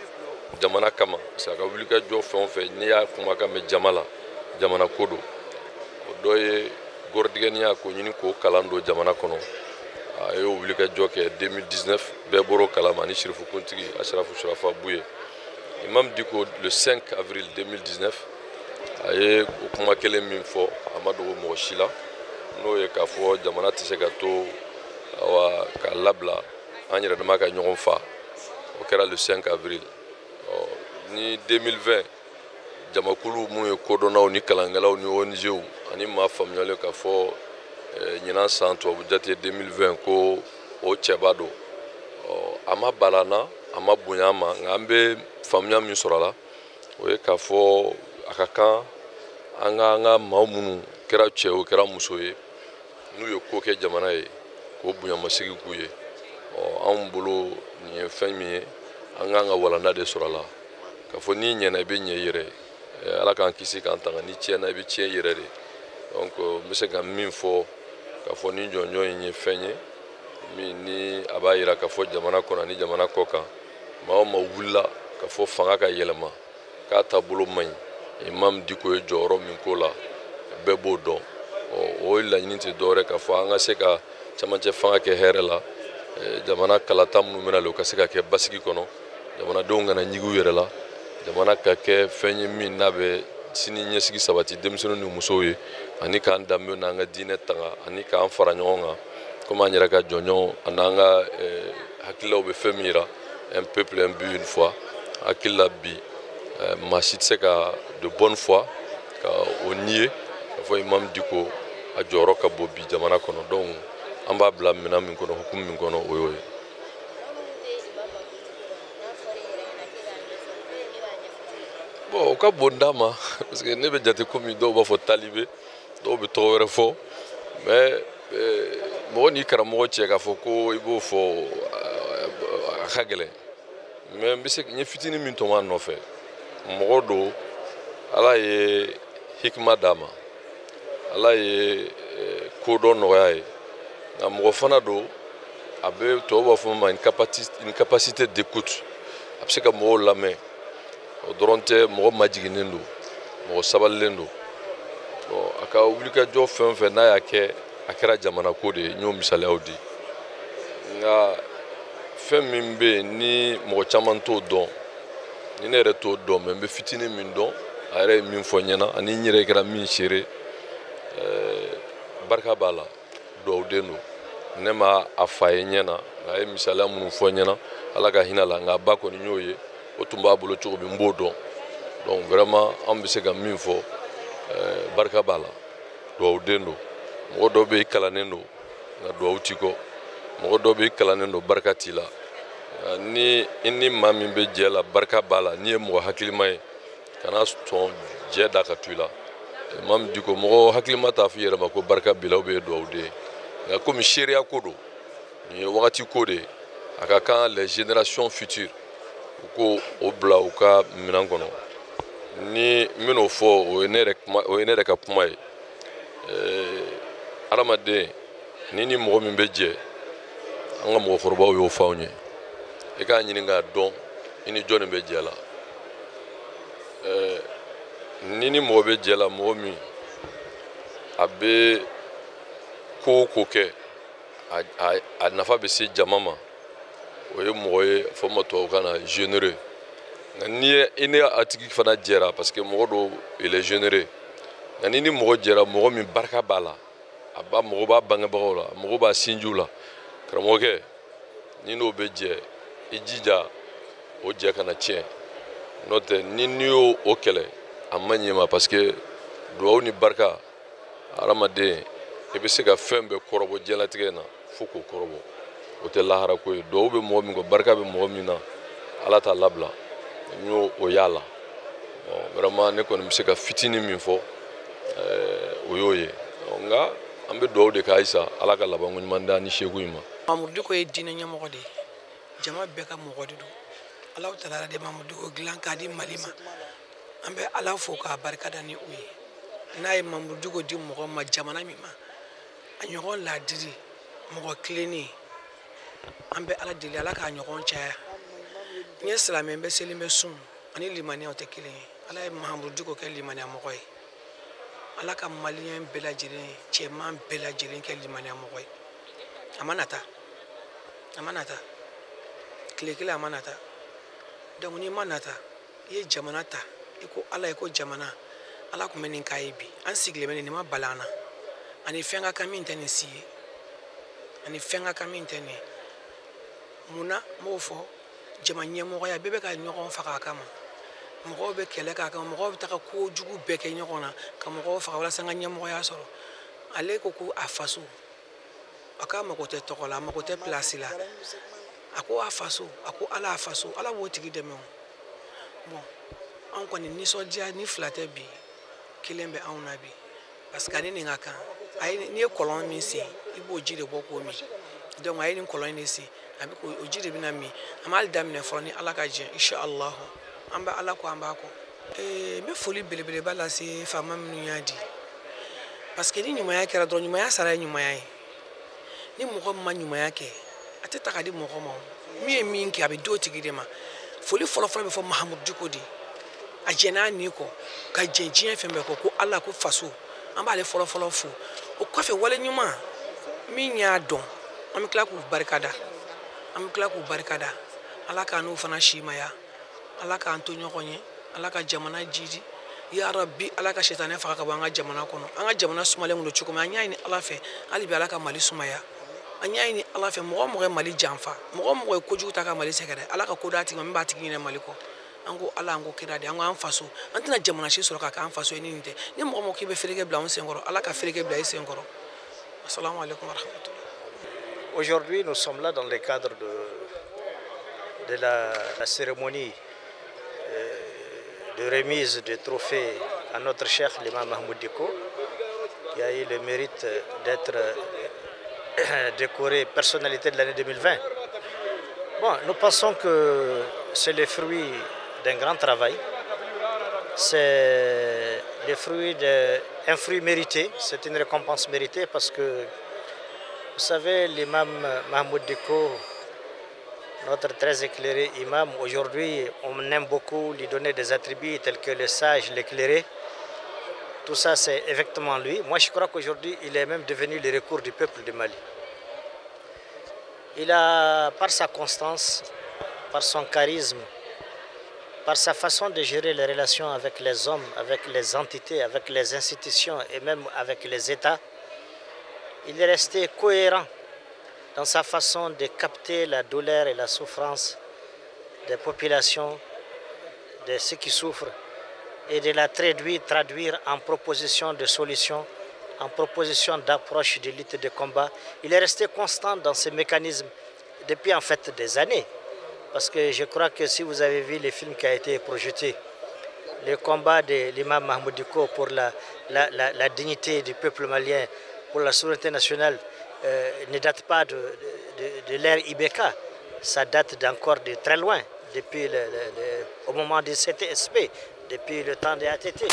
jamana kama parce que a ka wulika jɔ fɛn o fɛn n'i y'a kuma ka mɛn jama la jamana ko do o dɔ ye gɔrɔdigɛniya k'o ɲini k'o kalan don jamana kɔnɔ a y'o wulika jɔ kɛ 2019 bɛɛ bɔr'o kalama ani sirifukuntigi asirafu surafa buye imam diko le 5 avril 2019 a ye o kuma kelen min fɔ a ma dogo mɔgɔ si la n'o ye k'a fɔ jamana tɛ se ka to wa k'a labila an yɛrɛ dama ka ɲɔgɔn fa o kɛra le 5 avril ɔ ni 2020 jamakulu minnu ye kodɔnnaw ni kalankɛlaw ni ong ani maa faamuyalen k'a fɔ ɲinan san tubabu jate 2020 ko o cɛba don ɔ a ma bala na a ma bonya a ma nka an bɛ faamuya min sɔrɔ a la o ye k'a fɔ a ka kan an ka an ka maa minnu kɛra cɛ o kɛra muso ye n'u ye ko kɛ jamana ye k'o bonyamasegi k'u ye ɔ anw bolo nin ye fɛn min ye an kan ka walanda de sɔrɔ a la k'a fɔ n'i ɲɛna i bɛ ɲɛ i yɛrɛ ye ala k'an kisi k'an tanga ni tiɲɛna i bɛ tiɲɛ i yɛrɛ de donc n bɛ se ka min fɔ k'a fɔ ni jɔnjɔn in ye fɛn ye min ni a b'a yira k'a fɔ jamana kɔnɔ ani jamana kɔ kan maa o maa wulila k'a fɔ fanga ka yɛlɛma k'a taabolo man ɲi imam diko ye jɔyɔrɔ min k'o la bɛɛ b'o dɔn ɔ o laɲini tɛ dɔwɛrɛ k'a fɔ an ka se ka camancɛ fanga kɛ hɛrɛ la eh, jamana kalata minnu bɛna le o ka se ka kɛ basigi kɔnɔ jamanadenw kana ɲigi u yɛrɛ la jamana ka kɛ fɛn ye min n'a bɛ sini ɲɛsigi sabati denmisɛnninw ni musow ye ani k'an danbew n'an ka diinɛ tanga ani k'an fara ɲɔgɔn kan komi an yɛrɛ ka jɔnjɔnw an'an ka eh, hakililaw bɛ fɛn min yira un peuple un but une fois hakili la bi eh, maa si tɛ se ka de bonne foi ka o niye k'a fɔ imam diko a jɔyɔrɔ ka bon bi jamana kɔnɔ donc an b'a bila mina min kɔnɔ hukumu min kɔnɔ o y'o ye bon o ka bon d'a ma parce que ne bɛ jate komi dɔw b'a fɔ talibe dɔw bɛ tɔgɔ wɛrɛ fɔ mais eh, mɔgɔ n'i karamɔgɔ cɛ k'a fɔ ko i b'o fɔ eh, a ka gɛlɛn mais n bɛ se n ye fitinin min tɔmɔ a nɔfɛ mɔgɔ don ala ye hikima d'a ma ala ye eh, dɔ nɔgɔya ye nka mɔgɔ fana don a bɛ tubabu b'a fɔ min ma une capacité d'écoute a bɛ se ka mɔgɔw lamɛn o dɔrɔn tɛ mɔgɔ majiginnen don mɔgɔ sabalilen don bon a ka wulikajɔ fɛn o fɛn n'a y'a kɛ a kɛra jamana ko de ye n y'o misaliyaw di nka fɛn min bɛ yen ni mɔgɔ caman t'o dɔn ni ne yɛrɛ t'o dɔn mɛ n bɛ fitinin min dɔn a yɛrɛ ye min fɔ n ɲɛna ani n yɛrɛ kɛra min seere barika b'a la duwawuden euh, don ne ma a fa ye ɲɛ na a ye misaliya minnu fɔ ɲɛna ala ka hinɛ la nka ba kɔni y'o ye o tun b'a bolo cogo min n b'o dɔn donc vraiment an bɛ se ka min fɔ barika b'a la dugawuden don mɔgɔ dɔw bɛ i kalannen don nka dugawu t'i kɔ mɔgɔ dɔw bɛ i kalannen don barika t'i la ni i ni maa min bɛ jɛ la barika b'a la n'i ye mɔgɔ hakilima ye kana sɔn jɛ da ka to i la maa min di ko mɔgɔ hakilima t'a f'i yɛrɛ ma ko barika b'i la ou bien dugawu den komi seereya ko don nin ye eh, wagati ko de a ka kan les générations futures u ko o bila u ka minan kɔnɔ ni n ben'o fɔ o ye ne yɛrɛ ka kuma ye adamaden ni ni mɔgɔ min bɛ jɛ an ka mɔgɔkɔrɔbaw y'o fɔ anw ye i k'a ɲini k'a dɔn i ni jɔnni bɛ jɛ la eh, ni ni mɔgɔ bɛ jɛ la mɔgɔ min a bɛ ko o ko kɛ a nafa bɛ se jama ma o ye mɔgɔ ye fɔ ma tubabukan na généreux nka n'i ye i ni a tigi fana jɛra parce que mɔgɔ dɔw il est généreux nka n'i ni mɔgɔ jɛra mɔgɔ min barika b'a la a b'a mɔgɔ b'a bangebagaw la mɔgɔ b'a sinjiw la karamɔgɔkɛ ni n'o bɛ jɛ i jija o jɛ kana tiɲɛ n'o tɛ ni n'i y'o o kɛlɛ a man ɲɛ ma parce que duwawu ni barika hadamaden i bɛ se ka fɛn bɛɛ kɔrɔbɔ diɲɛlatigɛ na fo k'o kɔrɔbɔ o tɛ lahara ko ye duwawu bɛ mɔgɔ min kɔ barika bɛ mɔgɔ min na ala t'a labila n y'o o y'a la vraiment ne kɔni bɛ se ka fitinin min fɔ o y'o ye nka an bɛ duwawu de kɛ ala ka labanko ɲuman di ni seku in ma. mamudu diko ye diinɛ ɲɛmɔgɔ de jama bɛɛ ka mɔgɔ de don alaw taara de mamudu diko dilan k'a di mali ma an bɛ ala fo k'a barikada ni o ye n'a ye mamudu ko di mɔgɔ ma jamana min ma. a ɲɔgɔn ladiri mɔgɔ kilenni an bɛ ala deli ala k'a ɲɔgɔn caya n ye silamɛ bɛ seli bɛ sun ani limaniyaw tɛ kelen ye ala ye mahamuru diko kɛ limaniya mɔgɔ ye ala ka maliyɛn bɛɛ lajɛlen cɛman bɛɛ lajɛlen kɛ limaniya mɔgɔ ye a ma nata a ma nata tile kelen a ma nata donc n'i ma nata i ye jamana ta i ko ala ye ko jamana ala tun bɛ nin k'a ye bi an sigilen bɛ nin nin ma bala an na ani fɛn ka kan min tɛ nin si ye ani fɛn ka kan min tɛ nin munna n b'o fɔ jama ɲɛmɔgɔya bɛɛ bɛ ka ɲɔgɔn faga a kama mɔgɔw bɛ kɛlɛ k'a kama mɔgɔw bɛ taga ko jugu bɛɛ kɛ ɲɔgɔn na ka mɔgɔw faga walasa n ka ɲɛmɔgɔya sɔrɔ ale ko ko a faso a k'a mago tɛ tɔgɔ la a mago tɛ pilasi la a ko a faso a ko ala a faso ala b'o tigi dɛmɛ o bɔn anw kɔni nisɔndiya ni fila tɛ bi kelen bɛ anw na bi parce que ani nin ka kan n'i ye kɔlɔn min sen i b'o ji de bɔ k'o min donc a ye nin kɔlɔn in de sen a bɛ o ji de bɛna min an b'ale daminɛ fɔlɔ ni ala ka jɛ inshaallahu an bɛ ala kɔ an b'a kɔ ee n bɛ foli belebeleba lase faama minnu y'a di parce que ni ɲumanya kɛra dɔrɔn ɲumanya sara ye ɲumanya ye ni mɔgɔ min ma ɲumanya kɛ a tɛ ta ka di mɔgɔ ma min ye min kɛ a bɛ di o tigi de ma foli fɔlɔfɔlɔ bɛ fɔ mahamudu diko di a jɛn'a ni kɔ ka jɛn diɲɛ fɛn bɛɛ kɔ ko ala ko faso an b'ale fɔlɔfɔlɔ fo o kɔfɛ waleɲuman min y'a dɔn an bɛ tila k'u barikada an bɛ tila k'u barikada ala k'an n'u fana simaya ala k'an to ɲɔgɔn ye ala ka jamana jidi yarabi ala ka sitanɛ faga ka bɔ an ka jamana kɔnɔ an ka jamana sumalen do cogo min an y'a ɲini ala fɛ hali bi ala ka mali sumaya an y'a ɲini ala fɛ mɔgɔ mɔgɔ ye mali janfa mɔgɔ mɔgɔ ye kojugu ta ka mali sɛgɛrɛ ala ka ko d'a tigi ma min b'a tigi ɲinɛ mali kɔ ango ko ala an ko kira de an ko an faso an jamana si sɔrɔ k'a k'an ni nin tɛ ni mɔgɔ mɔgɔ k'i bɛ feereke bila ala ka feereke bila i senkɔrɔ assalamu alaikum warahmatullahi Aujourd'hui, nous sommes là dans le cadre de, de la, la, cérémonie euh, de remise de trophée à notre chef, l'imam Mahmoud Diko, qui a eu le mérite d'être euh, décoré personnalité de l'année 2020. Bon, nous pensons que c'est le fruit d'un grand travail. C'est le fruit de, un fruit mérité, c'est une récompense méritée parce que, vous savez, l'imam Mahmoud Diko, notre très éclairé imam, aujourd'hui, on aime beaucoup lui donner des attributs tels que le sage, l'éclairé. Tout ça, c'est effectivement lui. Moi, je crois qu'aujourd'hui, il est même devenu le recours du peuple du Mali. Il a, par sa constance, par son charisme, par sa façon de gérer les relations avec les hommes, avec les entités, avec les institutions et même avec les États, il est resté cohérent dans sa façon de capter la douleur et la souffrance des populations, de ceux qui souffrent, et de la traduire, en proposition de solutions, en proposition d'approche de lutte de combat. Il est resté constant dans ce mécanismes depuis en fait des années. Parce que je crois que si vous avez vu le film qui a été projeté, le combat de l'imam Mahmoud pour la, dignité du peuple malien, pour la souveraineté nationale, euh, ne date pas de, de, l'ère Ibeka. Ça date d'encore de très loin, depuis au moment du CTSP, depuis le temps des ATT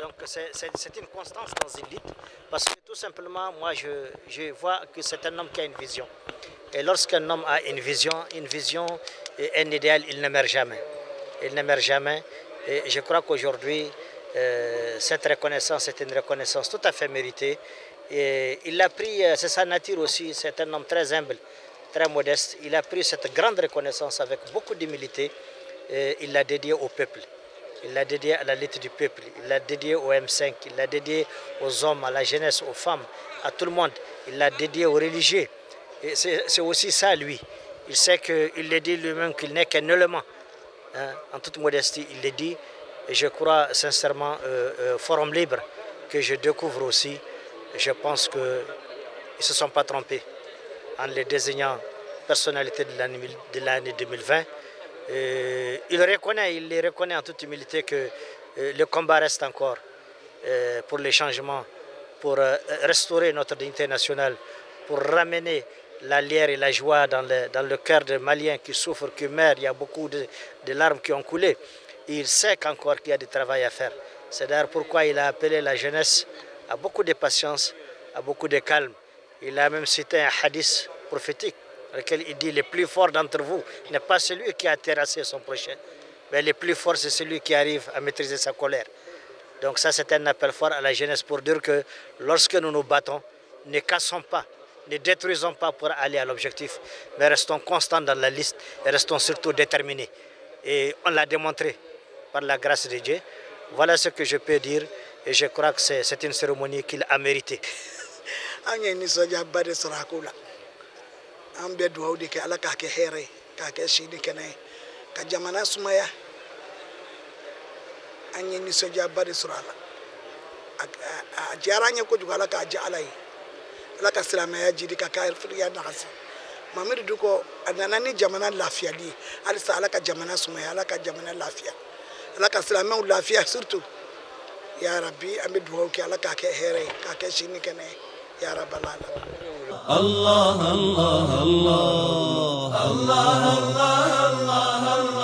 donc c'est une constance dans lutte, parce que tout simplement, moi, je, vois que c'est un homme qui a une vision. Et lorsqu'un homme a une vision, une vision et un idéal, il ne meurt jamais. Il ne meurt jamais. Et je crois qu'aujourd'hui, euh, cette reconnaissance est une reconnaissance tout à fait méritée. Et il l'a pris, euh, c'est sa nature aussi, c'est un homme très humble, très modeste. Il a pris cette grande reconnaissance avec beaucoup d'humilité. Il l'a dédiée au peuple il l'a dédié à la lutte du peuple, il l'a dédié au M5, il l'a dédié aux hommes, à la jeunesse, aux femmes, à tout le monde. Il l'a dédié aux religieux. Et c'est aussi ça, lui. Il sait qu'il le dit lui-même qu'il n'est qu'un élément. Hein. en toute modestie, il le dit. Et je crois sincèrement, euh, euh Forum Libre, que je découvre aussi, je pense qu'ils ne se sont pas trompés en les désignant personnalité de l'année 2020. Euh, il reconnaît, il reconnaît en toute humilité que euh, le combat reste encore euh, pour les changements, pour restaurer notre dignité nationale, pour ramener la lière et la joie dans le, cœur des Maliens qui souffrent, qui meurent. Il y a beaucoup de, larmes qui ont coulé. il sait qu'encore qu'il y a du travail à faire. C'est d'ailleurs pourquoi il a appelé la jeunesse à beaucoup de patience, à beaucoup de calme. Il a même cité un hadith prophétique lequel il dit le plus fort d'entre vous n'est pas celui qui a terrassé son prochain, mais le plus fort c'est celui qui arrive à maîtriser sa colère. Donc ça c'est un appel fort à la jeunesse pour dire que lorsque nous nous battons, ne cassons pas, ne détruisons pas pour aller à l'objectif, mais restons constants dans la liste et restons surtout déterminés. Et on l'a démontré par la grâce de Dieu. Voilà ce que je peux dire et je crois que c'est une cérémonie qu'il a méritée. an bɛ dugawu de kɛ ala k'a kɛ hɛrɛ ye k'a kɛ si de kɛnɛ ye ka jamana sumaya an ye nisɔndiyaba de sɔrɔ a la a diyara an ye kojugu ala k'a diya ala ye ala ka silamɛya jidi ka kafiriya nagasi mamadu dukɔ a nana ni jamana lafiyali ye halisa ala ka jamana sumaya ala ka jamana lafiya ala ka silamɛw lafiya surtout ya an bɛ dugawu kɛ ala k'a kɛ hɛrɛ ye k'a kɛ si ni kɛnɛ ye يا رب العالمين الله الله الله الله الله الله, الله, الله